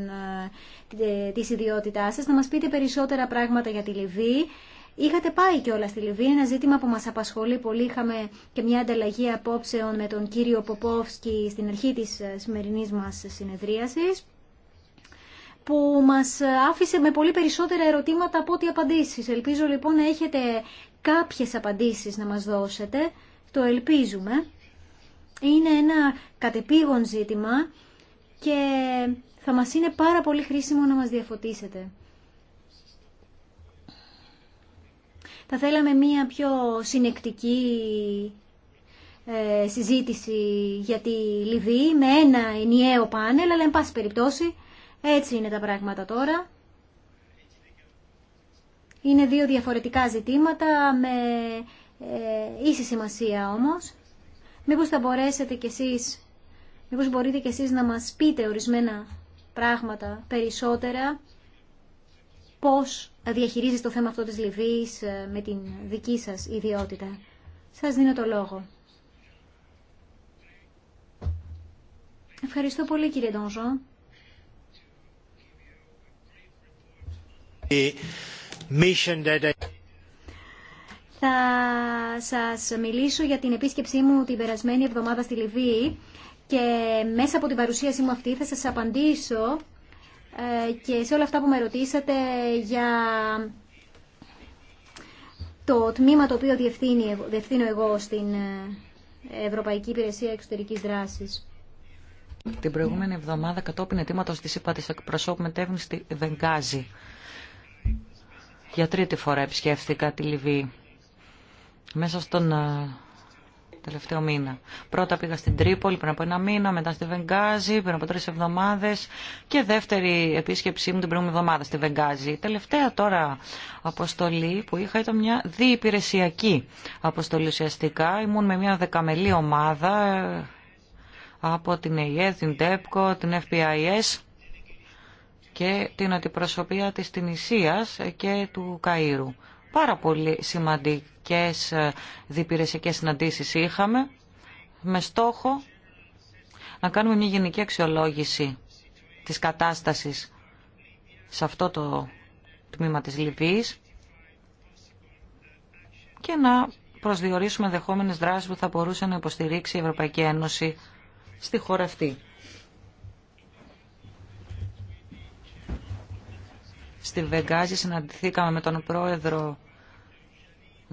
της ιδιότητάς σας, να μας πείτε περισσότερα πράγματα για τη Λιβύη, Είχατε πάει όλα στη Λιβύη, ένα ζήτημα που μας απασχολεί πολύ. Είχαμε και μια ανταλλαγή απόψεων με τον κύριο Ποπόφσκι στην αρχή της ε, σημερινής μας συνεδρίασης που μας ε, άφησε με πολύ περισσότερα ερωτήματα από ό,τι απαντήσεις. Ελπίζω λοιπόν να έχετε κάποιες απαντήσεις να μας δώσετε. Το ελπίζουμε. Είναι ένα κατεπήγον ζήτημα και θα μας είναι πάρα πολύ χρήσιμο να μας διαφωτίσετε. Θα θέλαμε μία πιο συνεκτική ε, συζήτηση για τη Λιβύη με ένα ενιαίο πάνελ, αλλά εν πάση περιπτώσει έτσι είναι τα πράγματα τώρα. Είναι δύο διαφορετικά ζητήματα με ε, ίση σημασία όμως. Μήπως θα μπορέσετε κι εσείς, μήπως μπορείτε κι εσείς να μας πείτε ορισμένα πράγματα περισσότερα, πώς Διαχειρίζει το θέμα αυτό της Λιβύης ε, με την δική σας ιδιότητα. Σας δίνω το λόγο. Ευχαριστώ πολύ κύριε Ντονζό. Θα σας μιλήσω για την επίσκεψή μου την περασμένη εβδομάδα στη Λιβύη και μέσα από την παρουσίασή μου αυτή θα σας απαντήσω ε, και σε όλα αυτά που με ρωτήσατε για το τμήμα το οποίο διευθύνω εγώ στην ε, Ευρωπαϊκή Υπηρεσία Εξωτερικής Δράσης. Την προηγούμενη εβδομάδα κατόπιν ετήματος της ΥΠΑ της εκπροσώπου στη Βενγκάζη. Για τρίτη φορά επισκέφθηκα τη Λιβύη. Μέσα στον ε, τελευταίο μήνα. Πρώτα πήγα στην Τρίπολη πριν από ένα μήνα, μετά στη Βενγκάζη, πριν από τρει εβδομάδε και δεύτερη επίσκεψή μου την προηγούμενη εβδομάδα στη Βενγκάζη. Η τελευταία τώρα αποστολή που είχα ήταν μια διυπηρεσιακή αποστολή ουσιαστικά. Ήμουν με μια δεκαμελή ομάδα ε, από την ΕΙΕ, την ΤΕΠΚΟ, την FBIS και την αντιπροσωπεία της Τινησίας και του Καΐρου. Πάρα πολύ σημαντικές ε, διπηρεσιακές συναντήσεις είχαμε με στόχο να κάνουμε μια γενική αξιολόγηση της κατάστασης σε αυτό το τμήμα της Λιβύης και να προσδιορίσουμε δεχόμενες δράσεις που θα μπορούσε να υποστηρίξει η Ευρωπαϊκή Ένωση στη χώρα αυτή. Στη Βεγγάζη συναντηθήκαμε με τον πρόεδρο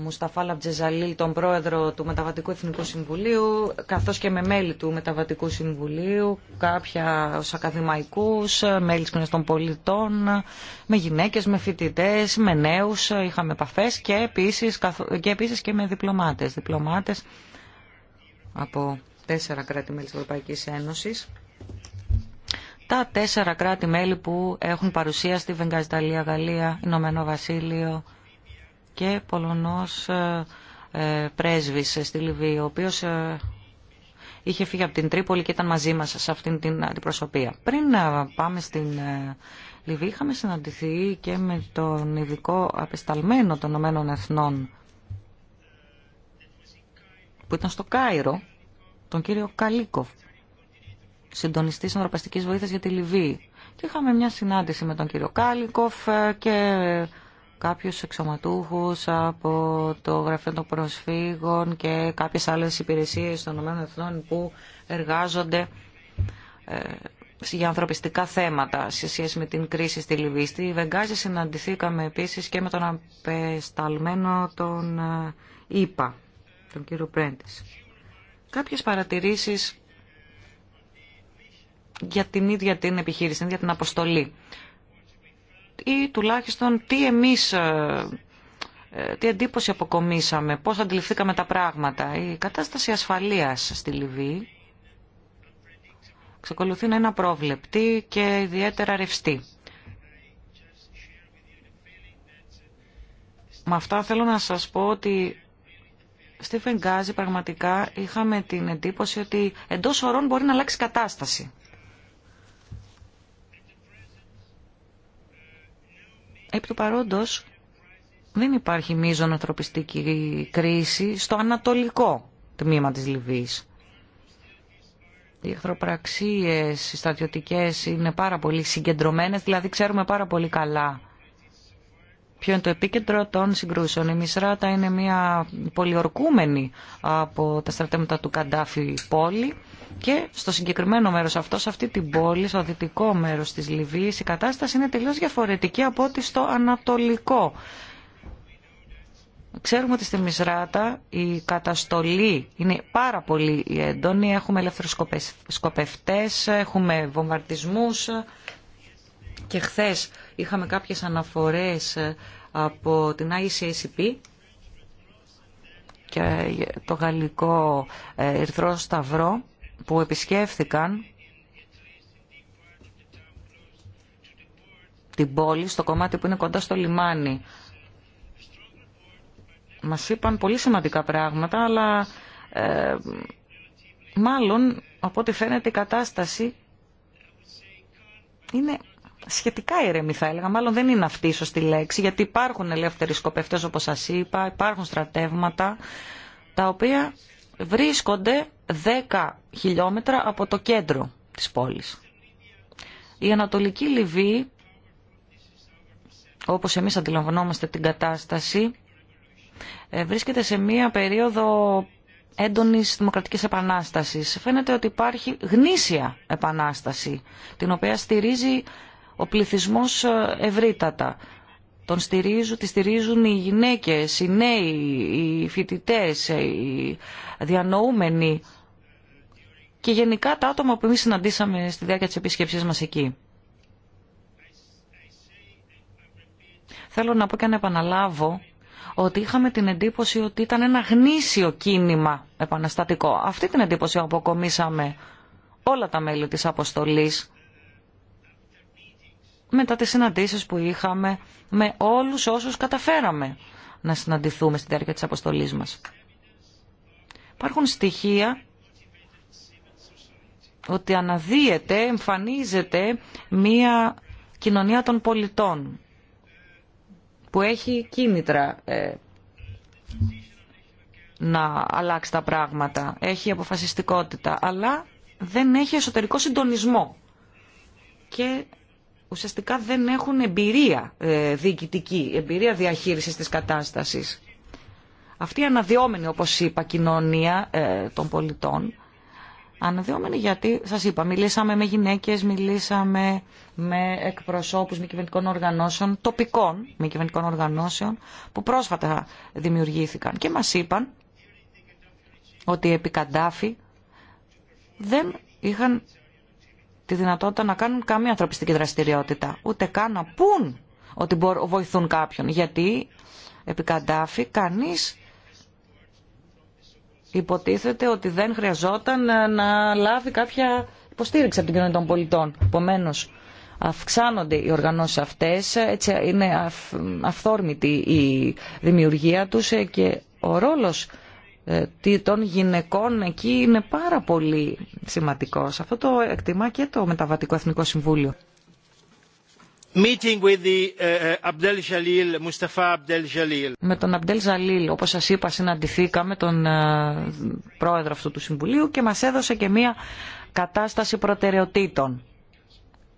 Μουσταφά Λαμπτζεζαλίλ, τον πρόεδρο του Μεταβατικού Εθνικού Συμβουλίου, καθώς και με μέλη του Μεταβατικού Συμβουλίου, κάποια ως ακαδημαϊκούς, μέλη της πολιτών, με γυναίκες, με φοιτητές, με νέους, είχαμε επαφές και επίσης και, επίσης και με διπλωμάτες. Διπλωμάτες από τέσσερα κράτη-μέλη της Ευρωπαϊκής Ένωσης. Τα τέσσερα κράτη-μέλη που έχουν παρουσία στη Βενγκαζιταλία, Γαλλία, Ηνωμένο Βασίλειο, και Πολωνός ε, ε, πρέσβης στη Λιβύη, ο οποίος ε, είχε φύγει από την Τρίπολη και ήταν μαζί μας σε αυτήν την αντιπροσωπεία. Πριν πάμε στην Λιβύη, είχαμε συναντηθεί και με τον ειδικό απεσταλμένο των Ηνωμένων Εθνών που ήταν στο Κάιρο, τον κύριο Καλίκοφ, συντονιστή ανθρωπιστικής Βοήθειας για τη Λιβύη. Και είχαμε μια συνάντηση με τον κύριο Κάλικοφ και κάποιους εξωματούχους από το Γραφείο των Προσφύγων και κάποιες άλλες υπηρεσίες των ΗΕ που εργάζονται ε, για ανθρωπιστικά θέματα σε σχέση με την κρίση στη Λιβύη. Στη Βεγγάζη συναντηθήκαμε επίσης και με τον απεσταλμένο τον ΙΠΑ, ε, τον κύριο Πρέντης. Κάποιες παρατηρήσεις για την ίδια την επιχείρηση, για την αποστολή ή τουλάχιστον τι εμείς ε, ε, τι εντύπωση αποκομίσαμε, πώς αντιληφθήκαμε τα πράγματα. Η κατάσταση ασφαλείας στη Λιβύη ξεκολουθεί να είναι απρόβλεπτη και ιδιαίτερα ρευστή. Με αυτά θέλω να σας πω ότι στη Φεγγάζη πραγματικά είχαμε την εντύπωση ότι εντός ωρών μπορεί να αλλάξει κατάσταση. Επί του παρόντος δεν υπάρχει μείζον ανθρωπιστική κρίση στο ανατολικό τμήμα της Λιβύης. Οι εχθροπραξίες, οι στρατιωτικές είναι πάρα πολύ συγκεντρωμένες, δηλαδή ξέρουμε πάρα πολύ καλά ποιο είναι το επίκεντρο των συγκρούσεων. Η Μισράτα είναι μια πολιορκούμενη από τα στρατεύματα του Καντάφη πόλη και στο συγκεκριμένο μέρος αυτό, σε αυτή την πόλη, στο δυτικό μέρος της Λιβύης, η κατάσταση είναι τελείως διαφορετική από ό,τι στο ανατολικό. Ξέρουμε ότι στη Μισράτα η καταστολή είναι πάρα πολύ έντονη. Έχουμε ελεύθερους έχουμε βομβαρδισμούς. Και χθες είχαμε κάποιες αναφορές ε, από την ICACP και το γαλλικό ε, Ερθρό Σταυρό που επισκέφθηκαν την πόλη στο κομμάτι που είναι κοντά στο λιμάνι. Μας είπαν πολύ σημαντικά πράγματα, αλλά ε, μάλλον από ό,τι φαίνεται η κατάσταση είναι σχετικά ηρεμή θα έλεγα, μάλλον δεν είναι αυτή η σωστή λέξη, γιατί υπάρχουν ελεύθεροι σκοπευτές όπως σας είπα, υπάρχουν στρατεύματα τα οποία βρίσκονται 10 χιλιόμετρα από το κέντρο της πόλης. Η Ανατολική Λιβύη, όπως εμείς αντιλαμβανόμαστε την κατάσταση, ε, βρίσκεται σε μία περίοδο έντονης δημοκρατικής επανάστασης. Φαίνεται ότι υπάρχει γνήσια επανάσταση, την οποία στηρίζει ο πληθυσμός ε, ευρύτατα. Τον στηρίζουν, τη στηρίζουν οι γυναίκες, οι νέοι, οι φοιτητές, οι διανοούμενοι και γενικά τα άτομα που εμείς συναντήσαμε στη διάρκεια της επίσκεψής μας εκεί. Θέλω να πω και να επαναλάβω ότι είχαμε την εντύπωση ότι ήταν ένα γνήσιο κίνημα επαναστατικό. Αυτή την εντύπωση αποκομίσαμε όλα τα μέλη της αποστολής μετά τις συναντήσεις που είχαμε με όλους όσους καταφέραμε να συναντηθούμε στη διάρκεια της αποστολής μας. Υπάρχουν στοιχεία ότι αναδύεται, εμφανίζεται μία κοινωνία των πολιτών που έχει κίνητρα ε, να αλλάξει τα πράγματα, έχει αποφασιστικότητα, αλλά δεν έχει εσωτερικό συντονισμό. Και ουσιαστικά δεν έχουν εμπειρία ε, διοικητική, εμπειρία διαχείρισης της κατάστασης. Αυτή η αναδυόμενη, όπως είπα, κοινωνία ε, των πολιτών, αναδυόμενη γιατί, σας είπα, μιλήσαμε με γυναίκες, μιλήσαμε με εκπροσώπους μη κυβερνητικών οργανώσεων, τοπικών μη κυβερνητικών οργανώσεων, που πρόσφατα δημιουργήθηκαν και μας είπαν ότι επί δεν είχαν τη δυνατότητα να κάνουν καμία ανθρωπιστική δραστηριότητα. Ούτε καν να πούν ότι μπορούν, βοηθούν κάποιον. Γιατί επί Καντάφη κανείς υποτίθεται ότι δεν χρειαζόταν ε, να λάβει κάποια υποστήριξη από την κοινωνία των πολιτών. Επομένω, αυξάνονται οι οργανώσει αυτές, ε, έτσι είναι αυθόρμητη η δημιουργία τους ε, και ο ρόλος ε, των γυναικών εκεί είναι πάρα πολύ σημαντικός. Αυτό το εκτιμά και το Μεταβατικό Εθνικό Συμβούλιο. Meeting with the, ε, ε, Mustafa Με τον Αμπτέλ Ζαλίλ, όπως σας είπα, συναντηθήκαμε τον πρόεδρο αυτού του Συμβουλίου και μας έδωσε και μία κατάσταση προτεραιοτήτων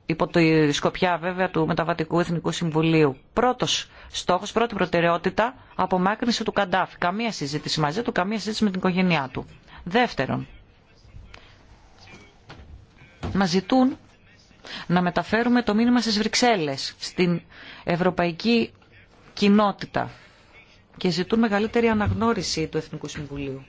υπό τη σκοπιά βέβαια του Μεταβατικού Εθνικού Συμβουλίου. Πρώτος στόχος, πρώτη προτεραιότητα, απομάκρυνση του Καντάφη. Καμία συζήτηση μαζί του, καμία συζήτηση με την οικογένειά του. Δεύτερον, μα ζητούν να μεταφέρουμε το μήνυμα στις Βρυξέλλες, στην Ευρωπαϊκή Κοινότητα και ζητούν μεγαλύτερη αναγνώριση του Εθνικού Συμβουλίου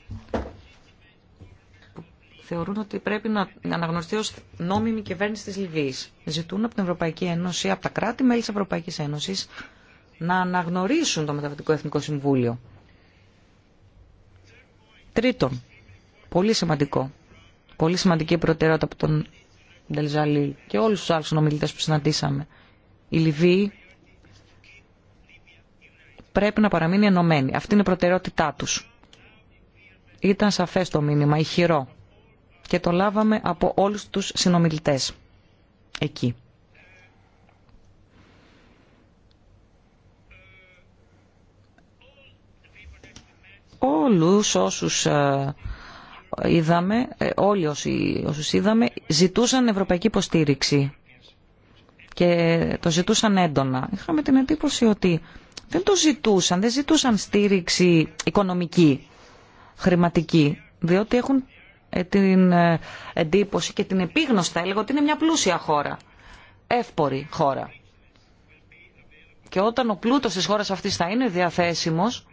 θεωρούν ότι πρέπει να αναγνωριστεί ω νόμιμη κυβέρνηση τη Λιβύης. Ζητούν από την Ευρωπαϊκή Ένωση, από τα κράτη-μέλη ομιλητέ που συναντήσαμε. Οι Λυβοί πρέπει να αναγνωρίσουν το Μεταβατικό Εθνικό Συμβούλιο. Τρίτον, πολύ σημαντικό, πολύ σημαντική προτεραιότητα από τον Ντελζαλή και ολου του αλλου συνομιλητέ που συναντήσαμε. Η Λιβύη πρέπει να παραμείνει ενωμένη. Αυτή είναι η προτεραιότητά του Ήταν σαφές το μήνυμα, ηχηρό και το λάβαμε από όλους τους συνομιλητές εκεί. Όλους όσους ε, είδαμε, ε, όλοι όσους είδαμε, ζητούσαν ευρωπαϊκή υποστήριξη και το ζητούσαν έντονα. Είχαμε την εντύπωση ότι δεν το ζητούσαν, δεν ζητούσαν στήριξη οικονομική, χρηματική, διότι έχουν ε, την ε, εντύπωση και την επίγνωση, θα έλεγα, ότι είναι μια πλούσια χώρα, εύπορη χώρα. Και όταν ο πλούτος της χώρας αυτής θα είναι διαθέσιμος,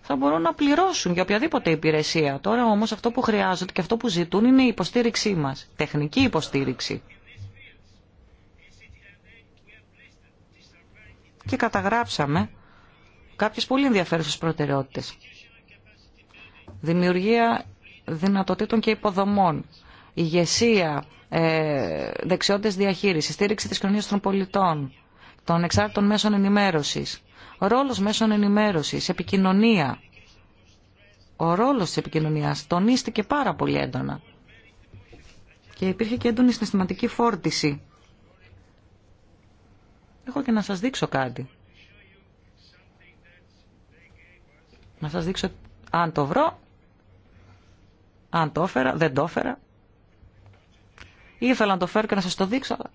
θα μπορούν να πληρώσουν για οποιαδήποτε υπηρεσία. Τώρα όμως αυτό που χρειάζονται και αυτό που ζητούν είναι η υποστήριξή μας, τεχνική υποστήριξη. Και καταγράψαμε κάποιες πολύ ενδιαφέρουσες προτεραιότητες. Δημιουργία δυνατοτήτων και υποδομών, ηγεσία, ε, δεξιότητες διαχείρισης, στήριξη της κοινωνίας των πολιτών, των εξάρτητων μέσων ενημέρωσης, ρόλος μέσων ενημέρωσης, επικοινωνία. Ο ρόλος της επικοινωνίας τονίστηκε πάρα πολύ έντονα και υπήρχε και έντονη συναισθηματική φόρτιση. Έχω και να σας δείξω κάτι. Να σας δείξω αν το βρω αν το έφερα, δεν το έφερα. Ήθελα να το φέρω και να σας το δείξω, αλλά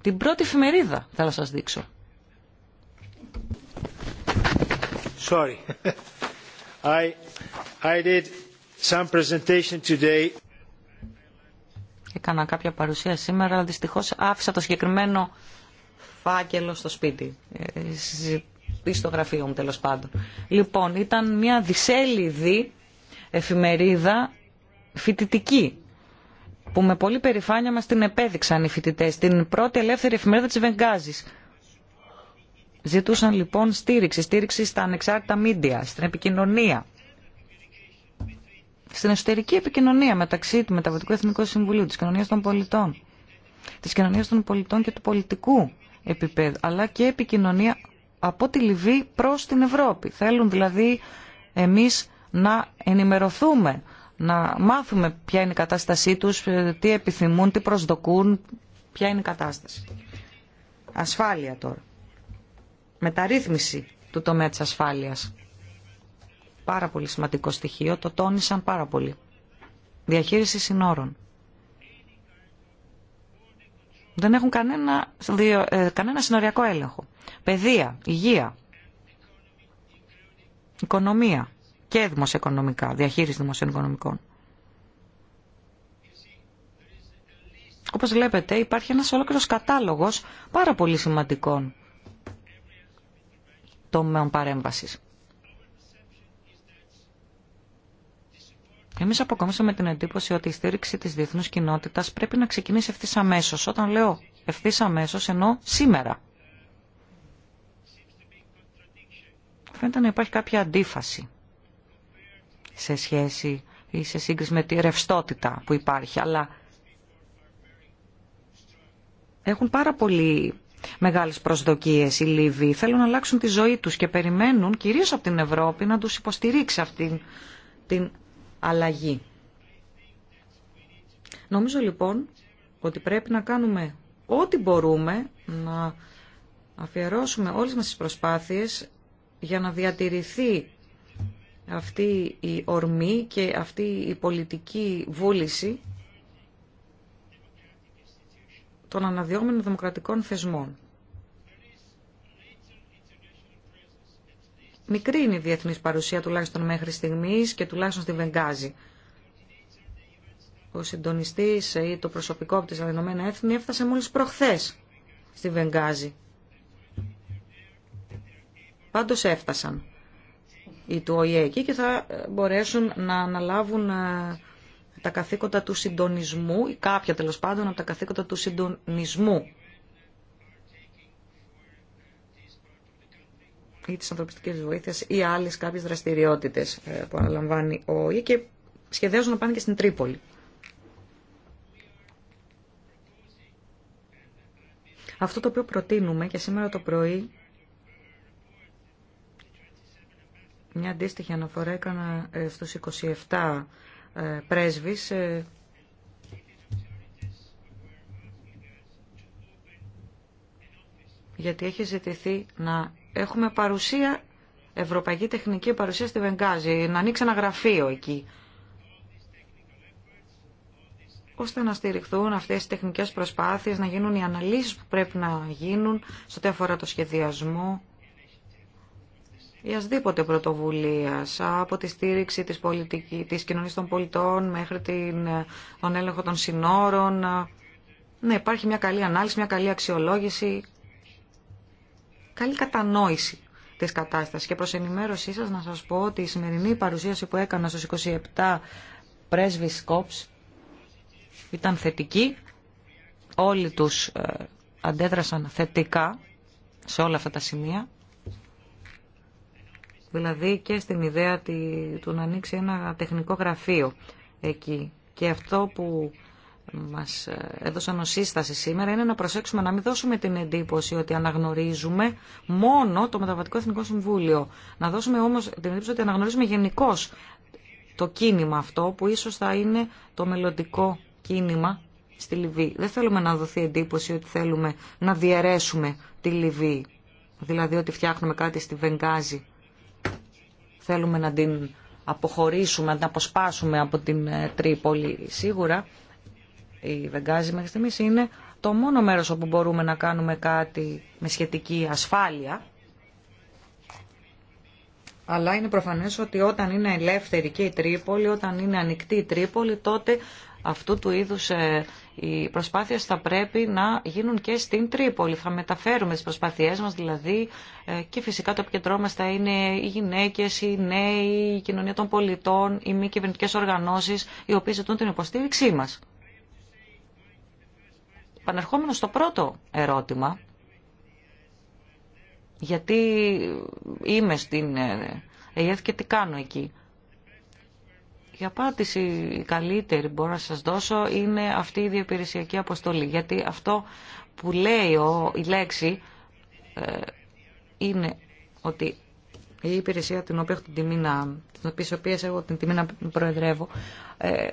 την πρώτη εφημερίδα θέλω να σας δείξω. Sorry. I, I did some presentation today. Έκανα κάποια παρουσία σήμερα, αλλά δυστυχώς άφησα το συγκεκριμένο φάκελο στο σπίτι. Ε, ή στο γραφείο μου τέλος πάντων. Λοιπόν, ήταν μια δισέλιδη εφημερίδα φοιτητική που με πολύ περηφάνεια μας την επέδειξαν οι φοιτητέ, την πρώτη ελεύθερη εφημερίδα της Βενγκάζης. Ζητούσαν λοιπόν στήριξη, στήριξη στα ανεξάρτητα μίντια, στην επικοινωνία, στην εσωτερική επικοινωνία μεταξύ του Μεταβατικού Εθνικού Συμβουλίου, της Κοινωνίας των Πολιτών, της Κοινωνίας των Πολιτών και του πολιτικού επίπεδου, αλλά και επικοινωνία από τη Λιβύη προς την Ευρώπη. Θέλουν δηλαδή εμείς να ενημερωθούμε, να μάθουμε ποια είναι η κατάστασή τους, τι επιθυμούν, τι προσδοκούν, ποια είναι η κατάσταση. Ασφάλεια τώρα. Μεταρρύθμιση του τομέα της ασφάλειας. Πάρα πολύ σημαντικό στοιχείο, το τόνισαν πάρα πολύ. Διαχείριση συνόρων. Δεν έχουν κανένα, ε, κανένα συνοριακό έλεγχο. Παιδεία, υγεία, οικονομία και δημοσιοοικονομικά, διαχείριση δημοσιοοικονομικών. Όπως βλέπετε υπάρχει ένας ολόκληρος κατάλογος πάρα πολύ σημαντικών τομέων παρέμβασης. Εμείς αποκομίσαμε την εντύπωση ότι η στήριξη της διεθνούς κοινότητας πρέπει να ξεκινήσει ευθύ αμέσω. Όταν λέω ευθύ αμέσω εννοώ σήμερα. Φαίνεται να υπάρχει κάποια αντίφαση σε σχέση ή σε σύγκριση με τη ρευστότητα που υπάρχει, αλλά έχουν πάρα πολύ μεγάλες προσδοκίες οι Λίβοι. Θέλουν να αλλάξουν τη ζωή τους και περιμένουν κυρίως από την Ευρώπη να τους υποστηρίξει αυτή την αλλαγή. Νομίζω λοιπόν ότι πρέπει να κάνουμε ό,τι μπορούμε να αφιερώσουμε όλες μας τις προσπάθειες για να διατηρηθεί αυτή η ορμή και αυτή η πολιτική βούληση των αναδυόμενων δημοκρατικών θεσμών. Μικρή είναι η διεθνής παρουσία τουλάχιστον μέχρι στιγμής και τουλάχιστον στη Βενγάζη. Ο συντονιστής ή το προσωπικό από τις Αδενωμένα Έθνη έφτασε μόλις προχθές στη Βενγάζη. Πάντως έφτασαν ή του ΟΗΕ εκεί και θα μπορέσουν να αναλάβουν ε, τα καθήκοντα του συντονισμού ή κάποια τέλο πάντων από τα καθήκοντα του συντονισμού ή της ανθρωπιστικής βοήθειας ή άλλες κάποιες δραστηριότητες ε, που αναλαμβάνει ο ΟΗΕ και σχεδιάζουν να πάνε και στην Τρίπολη. Αυτό το οποίο προτείνουμε και σήμερα το πρωί Μια αντίστοιχη αναφορά έκανα ε, στους 27 ε, πρέσβεις ε, γιατί έχει ζητηθεί να έχουμε παρουσία, ευρωπαϊκή τεχνική παρουσία στη Βενγκάζη, να ανοίξει ένα γραφείο εκεί, ώστε να στηριχθούν αυτές οι τεχνικές προσπάθειες, να γίνουν οι αναλύσεις που πρέπει να γίνουν σε ό,τι αφορά το σχεδιασμό, ή πρωτοβουλία, πρωτοβουλίας, από τη στήριξη της, της κοινωνίας των πολιτών μέχρι την, τον έλεγχο των συνόρων. Ναι, υπάρχει μια καλή ανάλυση, μια καλή αξιολόγηση, καλή κατανόηση της κατάστασης. Και προς ενημέρωσή σας να σας πω ότι η σημερινή παρουσίαση που έκανα στους 27 πρέσβης Κόψ ήταν θετική. Όλοι τους ε, αντέδρασαν θετικά σε όλα αυτά τα σημεία δηλαδή και στην ιδέα του να ανοίξει ένα τεχνικό γραφείο εκεί. Και αυτό που μας ε, έδωσαν ως σύσταση σήμερα είναι να προσέξουμε να μην δώσουμε την εντύπωση ότι αναγνωρίζουμε μόνο το Μεταβατικό Εθνικό Συμβούλιο. Να δώσουμε όμως την εντύπωση ότι αναγνωρίζουμε γενικώ το κίνημα αυτό που ίσως θα είναι το μελλοντικό κίνημα στη Λιβύη. Δεν θέλουμε να δοθεί εντύπωση ότι θέλουμε να διαιρέσουμε τη Λιβύη. Δηλαδή ότι φτιάχνουμε κάτι στη Βενγάζη θέλουμε να την αποχωρήσουμε, να την αποσπάσουμε από την ε, Τρίπολη. Σίγουρα η Βεγγάζη μέχρι στιγμής είναι το μόνο μέρος όπου μπορούμε να κάνουμε κάτι με σχετική ασφάλεια. Αλλά είναι προφανές ότι όταν είναι ελεύθερη και η Τρίπολη, όταν είναι ανοιχτή η Τρίπολη, τότε αυτού του είδους ε, οι προσπάθειες θα πρέπει να γίνουν και στην Τρίπολη. Θα μεταφέρουμε τις προσπάθειές μας δηλαδή ε, και φυσικά το επικεντρώμα θα είναι οι γυναίκες, οι νέοι, η κοινωνία των πολιτών, οι μη κυβερνητικέ οργανώσεις οι οποίες ζητούν την υποστήριξή μας. Πανερχόμενο στο πρώτο ερώτημα, γιατί είμαι στην ε, ΕΕ και τι κάνω εκεί. Η απάντηση καλύτερη μπορώ να σας δώσω είναι αυτή η διαπηρεσιακή αποστολή. Γιατί αυτό που λέει η λέξη ε, είναι ότι η υπηρεσία την οποία έχω την τιμή να, την οποία έχω την τιμή να προεδρεύω, ε,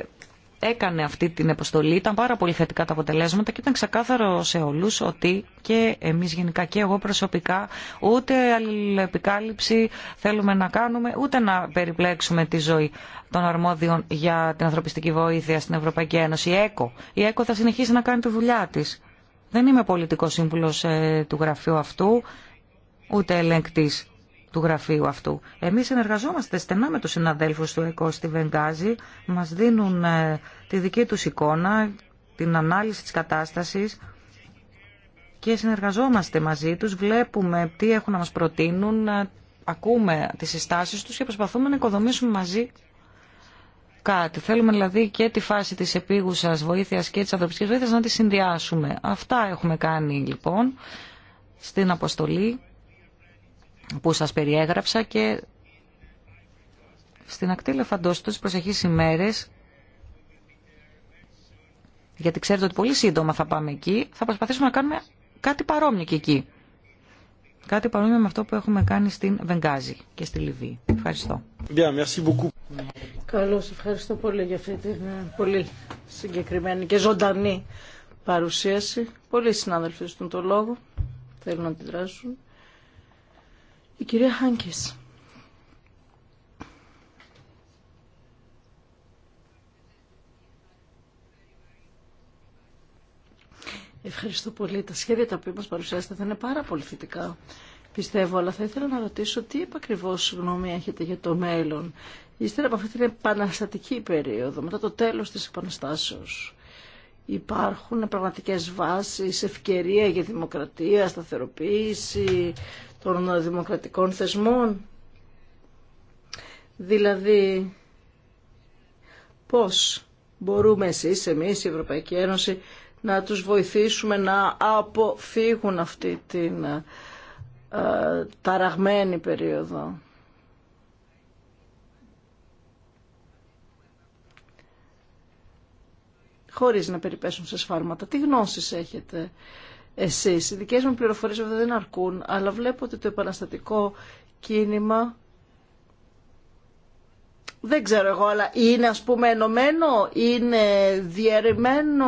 έκανε αυτή την αποστολή. Ήταν πάρα πολύ θετικά τα αποτελέσματα και ήταν ξεκάθαρο σε όλους ότι και εμείς γενικά και εγώ προσωπικά ούτε αλληλεπικάλυψη θέλουμε να κάνουμε ούτε να περιπλέξουμε τη ζωή των αρμόδιων για την ανθρωπιστική βοήθεια στην Ευρωπαϊκή Ένωση. Η ΕΚΟ, η ΕΚΟ θα συνεχίσει να κάνει τη δουλειά της. Δεν είμαι πολιτικός σύμβουλος ε, του γραφείου αυτού, ούτε ελεγκτής του γραφείου αυτού. Εμείς συνεργαζόμαστε στενά με τους συναδέλφους του ΕΚΟ στη Βενγάζη, μας δίνουν ε, τη δική τους εικόνα, την ανάλυση της κατάστασης και συνεργαζόμαστε μαζί τους, βλέπουμε τι έχουν να μας προτείνουν, ε, ακούμε τις συστάσεις τους και προσπαθούμε να οικοδομήσουμε μαζί κάτι. Θέλουμε δηλαδή και τη φάση της επίγουσας βοήθειας και της ανθρωπιστικής βοήθειας να τη συνδυάσουμε. Αυτά έχουμε κάνει λοιπόν στην αποστολή που σας περιέγραψα και στην ακτή λεφαντός τους προσεχείς ημέρες γιατί ξέρετε ότι πολύ σύντομα θα πάμε εκεί, θα προσπαθήσουμε να κάνουμε κάτι παρόμοιο και εκεί. Κάτι παρόμοιο με αυτό που έχουμε κάνει στην Βενγάζη και στη Λιβύη. Ευχαριστώ. Bien, Καλώς, ευχαριστώ πολύ για αυτή την ε, πολύ συγκεκριμένη και ζωντανή παρουσίαση. Πολλοί συνάδελφοι στον το λόγο θέλουν να αντιδράσουν. Η κυρία Χάνκης. Ευχαριστώ πολύ. Τα σχέδια τα οποία μας παρουσιάσετε θα είναι πάρα πολύ θετικά, πιστεύω, αλλά θα ήθελα να ρωτήσω τι επακριβώς γνώμη έχετε για το μέλλον. Ύστερα από αυτή την επαναστατική περίοδο, μετά το τέλος της επαναστάσεως, υπάρχουν πραγματικές βάσεις, ευκαιρία για δημοκρατία, σταθεροποίηση, των δημοκρατικών θεσμών. Δηλαδή, πώς μπορούμε εσείς, εμείς, η Ευρωπαϊκή Ένωση, να τους βοηθήσουμε να αποφύγουν αυτή την ε, ταραγμένη περίοδο. Χωρίς να περιπέσουν σε σφάλματα. Τι γνώσεις έχετε εσείς. Οι δικές μου πληροφορίες βέβαια δεν αρκούν, αλλά βλέπω ότι το επαναστατικό κίνημα δεν ξέρω εγώ, αλλά είναι ας πούμε ενωμένο, είναι διαιρεμένο.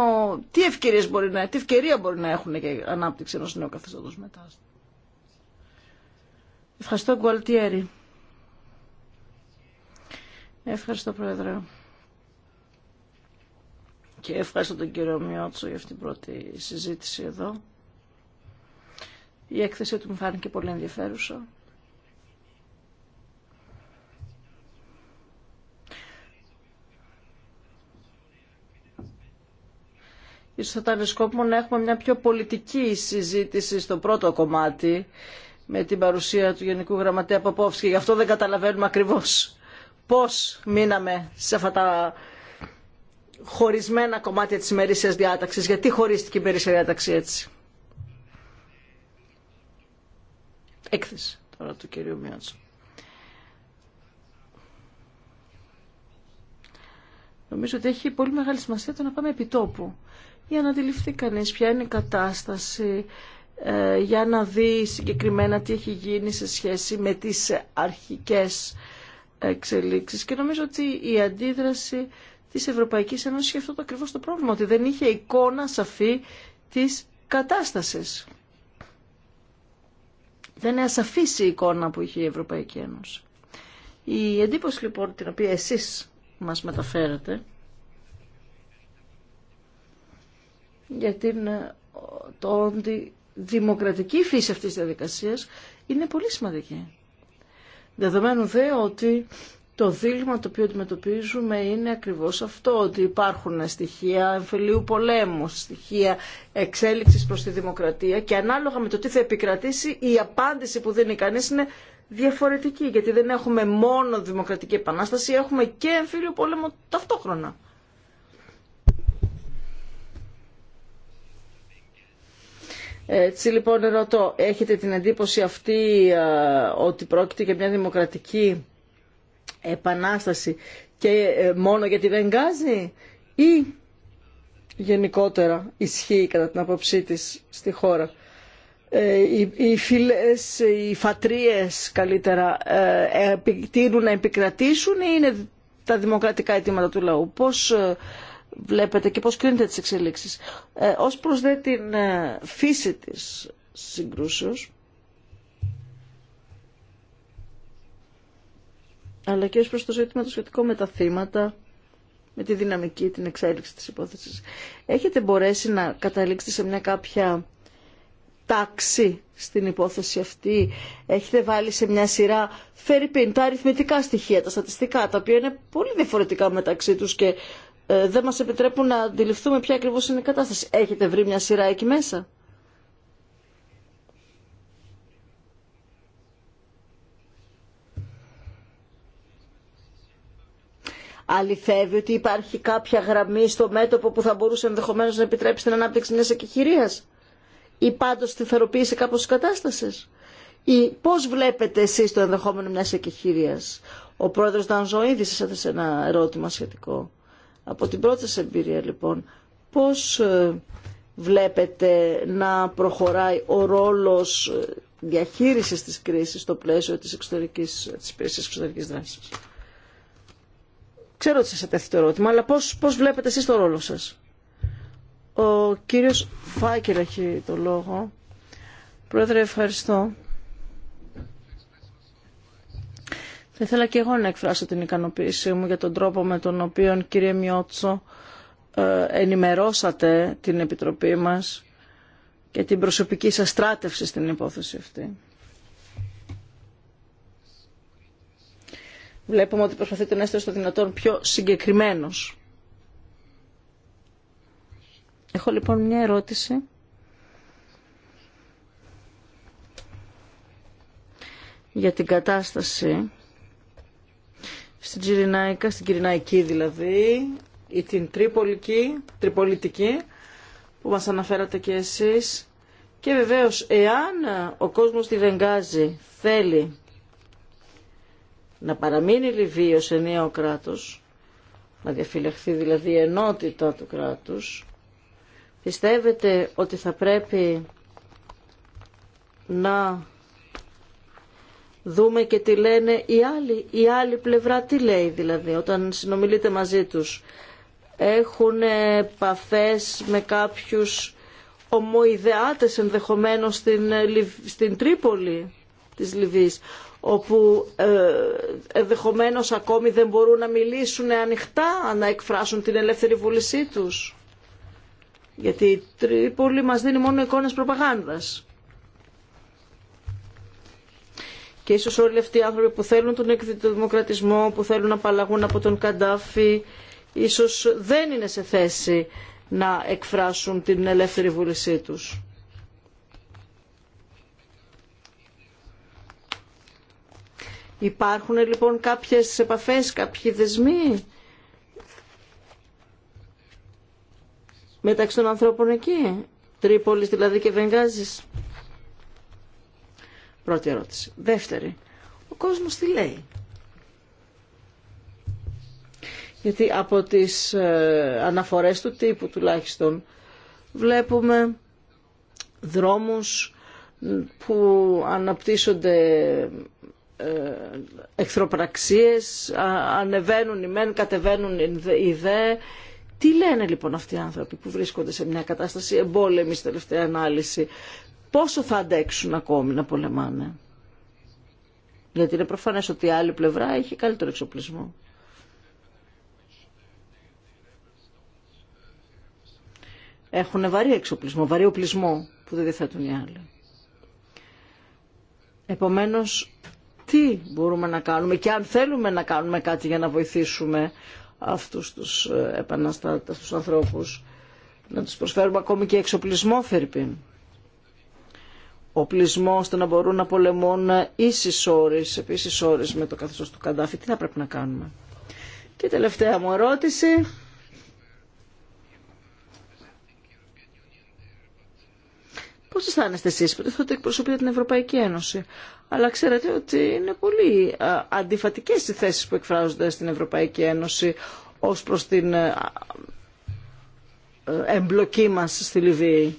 Τι ευκαιρίες μπορεί να, τι ευκαιρία μπορεί να έχουν και ανάπτυξη ενός νέου καθεστώτος μετά. Ευχαριστώ Γκουαλτιέρη. Ευχαριστώ Πρόεδρε. Και ευχαριστώ τον κύριο Μιώτσο για αυτήν την πρώτη συζήτηση εδώ. Η έκθεση του μου φάνηκε πολύ ενδιαφέρουσα. Ίσως θα ήταν σκόπιμο να έχουμε μια πιο πολιτική συζήτηση στο πρώτο κομμάτι με την παρουσία του Γενικού Γραμματέα Παπόφσκη. Γι' αυτό δεν καταλαβαίνουμε ακριβώς πώς μείναμε σε αυτά τα χωρισμένα κομμάτια της ημερήσιας διάταξης. Γιατί χωρίστηκε η ημερήσια διάταξη έτσι. έκθεση τώρα του κυρίου Μιάντσο. Νομίζω ότι έχει πολύ μεγάλη σημασία το να πάμε επί τόπου για να αντιληφθεί κανείς ποια είναι η κατάσταση, ε, για να δει συγκεκριμένα τι έχει γίνει σε σχέση με τις αρχικές εξελίξεις. Και νομίζω ότι η αντίδραση της Ευρωπαϊκής Ένωσης είχε αυτό το ακριβώς το πρόβλημα, ότι δεν είχε εικόνα σαφή της κατάστασης. Δεν είναι ασαφής η εικόνα που είχε η Ευρωπαϊκή Ένωση. Η εντύπωση λοιπόν την οποία εσείς μας μεταφέρετε για την ε, το ότι δημοκρατική φύση αυτής της διαδικασίας είναι πολύ σημαντική. Δεδομένου δε ότι το δίλημα το οποίο αντιμετωπίζουμε είναι ακριβώς αυτό, ότι υπάρχουν στοιχεία εμφυλίου πολέμου, στοιχεία εξέλιξης προς τη δημοκρατία και ανάλογα με το τι θα επικρατήσει η απάντηση που δίνει κανείς είναι διαφορετική, γιατί δεν έχουμε μόνο δημοκρατική επανάσταση, έχουμε και εμφύλιο πόλεμο ταυτόχρονα. Έτσι λοιπόν ρωτώ, έχετε την εντύπωση αυτή ε, ότι πρόκειται για μια δημοκρατική επανάσταση και ε, μόνο για τη Βενγάζη ή γενικότερα ισχύει κατά την απόψή της στη χώρα. Ε, οι φίλες, οι φατρίες καλύτερα ε, επιτείνουν να επικρατήσουν ή είναι τα δημοκρατικά αιτήματα του λαού. Πώς βλέπετε και πώς κρίνετε τις εξελίξεις. Ως προς δε την φύση της συγκρούσεως αλλά και ως προς το ζήτημα το σχετικό με τα θύματα, με τη δυναμική, την εξέλιξη της υπόθεσης. Έχετε μπορέσει να καταλήξετε σε μια κάποια τάξη στην υπόθεση αυτή. Έχετε βάλει σε μια σειρά φερρυπίν τα αριθμητικά στοιχεία, τα στατιστικά, τα οποία είναι πολύ διαφορετικά μεταξύ τους και ε, δεν μας επιτρέπουν να αντιληφθούμε ποια ακριβώς είναι η κατάσταση. Έχετε βρει μια σειρά εκεί μέσα. αληθεύει ότι υπάρχει κάποια γραμμή στο μέτωπο που θα μπορούσε ενδεχομένως να επιτρέψει την ανάπτυξη μιας εκεχηρίας ή πάντως τη θεροποίηση κάπως της κατάστασης ή πώς βλέπετε εσείς το ενδεχόμενο μιας εκεχηρίας. Ο πρόεδρος Δανζοίδης έθεσε ένα ερώτημα σχετικό. Από την πρώτη σας εμπειρία λοιπόν, πώς ε, βλέπετε να προχωράει ο ρόλος ε, διαχείρισης της κρίσης στο πλαίσιο της, εξωτερικής, ε, της υπηρεσίας εξωτερικής δράσης. Ξέρω ότι σας ετέθη το ερώτημα, αλλά πώς, πώς βλέπετε εσείς το ρόλο σας. Ο κύριος Φάκερ έχει το λόγο. Πρόεδρε, ευχαριστώ. Θα ήθελα και εγώ να εκφράσω την ικανοποίησή μου για τον τρόπο με τον οποίο, κύριε Μιώτσο, ε, ενημερώσατε την Επιτροπή μας και την προσωπική σας στράτευση στην υπόθεση αυτή. Βλέπουμε ότι προσπαθείτε να είστε στο δυνατόν πιο συγκεκριμένος. Έχω λοιπόν μια ερώτηση. για την κατάσταση στην Κυριναϊκά, στην Κυριναϊκή δηλαδή, ή την Τρίπολική, Τριπολιτική, που μας αναφέρατε και εσείς. Και βεβαίως, εάν ο κόσμος τη Βενγάζη θέλει να παραμείνει η Λιβύη ως ενιαίο κράτος, να διαφυλαχθεί δηλαδή η ενότητα του κράτους, πιστεύετε ότι θα πρέπει να δούμε και τι λένε οι άλλοι, η άλλη πλευρά τι λέει δηλαδή όταν συνομιλείτε μαζί τους. Έχουν επαφές με κάποιους ομοειδεάτες ενδεχομένως στην, στην Τρίπολη της Λιβύης όπου ε, ενδεχομένω ακόμη δεν μπορούν να μιλήσουν ανοιχτά, να εκφράσουν την ελεύθερη βούλησή τους. Γιατί η Τρίπολη μας δίνει μόνο εικόνες προπαγάνδας. Και ίσως όλοι αυτοί οι άνθρωποι που θέλουν τον εκδημοκρατισμό, που θέλουν να απαλλαγούν από τον Καντάφη, ίσως δεν είναι σε θέση να εκφράσουν την ελεύθερη βούλησή τους. Υπάρχουν λοιπόν κάποιες επαφές, κάποιοι δεσμοί μεταξύ των ανθρώπων εκεί. Τρίπολης δηλαδή και Βενγάζης. Πρώτη ερώτηση. Δεύτερη. Ο κόσμος τι λέει. Γιατί από τις ε, αναφορές του τύπου τουλάχιστον βλέπουμε δρόμους που αναπτύσσονται εχθροπραξίες, ανεβαίνουν οι μεν, κατεβαίνουν οι δε. Τι λένε λοιπόν αυτοί οι άνθρωποι που βρίσκονται σε μια κατάσταση εμπόλεμη τελευταία ανάλυση. Πόσο θα αντέξουν ακόμη να πολεμάνε. Γιατί είναι προφανές ότι η άλλη πλευρά έχει καλύτερο εξοπλισμό. Έχουν βαρύ εξοπλισμό, βαρύ οπλισμό που δεν διαθέτουν οι άλλοι. Επομένως τι μπορούμε να κάνουμε και αν θέλουμε να κάνουμε κάτι για να βοηθήσουμε αυτούς τους ε, επαναστάτες, τους ανθρώπους, να τους προσφέρουμε ακόμη και εξοπλισμό, Φερρυπίν. Οπλισμό ώστε να μπορούν να πολεμούν ίσης ώρες επίσης ώρες με το καθεστώς του Καντάφη. Τι θα πρέπει να κάνουμε. Και τελευταία μου ερώτηση. Πώς αισθάνεστε εσείς που θα εκπροσωπείτε την Ευρωπαϊκή Ένωση. Αλλά ξέρετε ότι είναι πολύ αντιφατικές οι θέσεις που εκφράζονται στην Ευρωπαϊκή Ένωση ω προ την εμπλοκή μα στη Λιβύη.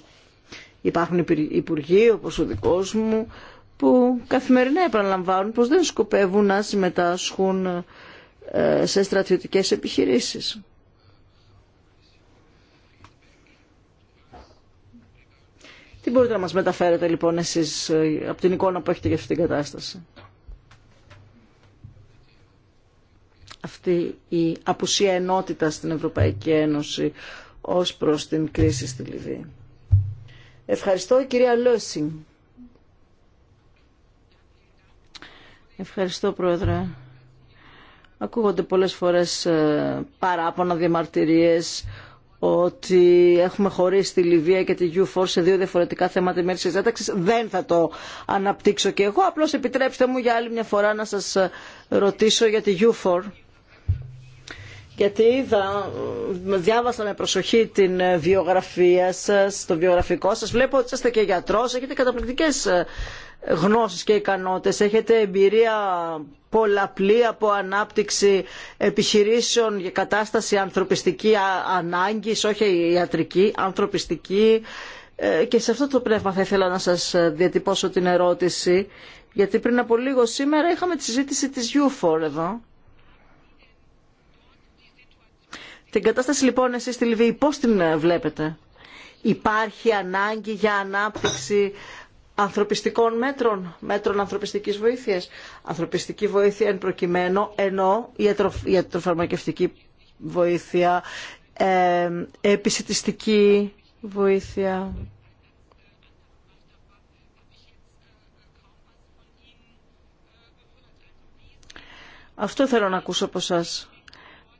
Υπάρχουν υπουργοί όπω ο δικό μου που καθημερινά επαναλαμβάνουν πως δεν σκοπεύουν να συμμετάσχουν ε, σε στρατιωτικές επιχειρήσεις. Τι μπορείτε να μας μεταφέρετε λοιπόν εσείς ε, από την εικόνα που έχετε για αυτή την κατάσταση. Αυτή η απουσία ενότητα στην Ευρωπαϊκή Ένωση ως προς την κρίση στη Λιβύη. Ευχαριστώ κυρία Λόσινγκ. Ευχαριστώ πρόεδρε. Ακούγονται πολλές φορές ε, παράπονα διαμαρτυρίες ότι έχουμε χωρίσει τη Λιβύα και τη U4 σε δύο διαφορετικά θέματα μέρη τη ένταξη. Δεν θα το αναπτύξω και εγώ. Απλώς επιτρέψτε μου για άλλη μια φορά να σας ρωτήσω για τη U4. Γιατί είδα, διάβασα με προσοχή την βιογραφία σας, το βιογραφικό σας. Βλέπω ότι είστε και γιατρός, έχετε καταπληκτικές γνώσεις και ικανότητες, έχετε εμπειρία πολλαπλή από ανάπτυξη επιχειρήσεων για κατάσταση ανθρωπιστική ανάγκης, όχι ιατρική, ανθρωπιστική. Ε, και σε αυτό το πνεύμα θα ήθελα να σας διατυπώσω την ερώτηση, γιατί πριν από λίγο σήμερα είχαμε τη συζήτηση της UFOR εδώ. Την κατάσταση λοιπόν εσείς στη Λιβύη πώς την βλέπετε. Υπάρχει ανάγκη για ανάπτυξη ανθρωπιστικών μέτρων, μέτρων ανθρωπιστικής βοήθειας. Ανθρωπιστική βοήθεια εν προκειμένου, ενώ η ιατροφαρμακευτική βοήθεια, ε, επισητιστική βοήθεια. Αυτό θέλω να ακούσω από σας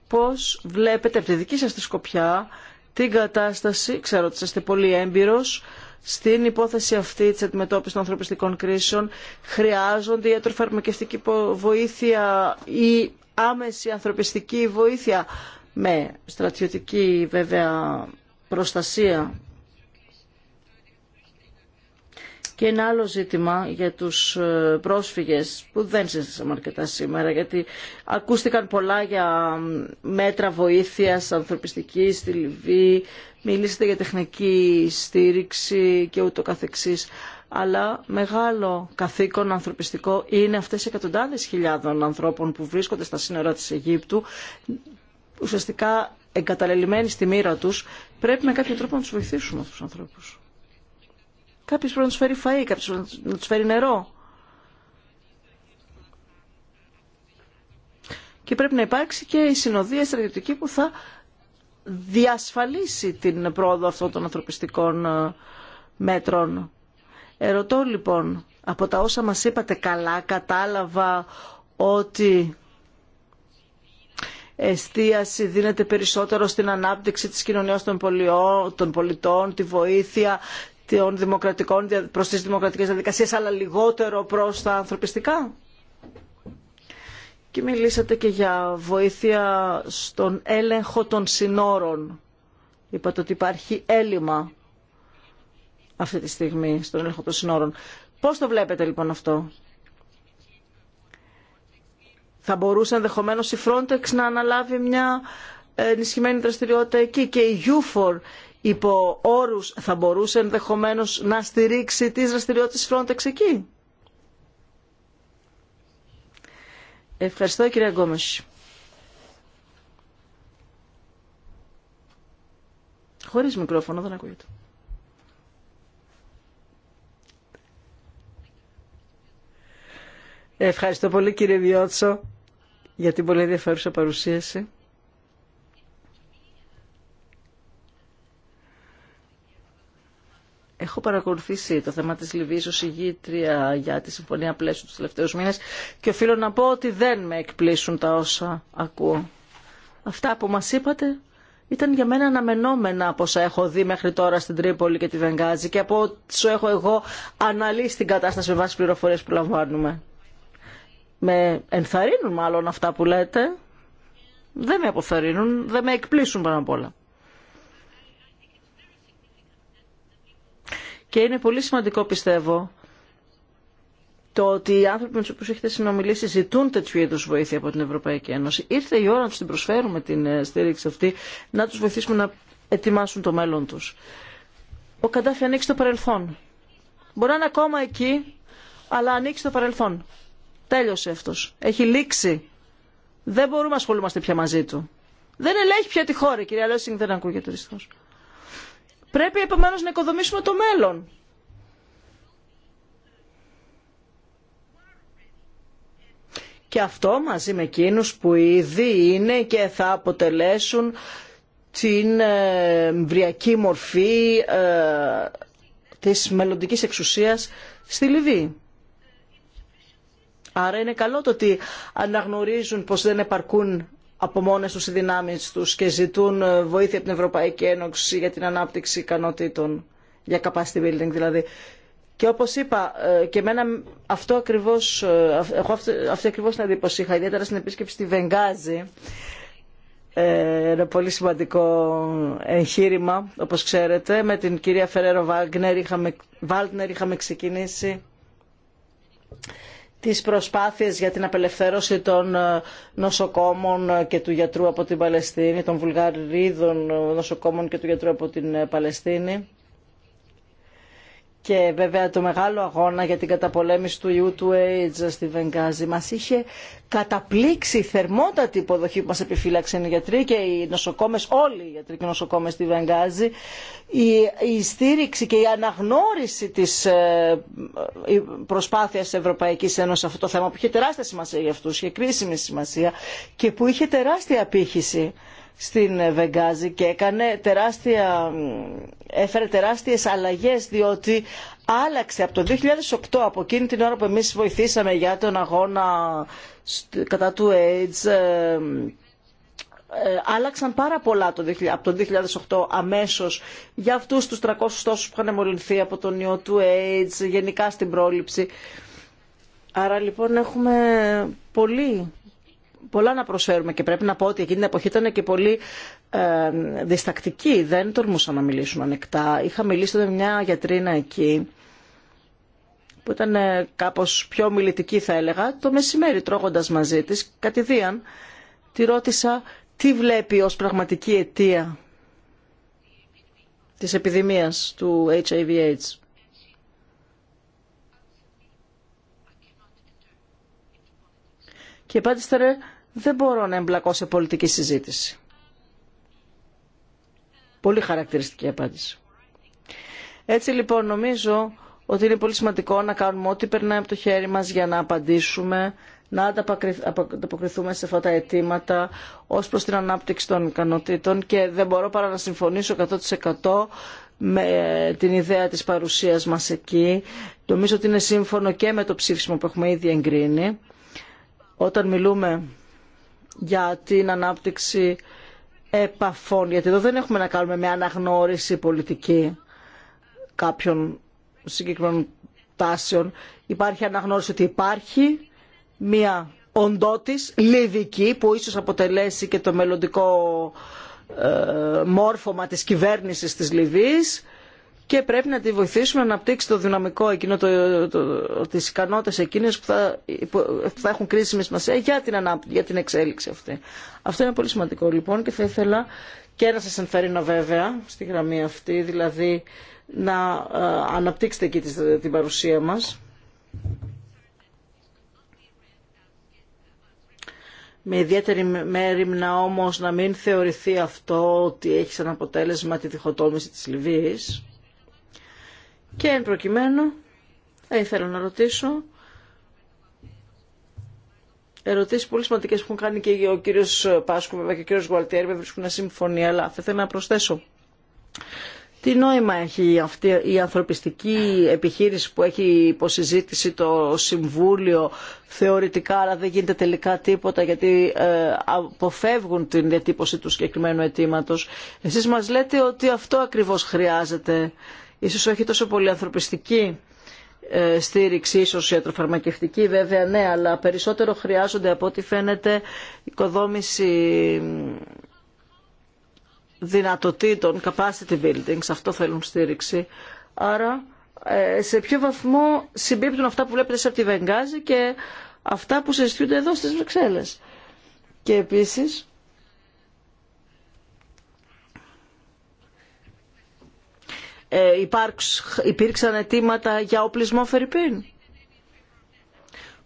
Πώς βλέπετε από τη δική σας τη σκοπιά την κατάσταση, ξέρω ότι είστε πολύ έμπειρος, στην υπόθεση αυτή της αντιμετώπισης των ανθρωπιστικών κρίσεων χρειάζονται ιατροφαρμακευτική βοήθεια ή άμεση ανθρωπιστική βοήθεια με στρατιωτική βέβαια προστασία. Και ένα άλλο ζήτημα για τους ε, πρόσφυγες που δεν συζητήσαμε αρκετά σήμερα γιατί ακούστηκαν πολλά για μέτρα βοήθειας ανθρωπιστικής στη Λιβύη, Μιλήσατε για τεχνική στήριξη και ούτω καθεξής. Αλλά μεγάλο καθήκον ανθρωπιστικό είναι αυτές οι εκατοντάδες χιλιάδων ανθρώπων που βρίσκονται στα σύνορα της Αιγύπτου, ουσιαστικά εγκαταλελειμμένοι στη μοίρα τους, πρέπει με κάποιο τρόπο να τους βοηθήσουμε αυτούς τους ανθρώπους. Κάποιος πρέπει να τους φέρει φαΐ, κάποιος να τους φέρει νερό. Και πρέπει να υπάρξει και η συνοδεία στρατιωτική που θα διασφαλίσει την πρόοδο αυτών των ανθρωπιστικών ε, μέτρων. Ερωτώ λοιπόν, από τα όσα μας είπατε καλά κατάλαβα ότι εστίαση δίνεται περισσότερο στην ανάπτυξη της κοινωνίας των, πολιών, των πολιτών, τη βοήθεια των δημοκρατικών, προς τις δημοκρατικές διαδικασίες, αλλά λιγότερο προς τα ανθρωπιστικά και μιλήσατε και για βοήθεια στον έλεγχο των συνόρων. Είπατε ότι υπάρχει έλλειμμα αυτή τη στιγμή στον έλεγχο των συνόρων. Πώς το βλέπετε λοιπόν αυτό. Θα μπορούσε ενδεχομένω η Frontex να αναλάβει μια ενισχυμένη δραστηριότητα εκεί και η U4 υπό όρους θα μπορούσε ενδεχομένω να στηρίξει τις δραστηριότητες Frontex εκεί. Ευχαριστώ κύριε Γκόμες. Χωρίς μικρόφωνο δεν ακούγεται. Ευχαριστώ πολύ κύριε Βιώτσο για την πολύ ενδιαφέρουσα παρουσίαση. Έχω παρακολουθήσει το θέμα της Λιβύης ως ηγήτρια για τη Συμφωνία πλαίσιο τους τελευταίους μήνες και οφείλω να πω ότι δεν με εκπλήσουν τα όσα ακούω. Αυτά που μας είπατε ήταν για μένα αναμενόμενα από όσα έχω δει μέχρι τώρα στην Τρίπολη και τη Βενγάζη και από όσο έχω εγώ αναλύσει την κατάσταση με βάση πληροφορίες που λαμβάνουμε. Με ενθαρρύνουν μάλλον αυτά που λέτε. Δεν με αποθαρρύνουν, δεν με εκπλήσουν πάνω απ' όλα. Και είναι πολύ σημαντικό πιστεύω το ότι οι άνθρωποι με του οποίου έχετε συνομιλήσει ζητούν τέτοιου είδου βοήθεια από την Ευρωπαϊκή Ένωση. Ήρθε η ώρα να του την προσφέρουμε την ε, στήριξη αυτή, να του βοηθήσουμε να ετοιμάσουν το μέλλον του. Ο Καντάφη ανοίξει το παρελθόν. Μπορεί να είναι ακόμα εκεί, αλλά ανοίξει το παρελθόν. Τέλειωσε αυτό. Έχει λήξει. Δεν μπορούμε να ασχολούμαστε πια μαζί του. Δεν ελέγχει πια τη χώρα, κυρία Λέσσινγκ, δεν ακούγεται δυστυχώ. Πρέπει επομένως να οικοδομήσουμε το μέλλον. Και αυτό μαζί με εκείνους που ήδη είναι και θα αποτελέσουν την ε, βριακή μορφή ε, της μελλοντικής εξουσίας στη Λιβύη. Άρα είναι καλό το ότι αναγνωρίζουν πως δεν επαρκούν από μόνες τους οι δυνάμεις τους και ζητούν ε, βοήθεια από την Ευρωπαϊκή Ένωση για την ανάπτυξη ικανότητων, για capacity building δηλαδή. Και όπως είπα, ε, και εμένα αυτό ακριβώς, ε, έχω αυτή, ακριβώς την εντύπωση είχα, ιδιαίτερα στην επίσκεψη στη Βενγάζη, ένα πολύ σημαντικό εγχείρημα, όπως ξέρετε. Με την κυρία Φερέρο Βάλτνερ είχαμε, είχαμε ξεκινήσει τις προσπάθειες για την απελευθέρωση των ε, νοσοκόμων ε, και του γιατρού από την Παλαιστίνη, των βουλγαρίδων ε, νοσοκόμων και του γιατρού από την Παλαιστίνη και βέβαια το μεγάλο αγώνα για την καταπολέμηση του ιού του AIDS στη Βενγκάζη μας είχε καταπλήξει θερμότατη υποδοχή που μας επιφύλαξαν οι γιατροί και οι νοσοκόμες, όλοι οι γιατροί και νοσοκόμες στη Βενγκάζη, Η, η στήριξη και η αναγνώριση της ε, η προσπάθειας Ευρωπαϊκής Ένωσης σε αυτό το θέμα που είχε τεράστια σημασία για αυτούς, και κρίσιμη σημασία και που είχε τεράστια απήχηση στην Βεγγάζη και έκανε τεράστια έφερε τεράστιες αλλαγές διότι άλλαξε από το 2008 από εκείνη την ώρα που εμείς βοηθήσαμε για τον αγώνα κατά του AIDS ε, ε, άλλαξαν πάρα πολλά το, από το 2008 αμέσως για αυτούς τους 300 τόσους που είχαν εμολυνθεί από τον ιό του AIDS, γενικά στην πρόληψη. Άρα λοιπόν έχουμε πολύ, πολλά να προσφέρουμε και πρέπει να πω ότι εκείνη την εποχή ήταν και πολύ ε, διστακτική, δεν τορμούσαν να μιλήσουν ανοιχτά. Είχα μιλήσει με μια γιατρίνα εκεί που ήταν ε, κάπως πιο μιλητική θα έλεγα, το μεσημέρι τρώγοντας μαζί της, κατηδίαν, τη ρώτησα τι βλέπει ως πραγματική αιτία της επιδημίας του HIV-AIDS. Και απάντησε δεν μπορώ να εμπλακώ σε πολιτική συζήτηση. Πολύ χαρακτηριστική απάντηση. Έτσι λοιπόν νομίζω ότι είναι πολύ σημαντικό να κάνουμε ό,τι περνάει από το χέρι μας για να απαντήσουμε, να ανταποκριθούμε σε αυτά τα αιτήματα ως προς την ανάπτυξη των ικανοτήτων και δεν μπορώ παρά να συμφωνήσω 100% με την ιδέα της παρουσίας μας εκεί. Νομίζω ότι είναι σύμφωνο και με το ψήφισμα που έχουμε ήδη εγκρίνει. Όταν μιλούμε για την ανάπτυξη επαφών, γιατί εδώ δεν έχουμε να κάνουμε με αναγνώριση πολιτική κάποιων συγκεκριμένων τάσεων. Υπάρχει αναγνώριση ότι υπάρχει μία οντότης λιδική που ίσως αποτελέσει και το μελλοντικό ε, μόρφωμα της κυβέρνησης της Λιβύης και πρέπει να τη βοηθήσουμε να αναπτύξει το δυναμικό εκείνο, το, το, τις ικανότητες εκείνες που θα, θα έχουν κρίσιμη σημασία για την, για την εξέλιξη αυτή. Αυτό είναι πολύ σημαντικό λοιπόν και θα ήθελα και να σας ενθαρρύνω βέβαια στη γραμμή αυτή, δηλαδή να ε, αναπτύξετε εκεί την παρουσία μας. Με ιδιαίτερη να όμως να μην θεωρηθεί αυτό ότι έχει σαν αποτέλεσμα τη διχοτόμηση της Λιβύης και εν προκειμένου, θα ε, ήθελα να ρωτήσω ερωτήσεις πολύ σημαντικές που έχουν κάνει και ο κύριος Πάσκου βέβαια και ο κύριος Γουαλτιέρη με βρίσκουν συμφωνεί, αλλά θα ήθελα να προσθέσω. Τι νόημα έχει αυτή η ανθρωπιστική επιχείρηση που έχει υποσυζήτηση το Συμβούλιο θεωρητικά αλλά δεν γίνεται τελικά τίποτα γιατί ε, αποφεύγουν την διατύπωση του συγκεκριμένου αιτήματο. Εσείς μας λέτε ότι αυτό ακριβώς χρειάζεται ίσως όχι τόσο πολύ ανθρωπιστική ε, στήριξη, ίσως ιατροφαρμακευτική βέβαια, ναι, αλλά περισσότερο χρειάζονται από ό,τι φαίνεται οικοδόμηση δυνατοτήτων, capacity building, σε αυτό θέλουν στήριξη. Άρα, ε, σε ποιο βαθμό συμπίπτουν αυτά που βλέπετε σε αυτή τη Βενγάζη και αυτά που συζητούνται εδώ στις Βρυξέλλες. Και επίσης, Ε, υπήρξαν αιτήματα για οπλισμό Φερρυπίν.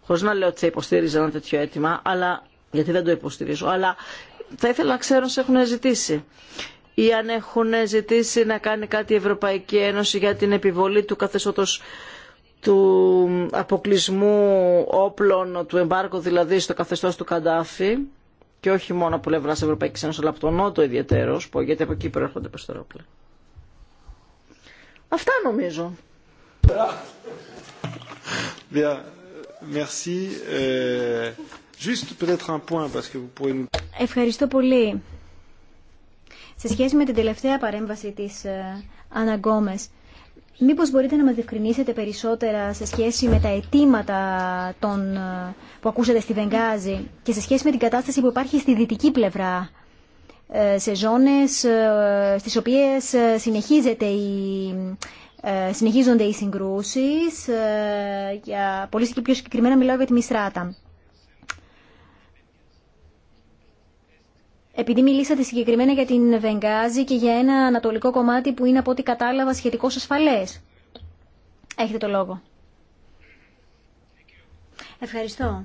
Χωρίς να λέω ότι θα υποστήριζα ένα τέτοιο αίτημα, αλλά, γιατί δεν το υποστηρίζω, αλλά θα ήθελα να ξέρω αν σε έχουν ζητήσει ή αν έχουν ζητήσει να κάνει κάτι η Ευρωπαϊκή Ένωση για την επιβολή του καθεστώτος του αποκλεισμού όπλων του εμπάρκου δηλαδή στο καθεστώς του Καντάφη και όχι μόνο από πλευρά Ευρωπαϊκή Ένωση αλλά από τον Νότο ιδιαίτερο, γιατί από εκεί προέρχονται προ Αυτά νομίζω. Ευχαριστώ πολύ. Σε σχέση με την τελευταία παρέμβαση της ε, Άννα Γκόμες, μήπως μπορείτε να μας διευκρινίσετε περισσότερα σε σχέση με τα αιτήματα των, ε, που ακούσατε στη Βενγάζη και σε σχέση με την κατάσταση που υπάρχει στη δυτική πλευρά ε, σε ζώνες ε, στις οποίες ε, συνεχίζεται η, συνεχίζονται οι συγκρούσεις. Για, πολύ πιο συγκεκριμένα μιλάω για τη Μιστράτα. Επειδή μιλήσατε συγκεκριμένα για την Βενγάζη και για ένα ανατολικό κομμάτι που είναι από ό,τι κατάλαβα σχετικώς ασφαλές. Έχετε το λόγο. Ευχαριστώ.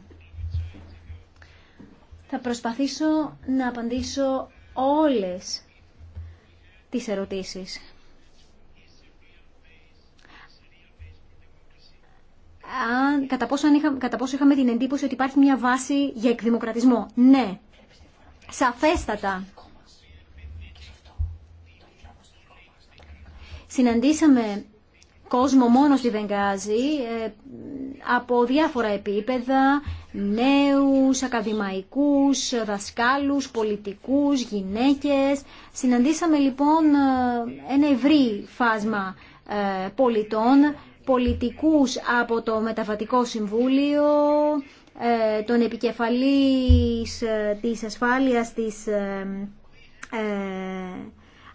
Θα προσπαθήσω να απαντήσω όλες τις ερωτήσεις. κατά, πόσο, κατά πόσο είχαμε την εντύπωση ότι υπάρχει μια βάση για εκδημοκρατισμό. Ναι, σαφέστατα. Συναντήσαμε κόσμο μόνο στη Βενγάζη ε, από διάφορα επίπεδα, νέους, ακαδημαϊκούς, δασκάλους, πολιτικούς, γυναίκες. Συναντήσαμε λοιπόν ε, ένα ευρύ φάσμα ε, πολιτών, πολιτικούς από το Μεταβατικό Συμβούλιο, ε, τον επικεφαλής της ασφάλειας της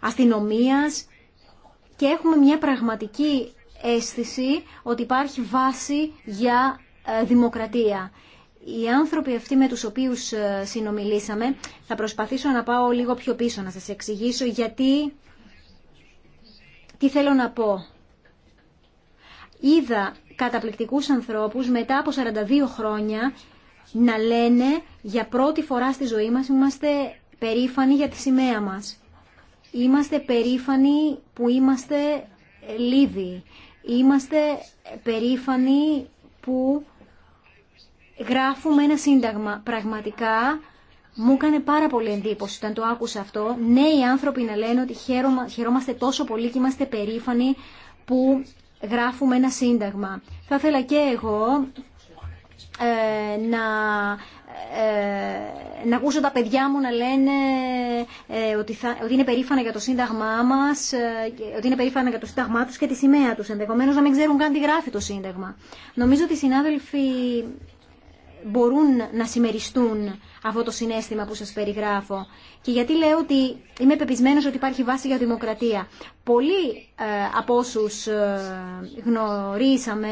αστυνομίας και έχουμε μια πραγματική αίσθηση ότι υπάρχει βάση για δημοκρατία οι άνθρωποι αυτοί με τους οποίους ε, συνομιλήσαμε, θα προσπαθήσω να πάω λίγο πιο πίσω να σας εξηγήσω γιατί, τι θέλω να πω. Είδα καταπληκτικούς ανθρώπους μετά από 42 χρόνια να λένε για πρώτη φορά στη ζωή μας είμαστε περήφανοι για τη σημαία μας. Είμαστε περήφανοι που είμαστε λίδοι. Είμαστε περήφανοι που γράφουμε ένα σύνταγμα. Πραγματικά μου έκανε πάρα πολύ εντύπωση όταν το άκουσα αυτό. Νέοι άνθρωποι να λένε ότι χαιρόμαστε τόσο πολύ και είμαστε περήφανοι που γράφουμε ένα σύνταγμα. Θα ήθελα και εγώ ε, να ε, να ακούσω τα παιδιά μου να λένε ε, ότι, θα, ότι είναι περήφανα για το σύνταγμά μας, ε, ότι είναι περήφανα για το σύνταγμά τους και τη σημαία τους, ενδεχομένως να μην ξέρουν καν τι γράφει το σύνταγμα. Νομίζω ότι οι συνάδελφοι μπορούν να συμμεριστούν αυτό το συνέστημα που σας περιγράφω. Και γιατί λέω ότι είμαι πεπισμένος ότι υπάρχει βάση για δημοκρατία. Πολλοί ε, από όσους ε, γνωρίσαμε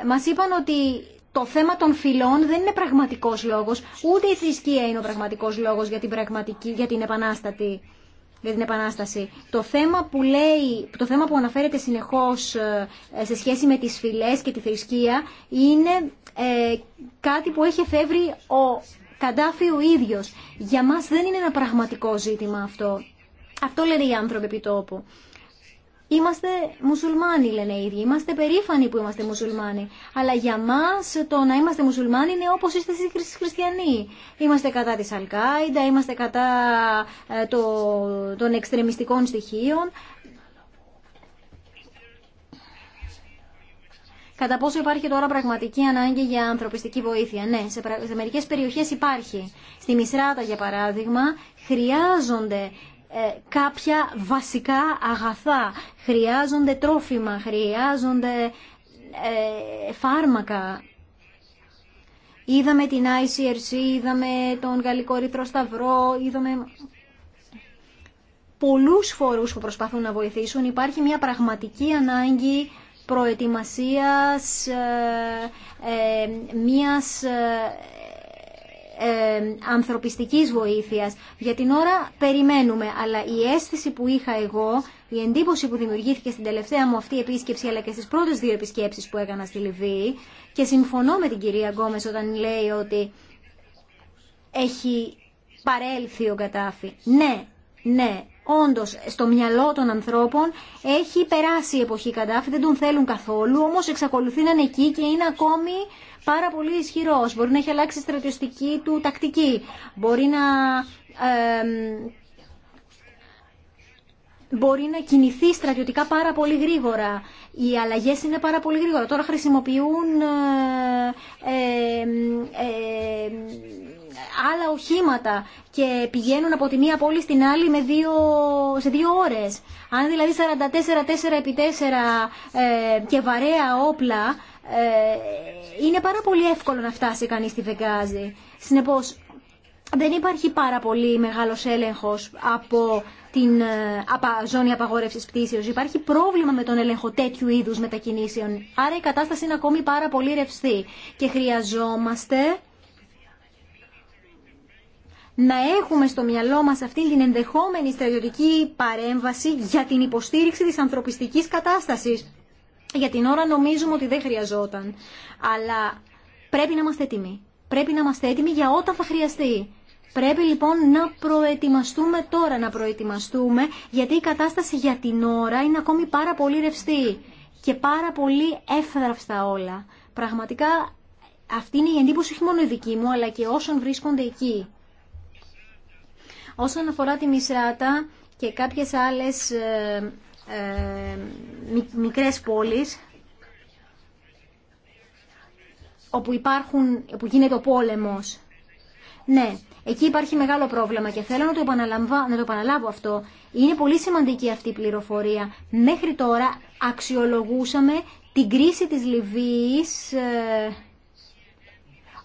ε, μας είπαν ότι το θέμα των φυλών δεν είναι πραγματικός λόγος, ούτε η θρησκεία είναι ο πραγματικός λόγος για την, πραγματική, για την επανάστατη για την Επανάσταση. Το θέμα που, λέει, το θέμα που αναφέρεται συνεχώς ε, σε σχέση με τις φυλές και τη θρησκεία είναι ε, κάτι που έχει εφεύρει ο Καντάφη ο ίδιος. Για μας δεν είναι ένα πραγματικό ζήτημα αυτό. Αυτό λένε οι άνθρωποι επί τόπου. Είμαστε μουσουλμάνοι, λένε οι ίδιοι. Είμαστε περήφανοι που είμαστε μουσουλμάνοι. Αλλά για μα το να είμαστε μουσουλμάνοι είναι όπω είστε εσεί χριστιανοί. Είμαστε κατά τη Αλκάιντα, είμαστε κατά ε, το, των εξτρεμιστικών στοιχείων. Κατά πόσο υπάρχει τώρα πραγματική ανάγκη για ανθρωπιστική βοήθεια. Ναι, σε, σε μερικές περιοχές υπάρχει. Στη Μισράτα, για παράδειγμα, χρειάζονται ε, κάποια βασικά αγαθά. Χρειάζονται τρόφιμα, χρειάζονται ε, φάρμακα. Είδαμε την ICRC, είδαμε τον Γαλλικό Ρήτρο Σταυρό, είδαμε πολλούς φορούς που προσπαθούν να βοηθήσουν. Υπάρχει μια πραγματική ανάγκη προετοιμασίας ε, μιας ανθρωπιστικής βοήθειας. Για την ώρα περιμένουμε, αλλά η αίσθηση που είχα εγώ, η εντύπωση που δημιουργήθηκε στην τελευταία μου αυτή επίσκεψη, αλλά και στις πρώτες δύο επισκέψεις που έκανα στη Λιβύη, και συμφωνώ με την κυρία Γκόμες όταν λέει ότι έχει παρέλθει ο Κατάφη. Ναι, ναι, Όντω, στο μυαλό των ανθρώπων έχει περάσει η εποχή Κατάφη, δεν τον θέλουν καθόλου, όμως εξακολουθεί να είναι εκεί και είναι ακόμη πάρα πολύ ισχυρό. μπορεί να έχει αλλάξει η στρατιωστική του τακτική, μπορεί να... Ε, μπορεί να κινηθεί στρατιωτικά πάρα πολύ γρήγορα. Οι αλλαγές είναι πάρα πολύ γρήγορα. Τώρα χρησιμοποιούν ε, άλλα οχήματα και πηγαίνουν από τη μία πόλη στην άλλη με δύο, σε δύο ώρες. Αν δηλαδή 44-4x4 ε, και βαρέα όπλα ε, είναι πάρα πολύ εύκολο να φτάσει κανείς στη Βεγγάζη. Συνεπώς, δεν υπάρχει πάρα πολύ μεγάλος έλεγχος από την ε, ζώνη απαγόρευσης πτήσεως. Υπάρχει πρόβλημα με τον έλεγχο τέτοιου είδους μετακινήσεων. Άρα η κατάσταση είναι ακόμη πάρα πολύ ρευστή και χρειαζόμαστε να έχουμε στο μυαλό μας αυτή την ενδεχόμενη στρατιωτική παρέμβαση για την υποστήριξη της ανθρωπιστικής κατάστασης για την ώρα νομίζουμε ότι δεν χρειαζόταν. Αλλά πρέπει να είμαστε έτοιμοι. Πρέπει να είμαστε έτοιμοι για όταν θα χρειαστεί. Πρέπει λοιπόν να προετοιμαστούμε τώρα, να προετοιμαστούμε, γιατί η κατάσταση για την ώρα είναι ακόμη πάρα πολύ ρευστή και πάρα πολύ εύθραυστα όλα. Πραγματικά αυτή είναι η εντύπωση όχι μόνο η δική μου, αλλά και όσων βρίσκονται εκεί. Όσον αφορά τη Μισράτα και κάποιες άλλες ε, ε, μικρές πόλεις όπου, υπάρχουν, όπου γίνεται ο πόλεμος. Ναι, εκεί υπάρχει μεγάλο πρόβλημα και θέλω να το, επαναλάβω αυτό. Είναι πολύ σημαντική αυτή η πληροφορία. Μέχρι τώρα αξιολογούσαμε την κρίση της Λιβύης ε,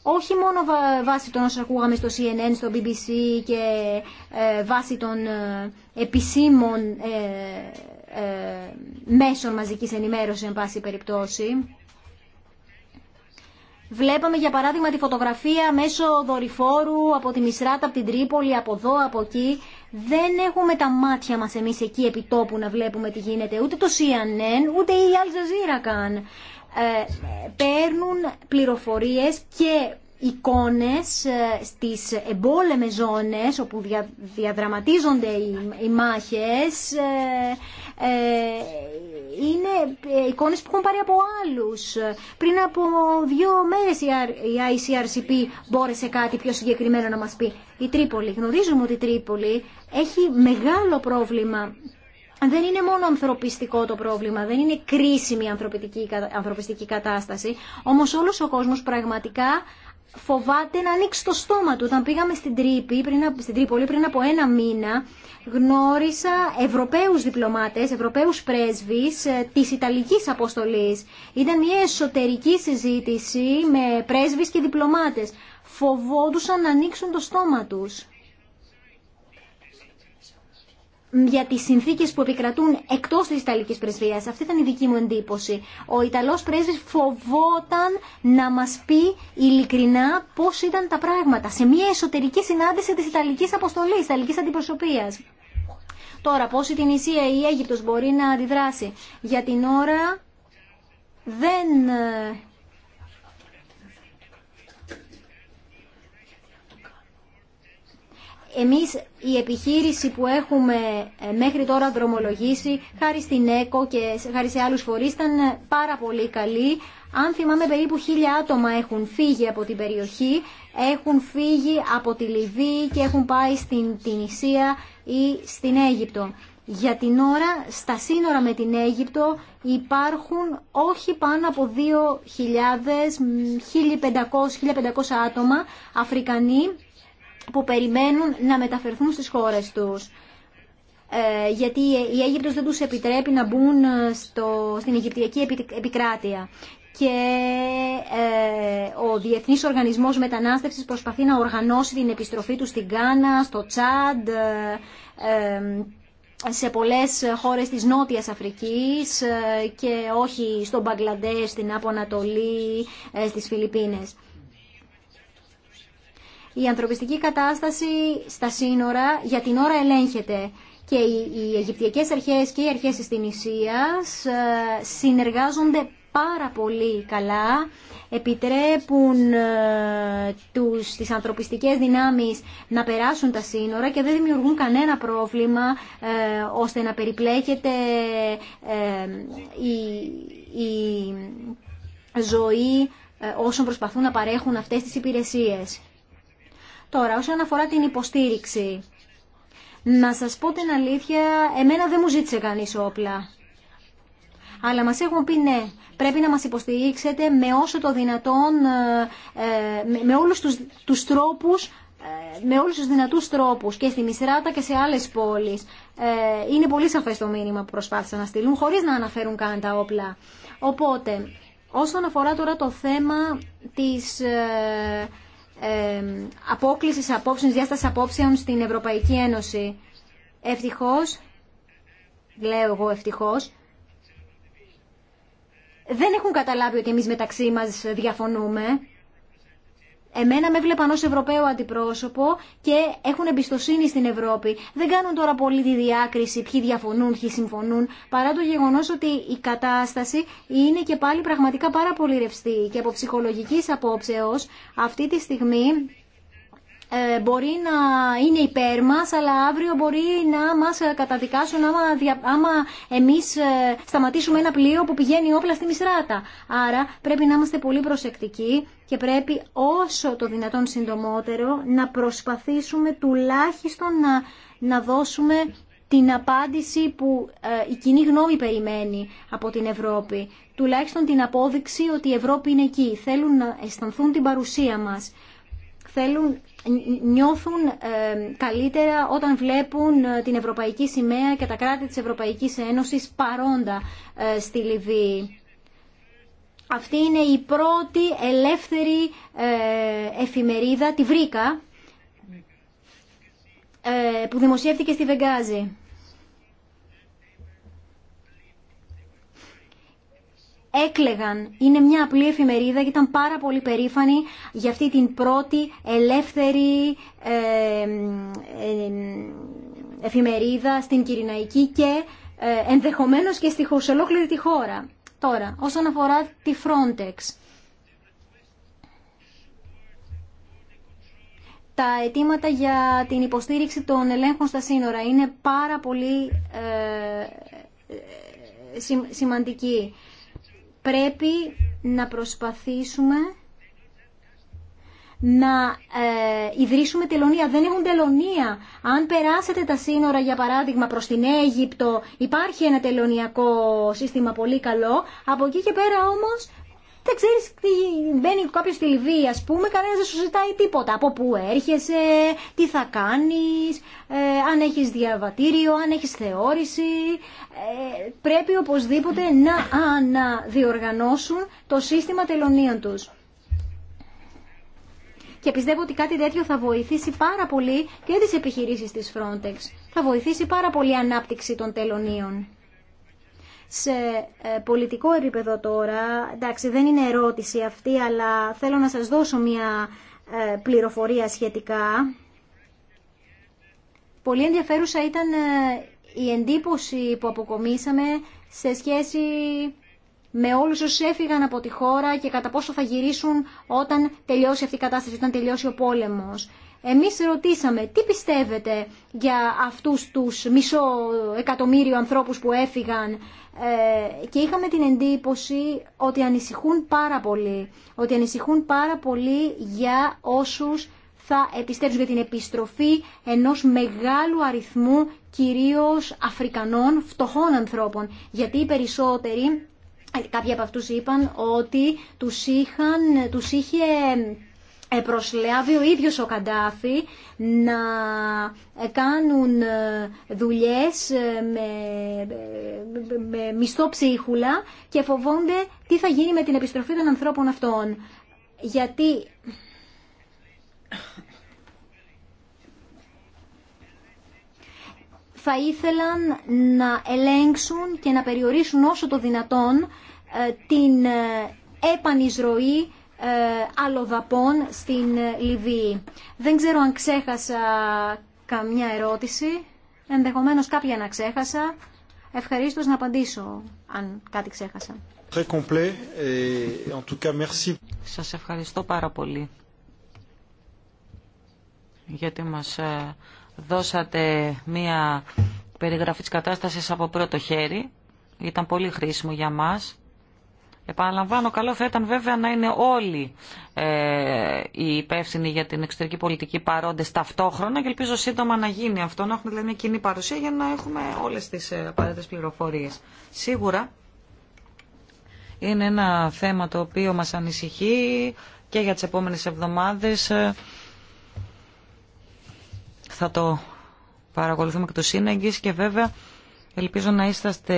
όχι μόνο βάσει των όσων ακούγαμε στο CNN, στο BBC και ε, βάσει των επισήμων ε, μέσων μαζικής ενημέρωσης, εν πάση περιπτώσει. Βλέπαμε για παράδειγμα τη φωτογραφία μέσω δορυφόρου από τη Μισράτα, από την Τρίπολη, από εδώ, από εκεί. Δεν έχουμε τα μάτια μας εμείς εκεί επί να βλέπουμε τι γίνεται. Ούτε το CNN, ούτε η Al Jazeera καν. Ε, παίρνουν πληροφορίες και εικόνες ε, στις εμπόλεμες ζώνες όπου διαδραματίζονται οι μάχες ε, είναι ε, εικόνες που έχουν πάρει από άλλους. Πριν από δύο μέρες η ICRCP μπόρεσε κάτι πιο συγκεκριμένο να μας πει. Η Τρίπολη. Γνωρίζουμε ότι η Τρίπολη έχει μεγάλο πρόβλημα δεν είναι μόνο ανθρωπιστικό το πρόβλημα, δεν είναι κρίσιμη η ανθρωπιστική κατάσταση, όμως όλος ο κόσμος πραγματικά φοβάται να ανοίξει το στόμα του. Όταν πήγαμε στην, Τρίπη, πριν, στην Τρίπολη πριν από ένα μήνα, γνώρισα Ευρωπαίους διπλωμάτες, Ευρωπαίους πρέσβεις ε, της Ιταλικής αποστολής. Ήταν μια εσωτερική συζήτηση με πρέσβεις και διπλωμάτες. Φοβόντουσαν να ανοίξουν το στόμα τους για τις συνθήκες που επικρατούν εκτός της Ιταλικής πρεσβείας. Αυτή ήταν η δική μου εντύπωση. Ο Ιταλός πρέσβης φοβόταν να μας πει ειλικρινά πώς ήταν τα πράγματα σε μια εσωτερική συνάντηση της Ιταλικής αποστολής, της Ιταλικής αντιπροσωπείας. Τώρα, πώς η Τινησία ή η Αίγυπτος μπορεί να αντιδράσει. Για την ώρα δεν ε, Εμείς η επιχείρηση που έχουμε ε, μέχρι τώρα δρομολογήσει, χάρη στην ΕΚΟ και χάρη σε άλλους φορείς, ήταν ε, πάρα πολύ καλή. Αν θυμάμαι περίπου χίλια άτομα έχουν φύγει από την περιοχή, έχουν φύγει από τη Λιβύη και έχουν πάει στην Τινησία ή στην Αίγυπτο. Για την ώρα, στα σύνορα με την Αίγυπτο υπάρχουν όχι πάνω από 2.000, 1.500, άτομα Αφρικανοί που περιμένουν να μεταφερθούν στις χώρες τους. Ε, γιατί η Αίγυπτος δεν τους επιτρέπει να μπουν ε, στο, στην Αιγυπτιακή επικράτεια. Και ε, ο Διεθνής Οργανισμός Μετανάστευσης προσπαθεί να οργανώσει την επιστροφή του στην Γκάνα, στο Τσάντ, ε, ε, σε πολλές χώρες της Νότιας Αφρικής ε, και όχι στο Μπαγκλαντές, στην Απονατολή, στις Φιλιππίνες. Η ανθρωπιστική κατάσταση στα σύνορα για την ώρα ελέγχεται και οι Αιγυπτιακές αρχές και οι αρχές της Τινησίας ε, συνεργάζονται πάρα πολύ καλά, επιτρέπουν ε, τους, τις ανθρωπιστικές δυνάμεις να περάσουν τα σύνορα και δεν δημιουργούν κανένα πρόβλημα ε, ώστε να περιπλέκεται η, η ζωή όσων προσπαθούν να παρέχουν αυτές τις υπηρεσίες. Τώρα, όσον αφορά την υποστήριξη, να σας πω την αλήθεια, εμένα δεν μου ζήτησε κανείς όπλα. Αλλά μας έχουν πει ναι, πρέπει να μας υποστηρίξετε με όσο το δυνατόν, ε, ε, με όλους τους, τους τρόπους ε, με όλους τους δυνατούς τρόπους και στη Μισράτα και σε άλλες πόλεις. είναι πολύ σαφές το μήνυμα που προσπάθησαν να στείλουν χωρίς να αναφέρουν καν τα όπλα. Οπότε, όσον αφορά τώρα το θέμα της Απόκληση απόψεων, διάσταση απόψεων στην Ευρωπαϊκή Ένωση. Ευτυχώ, λέω εγώ ευτυχώ, δεν έχουν καταλάβει ότι εμείς μεταξύ μας διαφωνούμε. Εμένα με βλέπαν ως Ευρωπαίο αντιπρόσωπο και έχουν εμπιστοσύνη στην Ευρώπη. Δεν κάνουν τώρα πολύ τη διάκριση ποιοι διαφωνούν, ποιοι συμφωνούν, παρά το γεγονός ότι η κατάσταση είναι και πάλι πραγματικά πάρα πολύ ρευστή. Και από ψυχολογικής απόψεως αυτή τη στιγμή ε, μπορεί να είναι υπέρ μα, αλλά αύριο μπορεί να μας καταδικάσουν άμα, άμα εμείς ε, σταματήσουμε ένα πλοίο που πηγαίνει όπλα στη Μισράτα. Άρα πρέπει να είμαστε πολύ προσεκτικοί και πρέπει όσο το δυνατόν συντομότερο να προσπαθήσουμε τουλάχιστον να, να δώσουμε την απάντηση που ε, η κοινή γνώμη περιμένει από την Ευρώπη. Τουλάχιστον την απόδειξη ότι η Ευρώπη είναι εκεί. Θέλουν να αισθανθούν την παρουσία μας. Θέλουν νιώθουν ε, καλύτερα όταν βλέπουν ε, την Ευρωπαϊκή Σημαία και τα κράτη της Ευρωπαϊκής Ένωσης παρόντα ε, στη Λιβύη. Αυτή είναι η πρώτη ελεύθερη εφημερίδα, τη Βρήκα, που δημοσιεύτηκε στη Βεγγάζη. έκλεγαν. Είναι μια απλή εφημερίδα και ήταν πάρα πολύ περήφανη για αυτή την πρώτη ελεύθερη ε, ε, εφημερίδα στην Κυριναϊκή και ε, ενδεχομένως και στη ολόκληρη τη χώρα. Τώρα, όσον αφορά τη Frontex, τα αιτήματα για την υποστήριξη των ελέγχων στα σύνορα είναι πάρα πολύ ε, σημαντική πρέπει να προσπαθήσουμε να ε, ιδρύσουμε τελωνία. Δεν έχουν τελωνία. Αν περάσετε τα σύνορα, για παράδειγμα, προς την Αίγυπτο, υπάρχει ένα τελωνιακό σύστημα πολύ καλό. Από εκεί και πέρα όμως δεν ξέρει τι μπαίνει κάποιο στη Λιβύη, α πούμε, κανένα δεν σου ζητάει τίποτα. Από πού έρχεσαι, τι θα κάνει, ε, αν έχει διαβατήριο, αν έχει θεώρηση. Ε, πρέπει οπωσδήποτε να αναδιοργανώσουν το σύστημα τελωνίων του. Και πιστεύω ότι κάτι τέτοιο θα βοηθήσει πάρα πολύ και τις επιχειρήσεις της Frontex. Θα βοηθήσει πάρα πολύ η ανάπτυξη των τελωνίων σε ε, πολιτικό επίπεδο τώρα, εντάξει δεν είναι ερώτηση αυτή, αλλά θέλω να σας δώσω μια ε, πληροφορία σχετικά. Πολύ ενδιαφέρουσα ήταν ε, η εντύπωση που αποκομίσαμε σε σχέση με όλους όσους έφυγαν από τη χώρα και κατά πόσο θα γυρίσουν όταν τελειώσει αυτή η κατάσταση, όταν τελειώσει ο πόλεμος. Εμείς ρωτήσαμε τι πιστεύετε για αυτούς τους μισό εκατομμύριο ανθρώπους που έφυγαν ε, και είχαμε την εντύπωση ότι ανησυχούν πάρα πολύ. Ότι ανησυχούν πάρα πολύ για όσους θα επιστρέψουν για την επιστροφή ενός μεγάλου αριθμού κυρίως Αφρικανών φτωχών ανθρώπων. Γιατί οι περισσότεροι ε, Κάποιοι από αυτούς είπαν ότι τους, τους είχε προσλάβει ο ίδιος ο Καντάφη να κάνουν ε, δουλειές ε, με, με μισθό ψίχουλα και φοβόνται τι θα γίνει με την επιστροφή των ανθρώπων αυτών. Γιατί θα ήθελαν να ελέγξουν και να περιορίσουν όσο το δυνατόν ε, την επανεισρωή ε, αλλοδαπών στην ε, Λιβύη. Δεν ξέρω αν ξέχασα καμιά ερώτηση. Ενδεχομένως κάποια να ξέχασα. Ευχαριστώ να απαντήσω αν κάτι ξέχασα. Σας ευχαριστώ πάρα πολύ γιατί μας ε, δώσατε μία περιγραφή της κατάστασης από πρώτο χέρι. Ήταν πολύ χρήσιμο για μας Επαναλαμβάνω, καλό θα ήταν βέβαια να είναι όλοι ε, οι υπεύθυνοι για την εξωτερική πολιτική παρόντε ταυτόχρονα και ελπίζω σύντομα να γίνει αυτό, να έχουμε δηλαδή μια κοινή παρουσία για να έχουμε όλε τι ε, απαραίτητε πληροφορίε. Σίγουρα είναι ένα θέμα το οποίο μας ανησυχεί και για τις επόμενες εβδομάδες ε, θα το παρακολουθούμε και το σύνεγγις και βέβαια Ελπίζω να είσαστε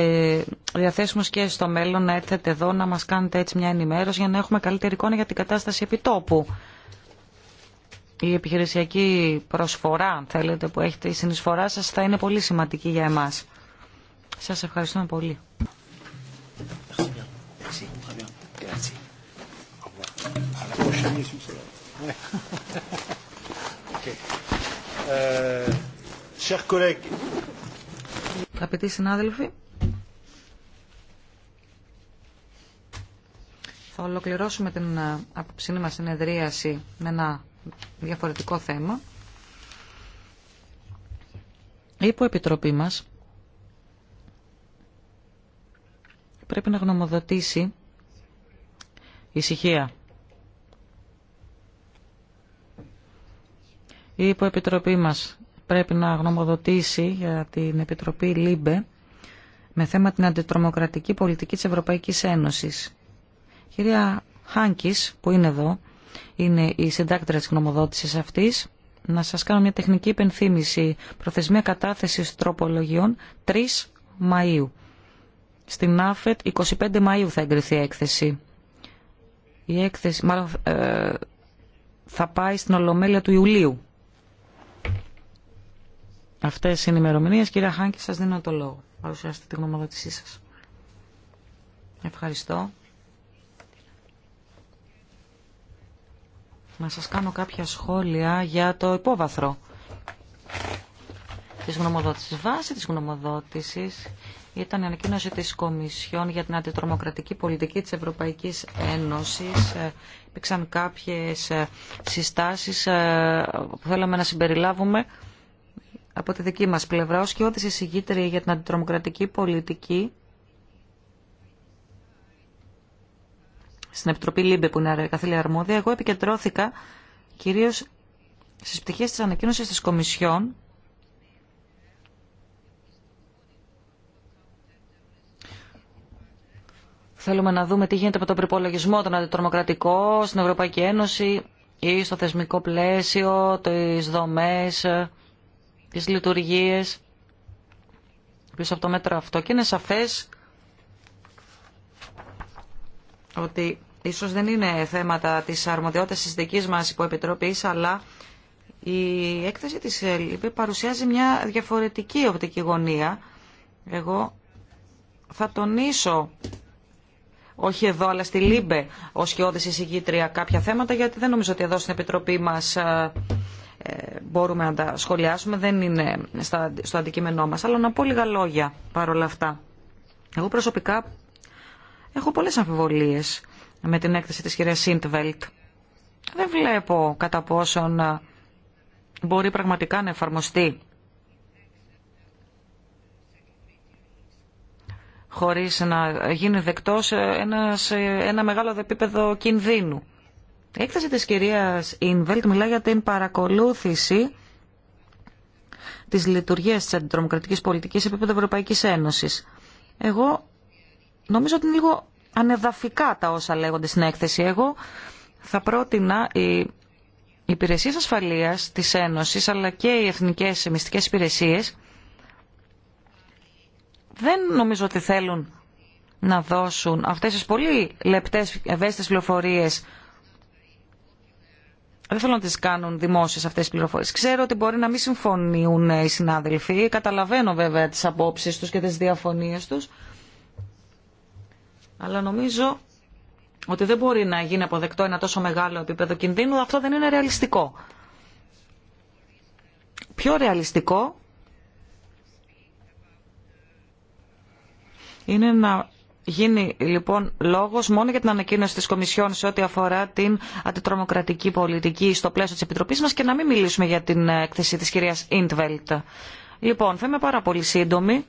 διαθέσιμος και στο μέλλον να έρθετε εδώ να μας κάνετε έτσι μια ενημέρωση για να έχουμε καλύτερη εικόνα για την κατάσταση επιτόπου. Η επιχειρησιακή προσφορά, αν θέλετε, που έχετε, η συνεισφορά σας θα είναι πολύ σημαντική για εμάς. Σας ευχαριστούμε πολύ. Αγαπητοί συνάδελφοι, θα ολοκληρώσουμε την ε, απόψηνή μας συνεδρίαση με ένα διαφορετικό θέμα. Η υποεπιτροπή μας πρέπει να γνωμοδοτήσει ησυχία. Η υποεπιτροπή μας πρέπει να γνωμοδοτήσει για την Επιτροπή ΛΥΜΠΕ με θέμα την αντιτρομοκρατική πολιτική της Ευρωπαϊκής Ένωσης. κυρία Χάνκης, που είναι εδώ, είναι η συντάκτρια της γνωμοδότησης αυτής. Να σας κάνω μια τεχνική υπενθύμηση. Προθεσμία κατάθεσης τροπολογιών 3 Μαΐου. Στην ΑΦΕΤ 25 Μαΐου θα εγκριθεί η έκθεση. Η έκθεση μάλλον, ε, θα πάει στην Ολομέλεια του Ιουλίου. Αυτές είναι οι ημερομηνίε. Κύριε Χάνκη, σας δίνω το λόγο. Παρουσιάστε τη γνωμοδότησή σας. Ευχαριστώ. Να σα κάνω κάποια σχόλια για το υπόβαθρο της γνωμοδότηση. Βάση της γνωμοδότηση ήταν η ανακοίνωση της Κομισιόν για την αντιτρομοκρατική πολιτική της Ευρωπαϊκής Ένωσης. Ε, υπήρξαν κάποιες ε, συστάσεις ε, που θέλαμε να συμπεριλάβουμε από τη δική μας πλευρά, ως και ό,τι για την αντιτρομοκρατική πολιτική στην Επιτροπή ΛΥΜΠΕ που είναι καθήλια αρμόδια, εγώ επικεντρώθηκα κυρίως στις πτυχές της ανακοίνωσης της Κομισιόν Θέλουμε να δούμε τι γίνεται με τον προπολογισμό τον αντιτρομοκρατικό στην Ευρωπαϊκή Ένωση ή στο θεσμικό πλαίσιο, τις δομές, τις λειτουργίες πίσω από το μέτρο αυτό. Και είναι σαφές ότι ίσως δεν είναι θέματα της αρμοδιότητας της δικής μας υποεπιτροπής, αλλά η έκθεση της ΕΛΙΠΕ παρουσιάζει μια διαφορετική οπτική γωνία. Εγώ θα τονίσω, όχι εδώ αλλά στη ΛΥΜΠΕ, ως και εισηγήτρια κάποια θέματα, γιατί δεν νομίζω ότι εδώ στην Επιτροπή μας ε, ε, μπορούμε να τα σχολιάσουμε, δεν είναι στο αντικείμενό μας. Αλλά να πω λίγα λόγια παρόλα αυτά. Εγώ προσωπικά έχω πολλές αμφιβολίες με την έκθεση της κυρίας Σίντβελτ. Δεν βλέπω κατά πόσον ε, μπορεί πραγματικά να εφαρμοστεί χωρίς να γίνει δεκτός ε, ένας, ένα μεγάλο επίπεδο κινδύνου. Η έκθεση της κυρίας Ινβέλτ μιλά για την παρακολούθηση της λειτουργίας της αντιτρομοκρατικής πολιτικής επίπεδο Ευρωπαϊκής Ένωσης. Εγώ νομίζω ότι είναι λίγο ανεδαφικά τα όσα λέγονται στην έκθεση. Εγώ θα πρότεινα οι υπηρεσίες ασφαλείας της Ένωσης αλλά και οι εθνικές μυστικές υπηρεσίες δεν νομίζω ότι θέλουν να δώσουν αυτές τις πολύ λεπτές ευαίσθητες πληροφορίες δεν θέλω να τι κάνουν δημόσιες αυτές τι πληροφορίες. Ξέρω ότι μπορεί να μην συμφωνούν οι συνάδελφοι. Καταλαβαίνω βέβαια τις απόψει τους και τις διαφωνίε τους. Αλλά νομίζω ότι δεν μπορεί να γίνει αποδεκτό ένα τόσο μεγάλο επίπεδο κινδύνου. Αυτό δεν είναι ρεαλιστικό. Πιο ρεαλιστικό είναι να γίνει λοιπόν λόγος μόνο για την ανακοίνωση της Κομισιόν σε ό,τι αφορά την αντιτρομοκρατική πολιτική στο πλαίσιο της Επιτροπής μας και να μην μιλήσουμε για την έκθεση της κυρίας Ιντβέλτ. Λοιπόν, θα είμαι πάρα πολύ σύντομη.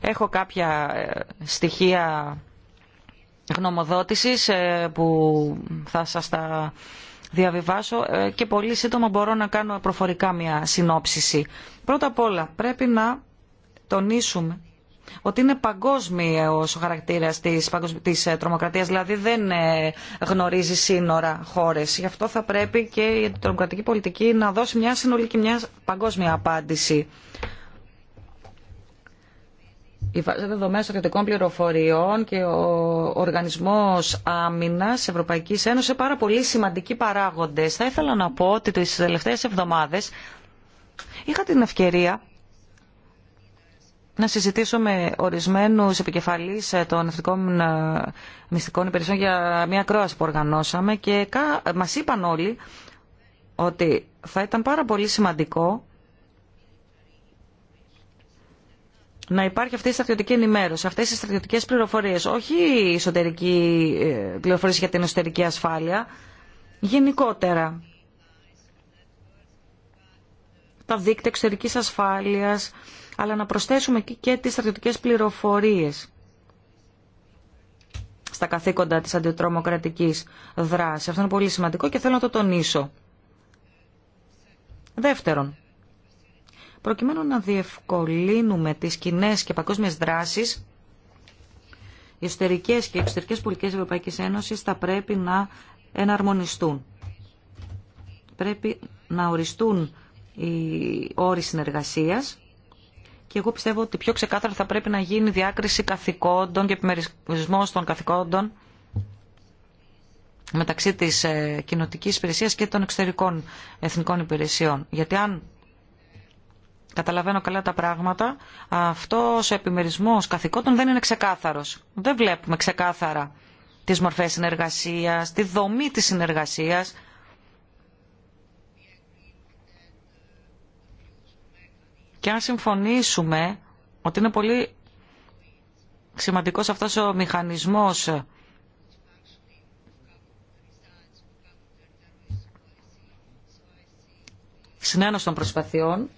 Έχω κάποια ε, στοιχεία γνωμοδότησης ε, που θα σας τα διαβιβάσω ε, και πολύ σύντομα μπορώ να κάνω προφορικά μια συνόψηση. Πρώτα απ' όλα πρέπει να τονίσουμε ότι είναι παγκόσμιο ο χαρακτήρα τη ε, τρομοκρατία, δηλαδή δεν ε, γνωρίζει σύνορα χώρε. Γι' αυτό θα πρέπει και η τρομοκρατική πολιτική να δώσει μια συνολική, μια παγκόσμια απάντηση. Η βάση δεδομένων στρατιωτικών πληροφοριών και ο Οργανισμό Άμυνα Ευρωπαϊκή Ένωση είναι πάρα πολύ σημαντικοί παράγοντε. Θα ήθελα να πω ότι τι τελευταίε εβδομάδε είχα την ευκαιρία να συζητήσω με ορισμένου επικεφαλεί ε, των εθνικών ε, μυστικών υπηρεσιών για μια κρόαση που οργανώσαμε και μας είπαν όλοι ότι θα ήταν πάρα πολύ σημαντικό να υπάρχει αυτή η στρατιωτική ενημέρωση, αυτές οι στρατιωτικές πληροφορίε, όχι η εσωτερική ε, πληροφορία για την εσωτερική ασφάλεια, γενικότερα. Τα δίκτυα εξωτερική ασφάλεια αλλά να προσθέσουμε και τις στρατιωτικές πληροφορίες στα καθήκοντα της αντιτρομοκρατικής δράσης. Αυτό είναι πολύ σημαντικό και θέλω να το τονίσω. Δεύτερον, προκειμένου να διευκολύνουμε τις κοινέ και παγκόσμιες δράσεις, οι εσωτερικές και εξωτερικές πολιτικές Ευρωπαϊκής Ένωσης θα πρέπει να εναρμονιστούν. Πρέπει να οριστούν οι όροι συνεργασίας και εγώ πιστεύω ότι πιο ξεκάθαρα θα πρέπει να γίνει διάκριση καθηκόντων και επιμερισμό των καθηκόντων μεταξύ της ε, κοινοτική υπηρεσίας και των εξωτερικών εθνικών υπηρεσιών. Γιατί αν καταλαβαίνω καλά τα πράγματα, αυτός ο επιμερισμό καθηκόντων δεν είναι ξεκάθαρος. Δεν βλέπουμε ξεκάθαρα τις μορφέ συνεργασία, τη δομή τη συνεργασία. Και αν συμφωνήσουμε ότι είναι πολύ σημαντικός αυτός ο μηχανισμός συνένωση των προσπαθειών,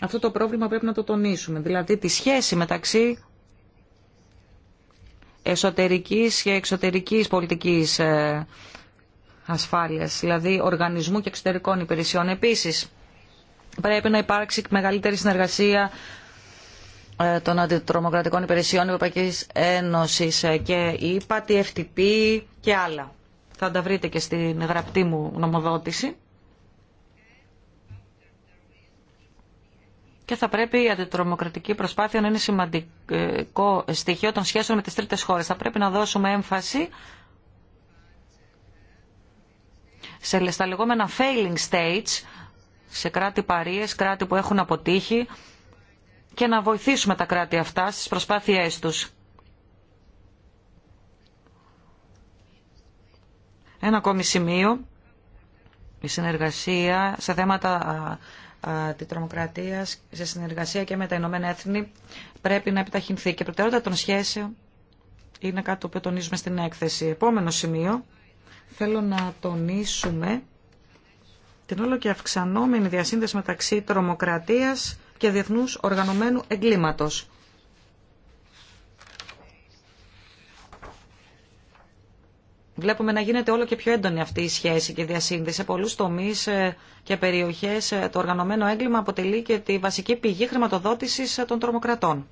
αυτό το πρόβλημα πρέπει να το τονίσουμε. Δηλαδή τη σχέση μεταξύ εσωτερικής και εξωτερικής πολιτικής ε, ασφάλειας, δηλαδή οργανισμού και εξωτερικών υπηρεσιών. Επίσης, Πρέπει να υπάρξει μεγαλύτερη συνεργασία ε, των αντιτρομοκρατικών υπηρεσιών Ευρωπαϊκής Ένωσης ε, και η FTP και άλλα. Θα τα βρείτε και στην γραπτή μου νομοδότηση. Και θα πρέπει η αντιτρομοκρατική προσπάθεια να είναι σημαντικό στοιχείο των σχέσεων με τις τρίτες χώρες. Θα πρέπει να δώσουμε έμφαση σε, στα λεγόμενα failing states, σε κράτη παρείες, κράτη που έχουν αποτύχει και να βοηθήσουμε τα κράτη αυτά στις προσπάθειές τους. Ένα ακόμη σημείο, η συνεργασία σε θέματα τη αντιτρομοκρατίας, σε συνεργασία και με τα Ηνωμένα Έθνη, πρέπει να επιταχυνθεί. Και προτεραιότητα των σχέσεων είναι κάτι που τονίζουμε στην έκθεση. Επόμενο σημείο, θέλω να τονίσουμε την όλο και αυξανόμενη διασύνδεση μεταξύ τρομοκρατίας και διεθνούς οργανωμένου εγκλήματος. Βλέπουμε να γίνεται όλο και πιο έντονη αυτή η σχέση και η διασύνδεση σε πολλούς τομείς ε, και περιοχές. Ε, το οργανωμένο έγκλημα αποτελεί και τη βασική πηγή χρηματοδότησης ε, των τρομοκρατών.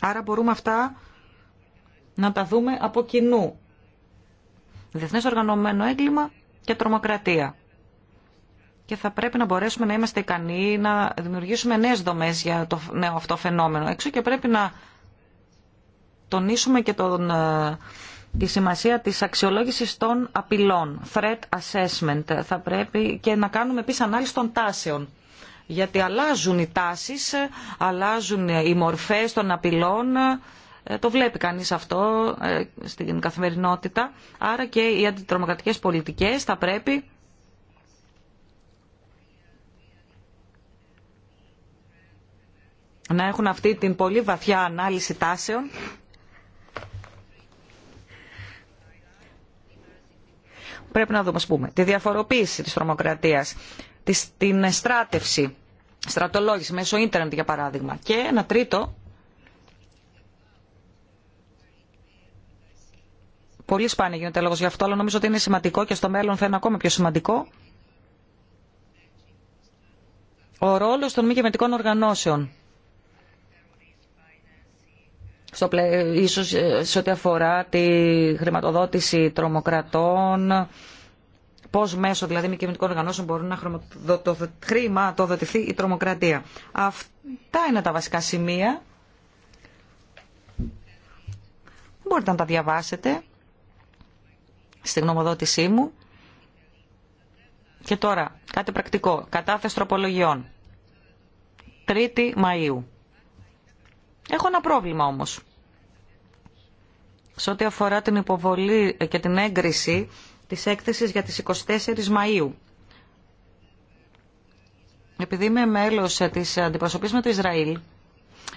Άρα μπορούμε αυτά να τα δούμε από κοινού. Διεθνές οργανωμένο έγκλημα και τρομοκρατία. Και θα πρέπει να μπορέσουμε να είμαστε ικανοί να δημιουργήσουμε νέες δομές για το νέο αυτό φαινόμενο. Έξω και πρέπει να τονίσουμε και τον, ε, τη σημασία της αξιολόγησης των απειλών, threat assessment. Θα πρέπει και να κάνουμε επίσης ανάλυση των τάσεων. Γιατί αλλάζουν οι τάσεις, ε, αλλάζουν οι μορφές των απειλών, ε, ε, το βλέπει κανείς αυτό ε, στην καθημερινότητα. Άρα και οι αντιτρομοκρατικές πολιτικές θα πρέπει να έχουν αυτή την πολύ βαθιά ανάλυση τάσεων πρέπει να δούμε, ας πούμε, τη διαφοροποίηση της τρομοκρατίας, την στράτευση, στρατολόγηση μέσω ίντερνετ για παράδειγμα. Και ένα τρίτο Πολύ σπάνια γίνεται λόγο γι' αυτό, αλλά νομίζω ότι είναι σημαντικό και στο μέλλον θα είναι ακόμα πιο σημαντικό. Ο ρόλος των μη κυβερνητικών οργανώσεων στο ίσως ε, σε ό,τι αφορά τη χρηματοδότηση τρομοκρατών, πώς μέσω δηλαδή μη κυβερνητικών οργανώσεων μπορούν να χρηματοδοτηθεί η τρομοκρατία. Αυτά είναι τα βασικά σημεία. Μπορείτε να τα διαβάσετε στη γνωμοδότησή μου. Και τώρα, κάτι πρακτικό. Κατάθεση τροπολογιών. 3η Μαΐου. Έχω ένα πρόβλημα όμως. Σε ό,τι αφορά την υποβολή και την έγκριση της έκθεσης για τις 24 Μαΐου. Επειδή είμαι μέλος της αντιπροσωπής με το Ισραήλ,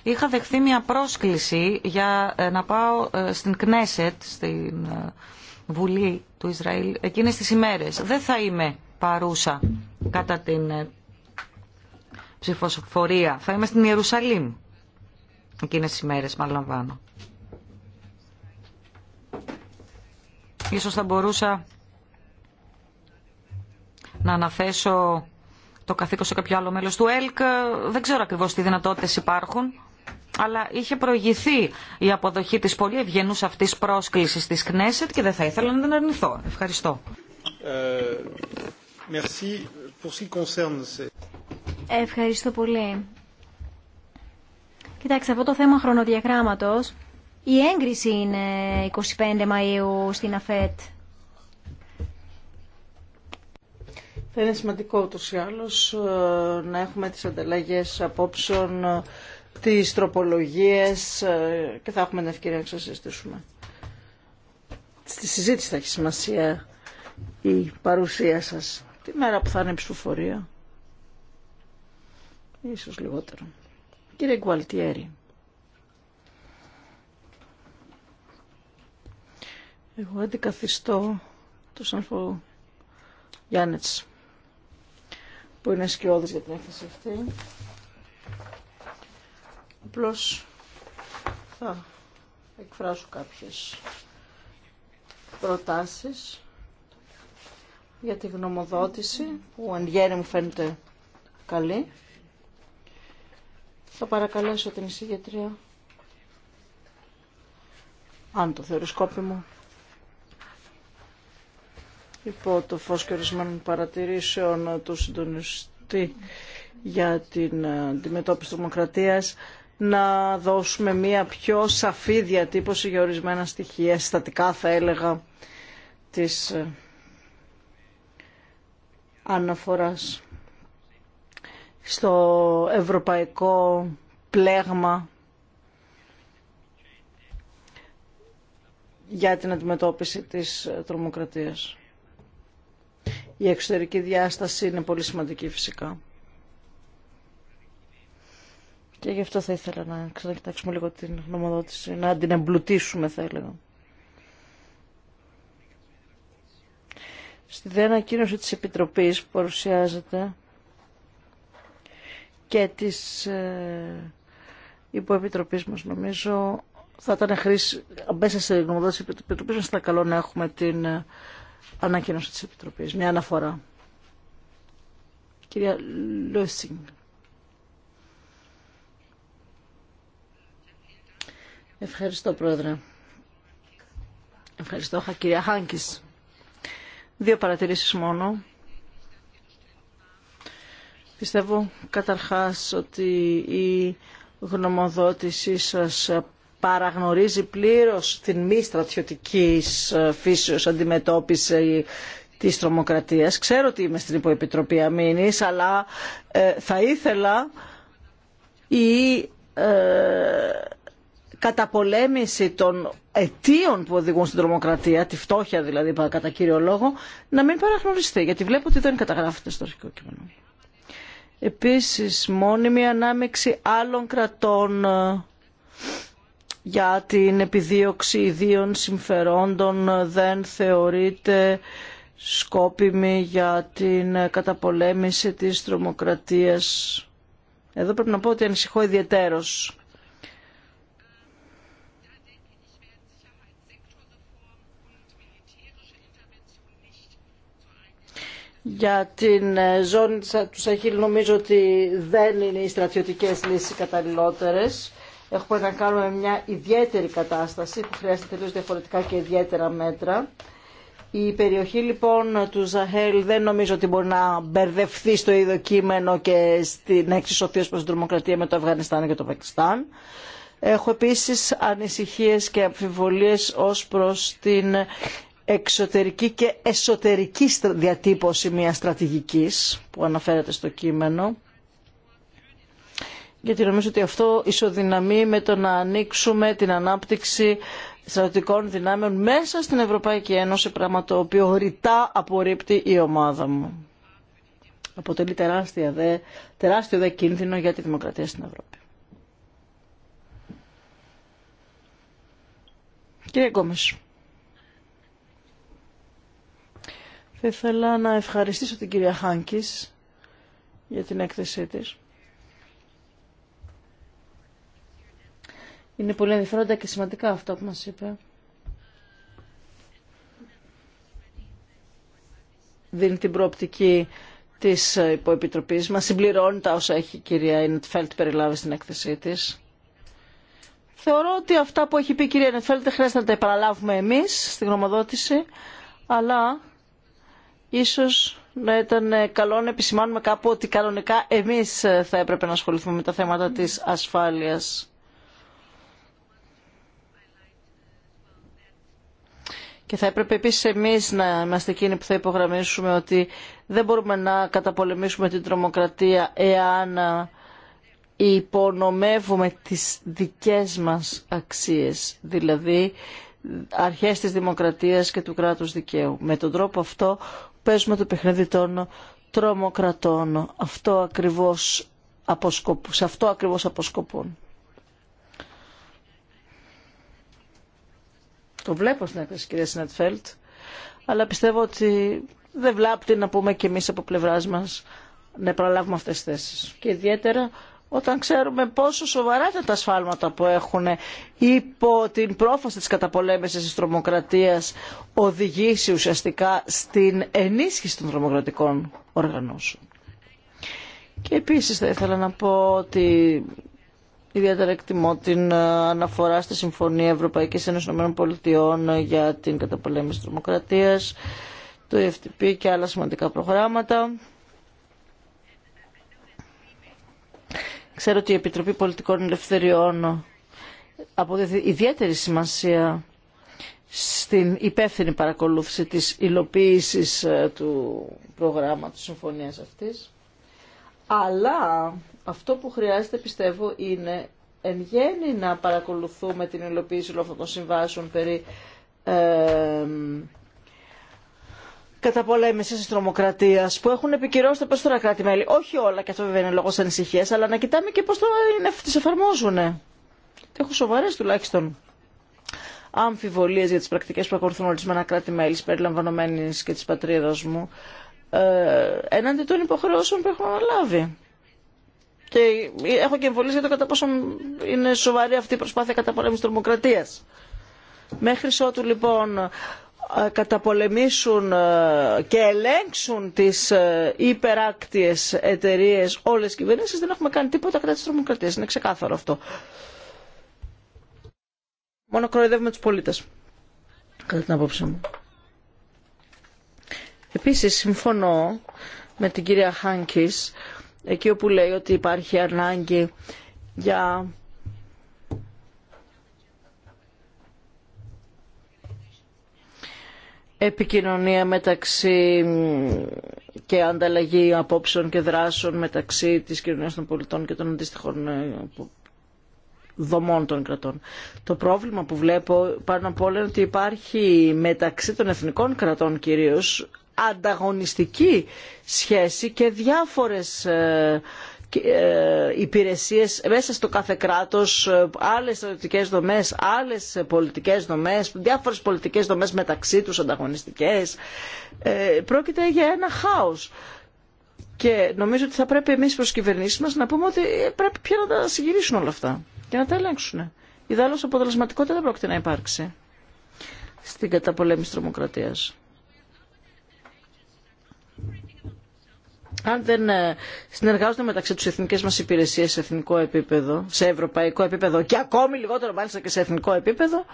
είχα δεχθεί μια πρόσκληση για ε, να πάω ε, στην Κνέσετ, στην ε, Βουλή του Ισραήλ εκείνες τις ημέρες. Δεν θα είμαι παρούσα κατά την ε, ψηφοφορία. Θα είμαι στην Ιερουσαλήμ εκείνες τις ημέρες, μάλλον λαμβάνω. Ίσως θα μπορούσα να αναθέσω το καθήκον σε κάποιο άλλο μέλος του ΕΛΚ. Δεν ξέρω ακριβώς τι δυνατότητες υπάρχουν αλλά είχε προηγηθεί η αποδοχή της πολύ ευγενούς αυτής πρόσκλησης της Κνέσετ και δεν θα ήθελα να την αρνηθώ. Ευχαριστώ. Ε, Ευχαριστώ πολύ. Κοιτάξτε, αυτό το θέμα χρονοδιαγράμματος, η έγκριση είναι 25 Μαΐου στην ΑΦΕΤ. Θα είναι σημαντικό ούτως ή άλλως ε, να έχουμε τις ανταλλαγές απόψεων τις τροπολογίες ε, και θα έχουμε την ευκαιρία να ξανασυζητήσουμε. Στη συζήτηση θα έχει σημασία η παρουσία σας. Τη μέρα που θα είναι η ψηφοφορία. Ίσως λιγότερο. Κύριε Γκουαλτιέρη. Εγώ αντικαθιστώ τον Σανφό Γιάννετς που είναι σκιώδης για την έκθεση αυτή. Απλώς θα εκφράσω κάποιες προτάσεις για τη γνωμοδότηση που εν γέρι μου φαίνεται καλή. Θα παρακαλέσω την εισηγητρία αν το θεωρεί σκόπιμο υπό το φως και ορισμένων παρατηρήσεων του συντονιστή για την ε, αντιμετώπιση της δημοκρατίας να δώσουμε μια πιο σαφή διατύπωση για ορισμένα στοιχεία, συστατικά θα έλεγα, της ε, αναφοράς στο ευρωπαϊκό πλέγμα για την αντιμετώπιση της ε, τρομοκρατίας. Η εξωτερική διάσταση είναι πολύ σημαντική φυσικά. Και γι' αυτό θα ήθελα να ξανακοιτάξουμε λίγο την νομοδότηση, να την εμπλουτίσουμε θα έλεγα. Στη δε ανακοίνωση της Επιτροπής που παρουσιάζεται και της ε, υποεπιτροπής μας νομίζω θα ήταν χρήση, μέσα σε γνωμοδότηση της Επιτροπής μας θα καλό να έχουμε την ε, ανακοίνωση της Επιτροπής, μια αναφορά. Κυρία Λούσινγκ. Ευχαριστώ, Πρόεδρε. Ευχαριστώ, κυρία Χάνκης. Δύο παρατηρήσεις μόνο. Πιστεύω καταρχάς ότι η γνωμοδότησή σας παραγνωρίζει πλήρως την μη στρατιωτική ε, φύσεως αντιμετώπιση της τρομοκρατίας. Ξέρω ότι είμαι στην υποεπιτροπή αμήνης, αλλά ε, θα ήθελα η ε, καταπολέμηση των αιτίων που οδηγούν στην τρομοκρατία, τη φτώχεια δηλαδή κατά κύριο λόγο, να μην παραγνωριστεί, γιατί βλέπω ότι δεν καταγράφεται στο αρχικό κείμενο. Επίσης, μόνιμη ανάμεξη άλλων κρατών ε, για την επιδίωξη ιδίων συμφερόντων ε, δεν θεωρείται σκόπιμη για την ε, καταπολέμηση της τρομοκρατίας. Εδώ πρέπει να πω ότι ανησυχώ ιδιαιτέρως Για την ε, ζώνη του Σαχίλ νομίζω ότι δεν είναι οι στρατιωτικές λύσεις καταλληλότερες. Έχουμε να κάνουμε μια ιδιαίτερη κατάσταση που χρειάζεται τελείως διαφορετικά και ιδιαίτερα μέτρα. Η περιοχή λοιπόν του Ζαχέλ δεν νομίζω ότι μπορεί να μπερδευτεί στο ίδιο κείμενο και στην εξισωθεί προ προς την τρομοκρατία με το Αφγανιστάν και το Πακιστάν. Έχω επίσης ανησυχίες και αμφιβολίες ως προς την εξωτερική και εσωτερική διατύπωση μιας στρατηγικής που αναφέρεται στο κείμενο γιατί νομίζω ότι αυτό ισοδυναμεί με το να ανοίξουμε την ανάπτυξη στρατιωτικών δυνάμεων μέσα στην Ευρωπαϊκή Ένωση, πράγμα το οποίο ρητά απορρίπτει η ομάδα μου. Αποτελεί τεράστια δε, τεράστιο δε κίνδυνο για τη δημοκρατία στην Ευρώπη. Κύριε Κόμες. Θα ήθελα να ευχαριστήσω την κυρία Χάνκης για την έκθεσή της. Είναι πολύ ενδιαφέροντα και σημαντικά αυτά που μας είπε. Δίνει την προοπτική της υποεπιτροπής μας, συμπληρώνει τα όσα έχει η κυρία Ινετφέλτ περιλάβει στην έκθεσή της. Θεωρώ ότι αυτά που έχει πει η κυρία Ινετφέλτ δεν χρειάζεται να τα επαναλάβουμε εμείς στην γνωμοδότηση, αλλά Ίσως να ήταν ε, καλό να επισημάνουμε κάπου ότι κανονικά εμείς ε, θα έπρεπε να ασχοληθούμε με τα θέματα της ασφάλειας. Και θα έπρεπε επίσης εμείς να είμαστε εκείνοι που θα υπογραμμίσουμε ότι δεν μπορούμε να καταπολεμήσουμε την τρομοκρατία εάν ε, υπονομεύουμε τις δικές μας αξίες, δηλαδή αρχές της δημοκρατίας και του κράτους δικαίου. Με τον τρόπο αυτό παίζουμε το παιχνίδι των τρομοκρατών. Αυτό ακριβώς αποσκοπούν. Σε αυτό ακριβώς αποσκοπούν. Το βλέπω στην έκθεση κυρία Σνετφέλτ, αλλά πιστεύω ότι δεν βλάπτει να πούμε και εμείς από πλευράς μας να επαναλάβουμε αυτές τις θέσεις. Και ιδιαίτερα όταν ξέρουμε πόσο σοβαρά είναι τα σφάλματα που έχουν υπό την πρόφαση της καταπολέμησης της τρομοκρατίας οδηγήσει ουσιαστικά στην ενίσχυση των τρομοκρατικών οργανώσεων. Και επίσης θα ήθελα να πω ότι ιδιαίτερα εκτιμώ την αναφορά στη Συμφωνία Ευρωπαϊκής Ένωσης Πολιτειών για την καταπολέμηση της τρομοκρατίας, το EFTP και άλλα σημαντικά προγράμματα. Ξέρω ότι η Επιτροπή Πολιτικών Ελευθεριών αποδίδει ιδιαίτερη σημασία στην υπεύθυνη παρακολούθηση της υλοποίησης ε, του προγράμματος συμφωνίας αυτής. Αλλά αυτό που χρειάζεται πιστεύω είναι εν γέννη να παρακολουθούμε την υλοποίηση όλων αυτών των συμβάσεων περί ε, κατά πολέμηση τη τρομοκρατία που έχουν επικυρώσει τα περισσότερα κράτη-μέλη. Όχι όλα, και αυτό βέβαια είναι λόγο ανησυχία, αλλά να κοιτάμε και πώ τι εφαρμόζουν. Έχω σοβαρέ τουλάχιστον αμφιβολίε για τι πρακτικέ που ακολουθούν ορισμένα κράτη-μέλη, περιλαμβανομένη και τη πατρίδα μου, ε, έναντι των υποχρεώσεων που έχουν αναλάβει. Και έχω και εμβολίε για το κατά πόσο είναι σοβαρή αυτή η προσπάθεια καταπολέμηση τρομοκρατία. Μέχρι ότου λοιπόν ε, καταπολεμήσουν ε, και ελέγξουν τις ε, υπεράκτιες εταιρείες όλες τις κυβερνήσεις δεν έχουμε κάνει τίποτα κατά της τρομοκρατίας. Είναι ξεκάθαρο αυτό. Μόνο κροϊδεύουμε τους πολίτες. Κατά την απόψη μου. Επίσης συμφωνώ με την κυρία Χάνκης εκεί όπου λέει ότι υπάρχει ανάγκη για επικοινωνία μεταξύ και ανταλλαγή απόψεων και δράσεων μεταξύ της κοινωνίας των πολιτών και των αντίστοιχων ε, δομών των κρατών. Το πρόβλημα που βλέπω πάνω απ' όλα είναι ότι υπάρχει μεταξύ των εθνικών κρατών κυρίως ανταγωνιστική σχέση και διάφορες ε, ε, υπηρεσίες μέσα στο κάθε κράτος, ε, άλλες στρατιωτικές δομές, άλλες πολιτικές δομές, διάφορες πολιτικές δομές μεταξύ τους ανταγωνιστικές. Ε, πρόκειται για ένα χάος. Και νομίζω ότι θα πρέπει εμείς προς κυβερνήσεις μας να πούμε ότι πρέπει πια να τα συγκυρίσουν όλα αυτά και να τα ελέγξουν. Ιδάλλως αποτελεσματικότητα δεν πρόκειται να υπάρξει στην καταπολέμηση τρομοκρατίας. αν δεν ε, συνεργάζονται μεταξύ τους εθνικές μας υπηρεσίες σε εθνικό επίπεδο, σε ευρωπαϊκό επίπεδο και ακόμη λιγότερο μάλιστα και σε εθνικό επίπεδο,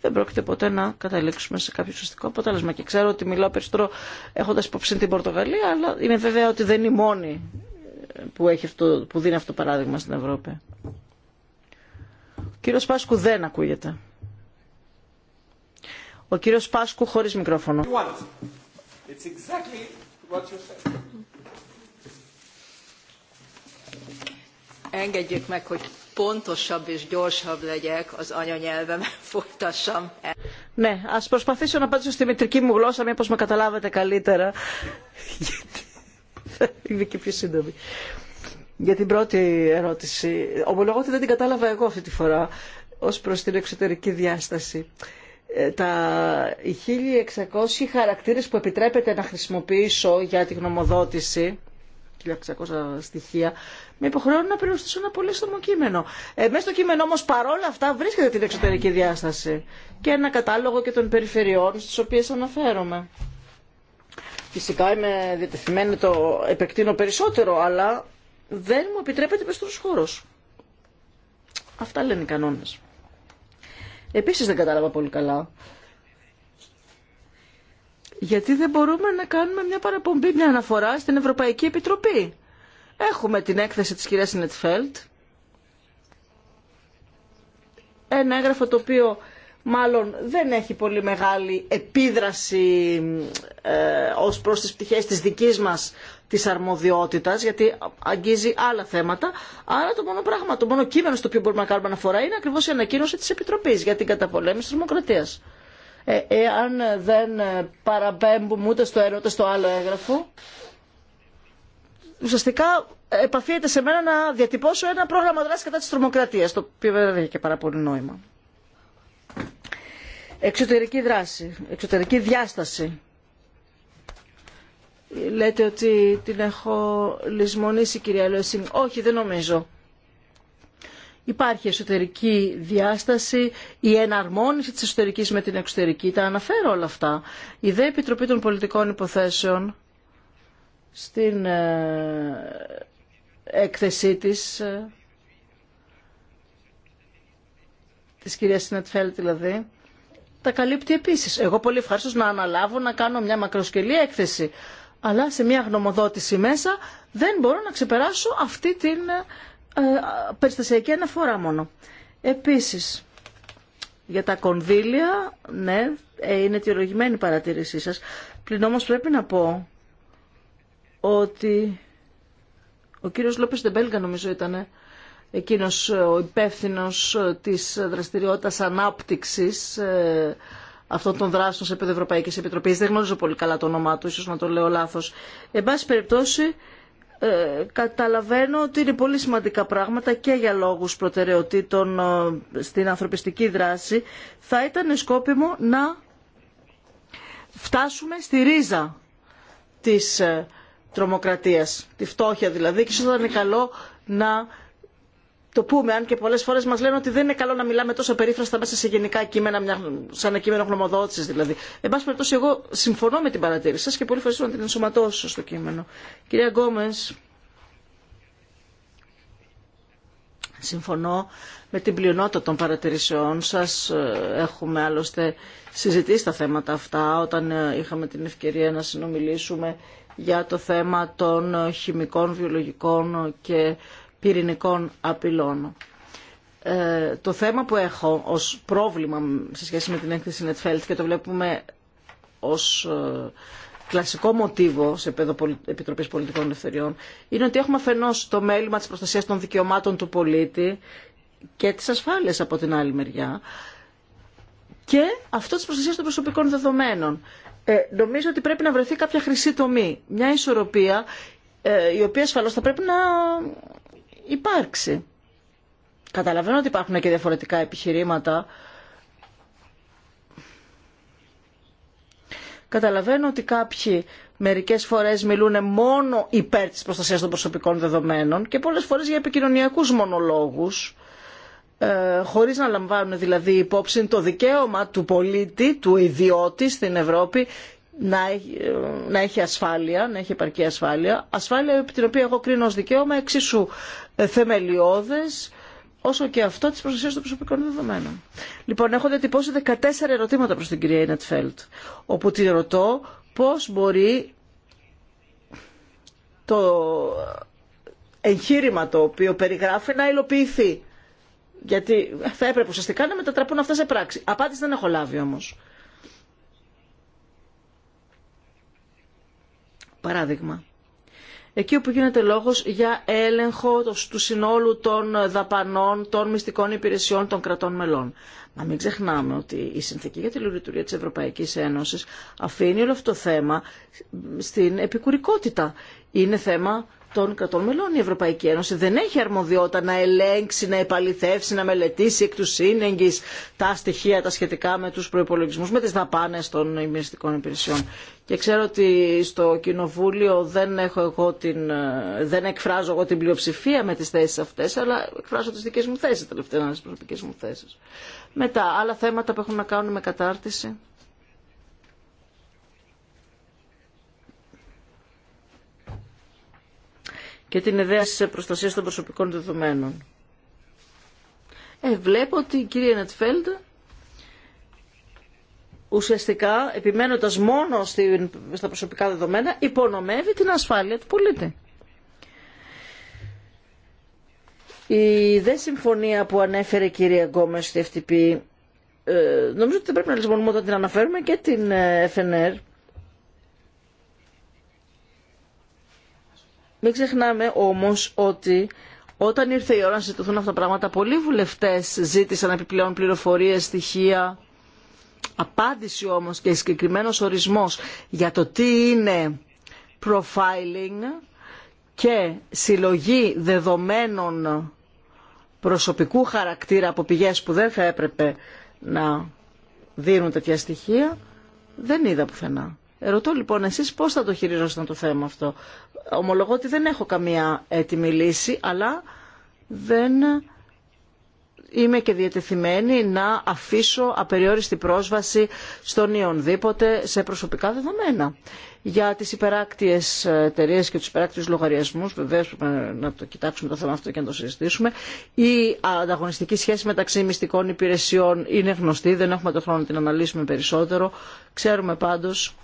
δεν πρόκειται ποτέ να καταλήξουμε σε κάποιο σωστικό αποτέλεσμα. Και ξέρω ότι μιλάω περισσότερο έχοντας υπόψη την Πορτογαλία, αλλά είναι βέβαια ότι δεν είναι η μόνη ε, που, έχει αυτό, που δίνει αυτό το παράδειγμα στην Ευρώπη. Ο κύριος Πάσκου δεν ακούγεται. Ο κύριος Πάσκου χωρίς μικρόφωνο. It's Ναι, α προσπαθήσω να απαντήσω στη μητρική μου γλώσσα, μήπω με καταλάβετε καλύτερα. Γιατί και πιο σύντομη. Για την πρώτη ερώτηση. Ομολογώ ότι δεν την κατάλαβα εγώ αυτή τη φορά ω προ την εξωτερική διάσταση. Ε, τα 1600 χαρακτήρε που επιτρέπεται να χρησιμοποιήσω για τη γνωμοδότηση 1600 στοιχεία, με υποχρεώνουν να περιοριστήσω ένα πολύ στομό κείμενο. Ε, μέσα στο κείμενο όμω παρόλα αυτά βρίσκεται την εξωτερική διάσταση και ένα κατάλογο και των περιφερειών στι οποίε αναφέρομαι. Φυσικά είμαι διατεθειμένη το επεκτείνω περισσότερο, αλλά δεν μου επιτρέπεται περισσότερο χώρο. Αυτά λένε οι κανόνε. Επίση δεν κατάλαβα πολύ καλά γιατί δεν μπορούμε να κάνουμε μια παραπομπή, μια αναφορά στην Ευρωπαϊκή Επιτροπή. Έχουμε την έκθεση της κυρίας Νετφέλτ, ένα έγγραφο το οποίο μάλλον δεν έχει πολύ μεγάλη επίδραση ε, ως προς τις πτυχές της δικής μας της αρμοδιότητας, γιατί αγγίζει άλλα θέματα. Άρα το μόνο πράγμα, το μόνο κείμενο στο οποίο μπορούμε να κάνουμε αναφορά είναι ακριβώς η ανακοίνωση της Επιτροπής για την καταπολέμηση της δημοκρατίας εάν ε, δεν παραπέμπουμε ούτε στο ένα ούτε στο άλλο έγγραφο, ουσιαστικά επαφίεται σε μένα να διατυπώσω ένα πρόγραμμα δράσης κατά της τρομοκρατίας, το οποίο βέβαια δεν είχε και πάρα πολύ νόημα. Εξωτερική δράση, εξωτερική διάσταση. Λέτε ότι την έχω λησμονήσει κυρία Λεωσίνη. Όχι, δεν νομίζω. Υπάρχει εσωτερική διάσταση, η εναρμόνιση της εσωτερικής με την εξωτερική. Τα αναφέρω όλα αυτά. Η ΔΕ Επιτροπή των Πολιτικών Υποθέσεων στην ε, έκθεσή της, ε, της κυρίας Σινετφέλτ δηλαδή, τα καλύπτει επίσης. Εγώ πολύ ευχαριστώ να αναλάβω να κάνω μια μακροσκελή έκθεση. Αλλά σε μια γνωμοδότηση μέσα δεν μπορώ να ξεπεράσω αυτή την ε, ε, περιστασιακή αναφορά μόνο. Επίσης, για τα κονδύλια, ναι, ε, είναι αιτιολογημένη η παρατήρησή σας. Πλην όμως πρέπει να πω ότι ο κύριος Λόπες Ντεμπέλγκα νομίζω ήταν εκείνος ε, ο υπεύθυνο της δραστηριότητας ανάπτυξης αυτών των δράσεων σε επίπεδο Ευρωπαϊκής Επιτροπής. Δεν γνωρίζω πολύ καλά το όνομά του, ίσως να το λέω λάθος. Εν πάση περιπτώσει, ε, καταλαβαίνω ότι είναι πολύ σημαντικά πράγματα και για λόγους προτεραιοτήτων ε, στην ανθρωπιστική δράση. Θα ήταν σκόπιμο να φτάσουμε στη ρίζα της ε, τρομοκρατίας, τη φτώχεια δηλαδή, και θα είναι καλό να το πούμε, αν και πολλέ φορέ μα λένε ότι δεν είναι καλό να μιλάμε τόσο περίφραστα μέσα σε γενικά κείμενα, σαν ένα κείμενο γνωμοδότηση δηλαδή. Εν πάση περιπτώσει, εγώ συμφωνώ με την παρατήρηση σα και πολύ ευχαριστώ να την ενσωματώσω στο κείμενο. Κυρία Γκόμε, συμφωνώ με την πλειονότητα των παρατηρήσεών σας. Έχουμε άλλωστε συζητήσει τα θέματα αυτά όταν ε, είχαμε την ευκαιρία να συνομιλήσουμε για το θέμα των ε, χημικών, βιολογικών και πυρηνικών απειλών. Ε, το θέμα που έχω ως πρόβλημα σε σχέση με την έκθεση Νετφέλτ και το βλέπουμε ως ε, κλασικό μοτίβο σε επίπεδο Επιτροπής Πολιτικών Ελευθεριών είναι ότι έχουμε αφενός το μέλημα της προστασίας των δικαιωμάτων του πολίτη και της ασφάλειας από την άλλη μεριά και αυτό της προστασίας των προσωπικών δεδομένων. Ε, νομίζω ότι πρέπει να βρεθεί κάποια χρυσή τομή, μια ισορροπία ε, η οποία ασφαλώς θα πρέπει να υπάρξει. Καταλαβαίνω ότι υπάρχουν και διαφορετικά επιχειρήματα. Καταλαβαίνω ότι κάποιοι μερικές φορές μιλούν μόνο υπέρ της προστασίας των προσωπικών δεδομένων και πολλές φορές για επικοινωνιακούς μονολόγους, ε, χωρίς να λαμβάνουν δηλαδή υπόψη το δικαίωμα του πολίτη, του ιδιώτη στην Ευρώπη να έχει ασφάλεια, να έχει επαρκή ασφάλεια, ασφάλεια επί την οποία εγώ κρίνω ως δικαίωμα εξίσου ε, θεμελιώδες, όσο και αυτό της προστασίας των προσωπικών δεδομένων. Λοιπόν, έχω διατυπώσει 14 ερωτήματα προς την κυρία Ινετφέλτ, όπου τη ρωτώ πώς μπορεί το εγχείρημα το οποίο περιγράφει να υλοποιηθεί. Γιατί θα έπρεπε ουσιαστικά να μετατραπούν αυτά σε πράξη. Απάντηση δεν έχω λάβει όμως. Παράδειγμα, εκεί όπου γίνεται λόγος για έλεγχο του συνόλου των δαπανών, των μυστικών υπηρεσιών των κρατών μελών. Να μην ξεχνάμε ότι η συνθήκη για τη λειτουργία της Ευρωπαϊκής Ένωσης αφήνει όλο αυτό το θέμα στην επικουρικότητα. Είναι θέμα των κρατών μελών η Ευρωπαϊκή Ένωση. Δεν έχει αρμοδιότητα να ελέγξει, να επαληθεύσει, να μελετήσει εκ του σύνεγγυ τα στοιχεία τα σχετικά με του προπολογισμού, με τι δαπάνε των ημιστικών υπηρεσιών. Και ξέρω ότι στο Κοινοβούλιο δεν, έχω εγώ την, δεν εκφράζω εγώ την πλειοψηφία με τι θέσει αυτέ, αλλά εκφράζω τι δικέ μου θέσει, τελευταία τι προσωπικέ μου θέσει. Μετά, άλλα θέματα που έχουν να κάνουν με κατάρτιση. και την ιδέα της προστασίας των προσωπικών δεδομένων. Ε, βλέπω ότι η κυρία Νετφέλντ ουσιαστικά, επιμένοντας μόνο στα προσωπικά δεδομένα, υπονομεύει την ασφάλεια του πολίτη. Η δε συμφωνία που ανέφερε η κυρία Γκόμες στη FTP, ε, νομίζω ότι δεν πρέπει να λησμονούμε όταν την αναφέρουμε και την ε, FNR, Μην ξεχνάμε όμως ότι όταν ήρθε η ώρα να συζητηθούν αυτά τα πράγματα, πολλοί βουλευτές ζήτησαν επιπλέον πληροφορίες, στοιχεία, απάντηση όμως και συγκεκριμένος ορισμός για το τι είναι profiling και συλλογή δεδομένων προσωπικού χαρακτήρα από πηγές που δεν θα έπρεπε να δίνουν τέτοια στοιχεία, δεν είδα πουθενά. Ρωτώ λοιπόν εσείς πώς θα το χειριζόσταν το θέμα αυτό. Ομολογώ ότι δεν έχω καμία έτοιμη λύση, αλλά δεν είμαι και διατεθειμένη να αφήσω απεριόριστη πρόσβαση στον ιονδήποτε σε προσωπικά δεδομένα. Για τις υπεράκτιες εταιρείε και τους υπεράκτιους λογαριασμούς, βεβαίως πρέπει να το κοιτάξουμε το θέμα αυτό και να το συζητήσουμε. Η ανταγωνιστική σχέση μεταξύ μυστικών υπηρεσιών είναι γνωστή, δεν έχουμε το χρόνο να την αναλύσουμε περισσότερο. Ξέρουμε πάντως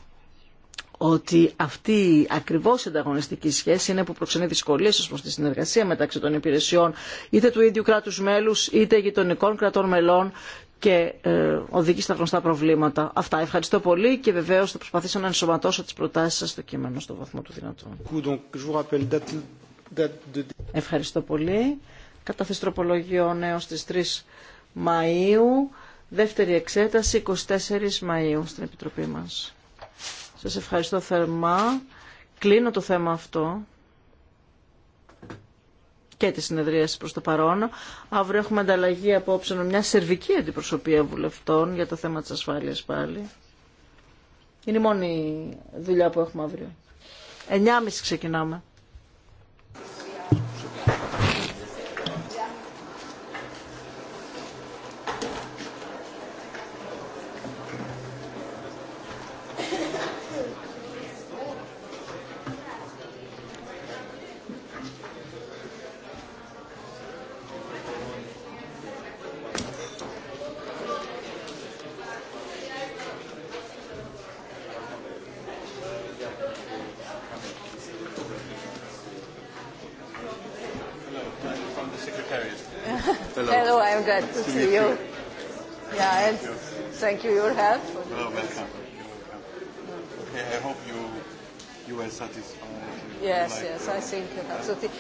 ότι αυτή η ακριβώ ανταγωνιστική σχέση είναι που προξενεί δυσκολίε ω προ τη συνεργασία μεταξύ των υπηρεσιών είτε του ίδιου κράτου μέλους είτε γειτονικών κρατών μελών και ε, οδηγεί στα γνωστά προβλήματα. Αυτά. Ευχαριστώ πολύ και βεβαίω θα προσπαθήσω να ενσωματώσω τι προτάσει σα στο κείμενο στο βαθμό του δυνατόν. Ευχαριστώ πολύ. Κατά θεστροπολογείο νέο στι 3 Μαου. Δεύτερη εξέταση 24 Μαΐου στην Επιτροπή μας. Σας ευχαριστώ θερμά. Κλείνω το θέμα αυτό και τη συνεδρίαση προς το παρόν. Αύριο έχουμε ανταλλαγή απόψε μια σερβική αντιπροσωπεία βουλευτών για το θέμα της ασφάλειας πάλι. Είναι η μόνη δουλειά που έχουμε αύριο. 9.30 ξεκινάμε. Thank you your help. For welcome. Okay, I hope you you were satisfied. Yes, yes, I think absolutely.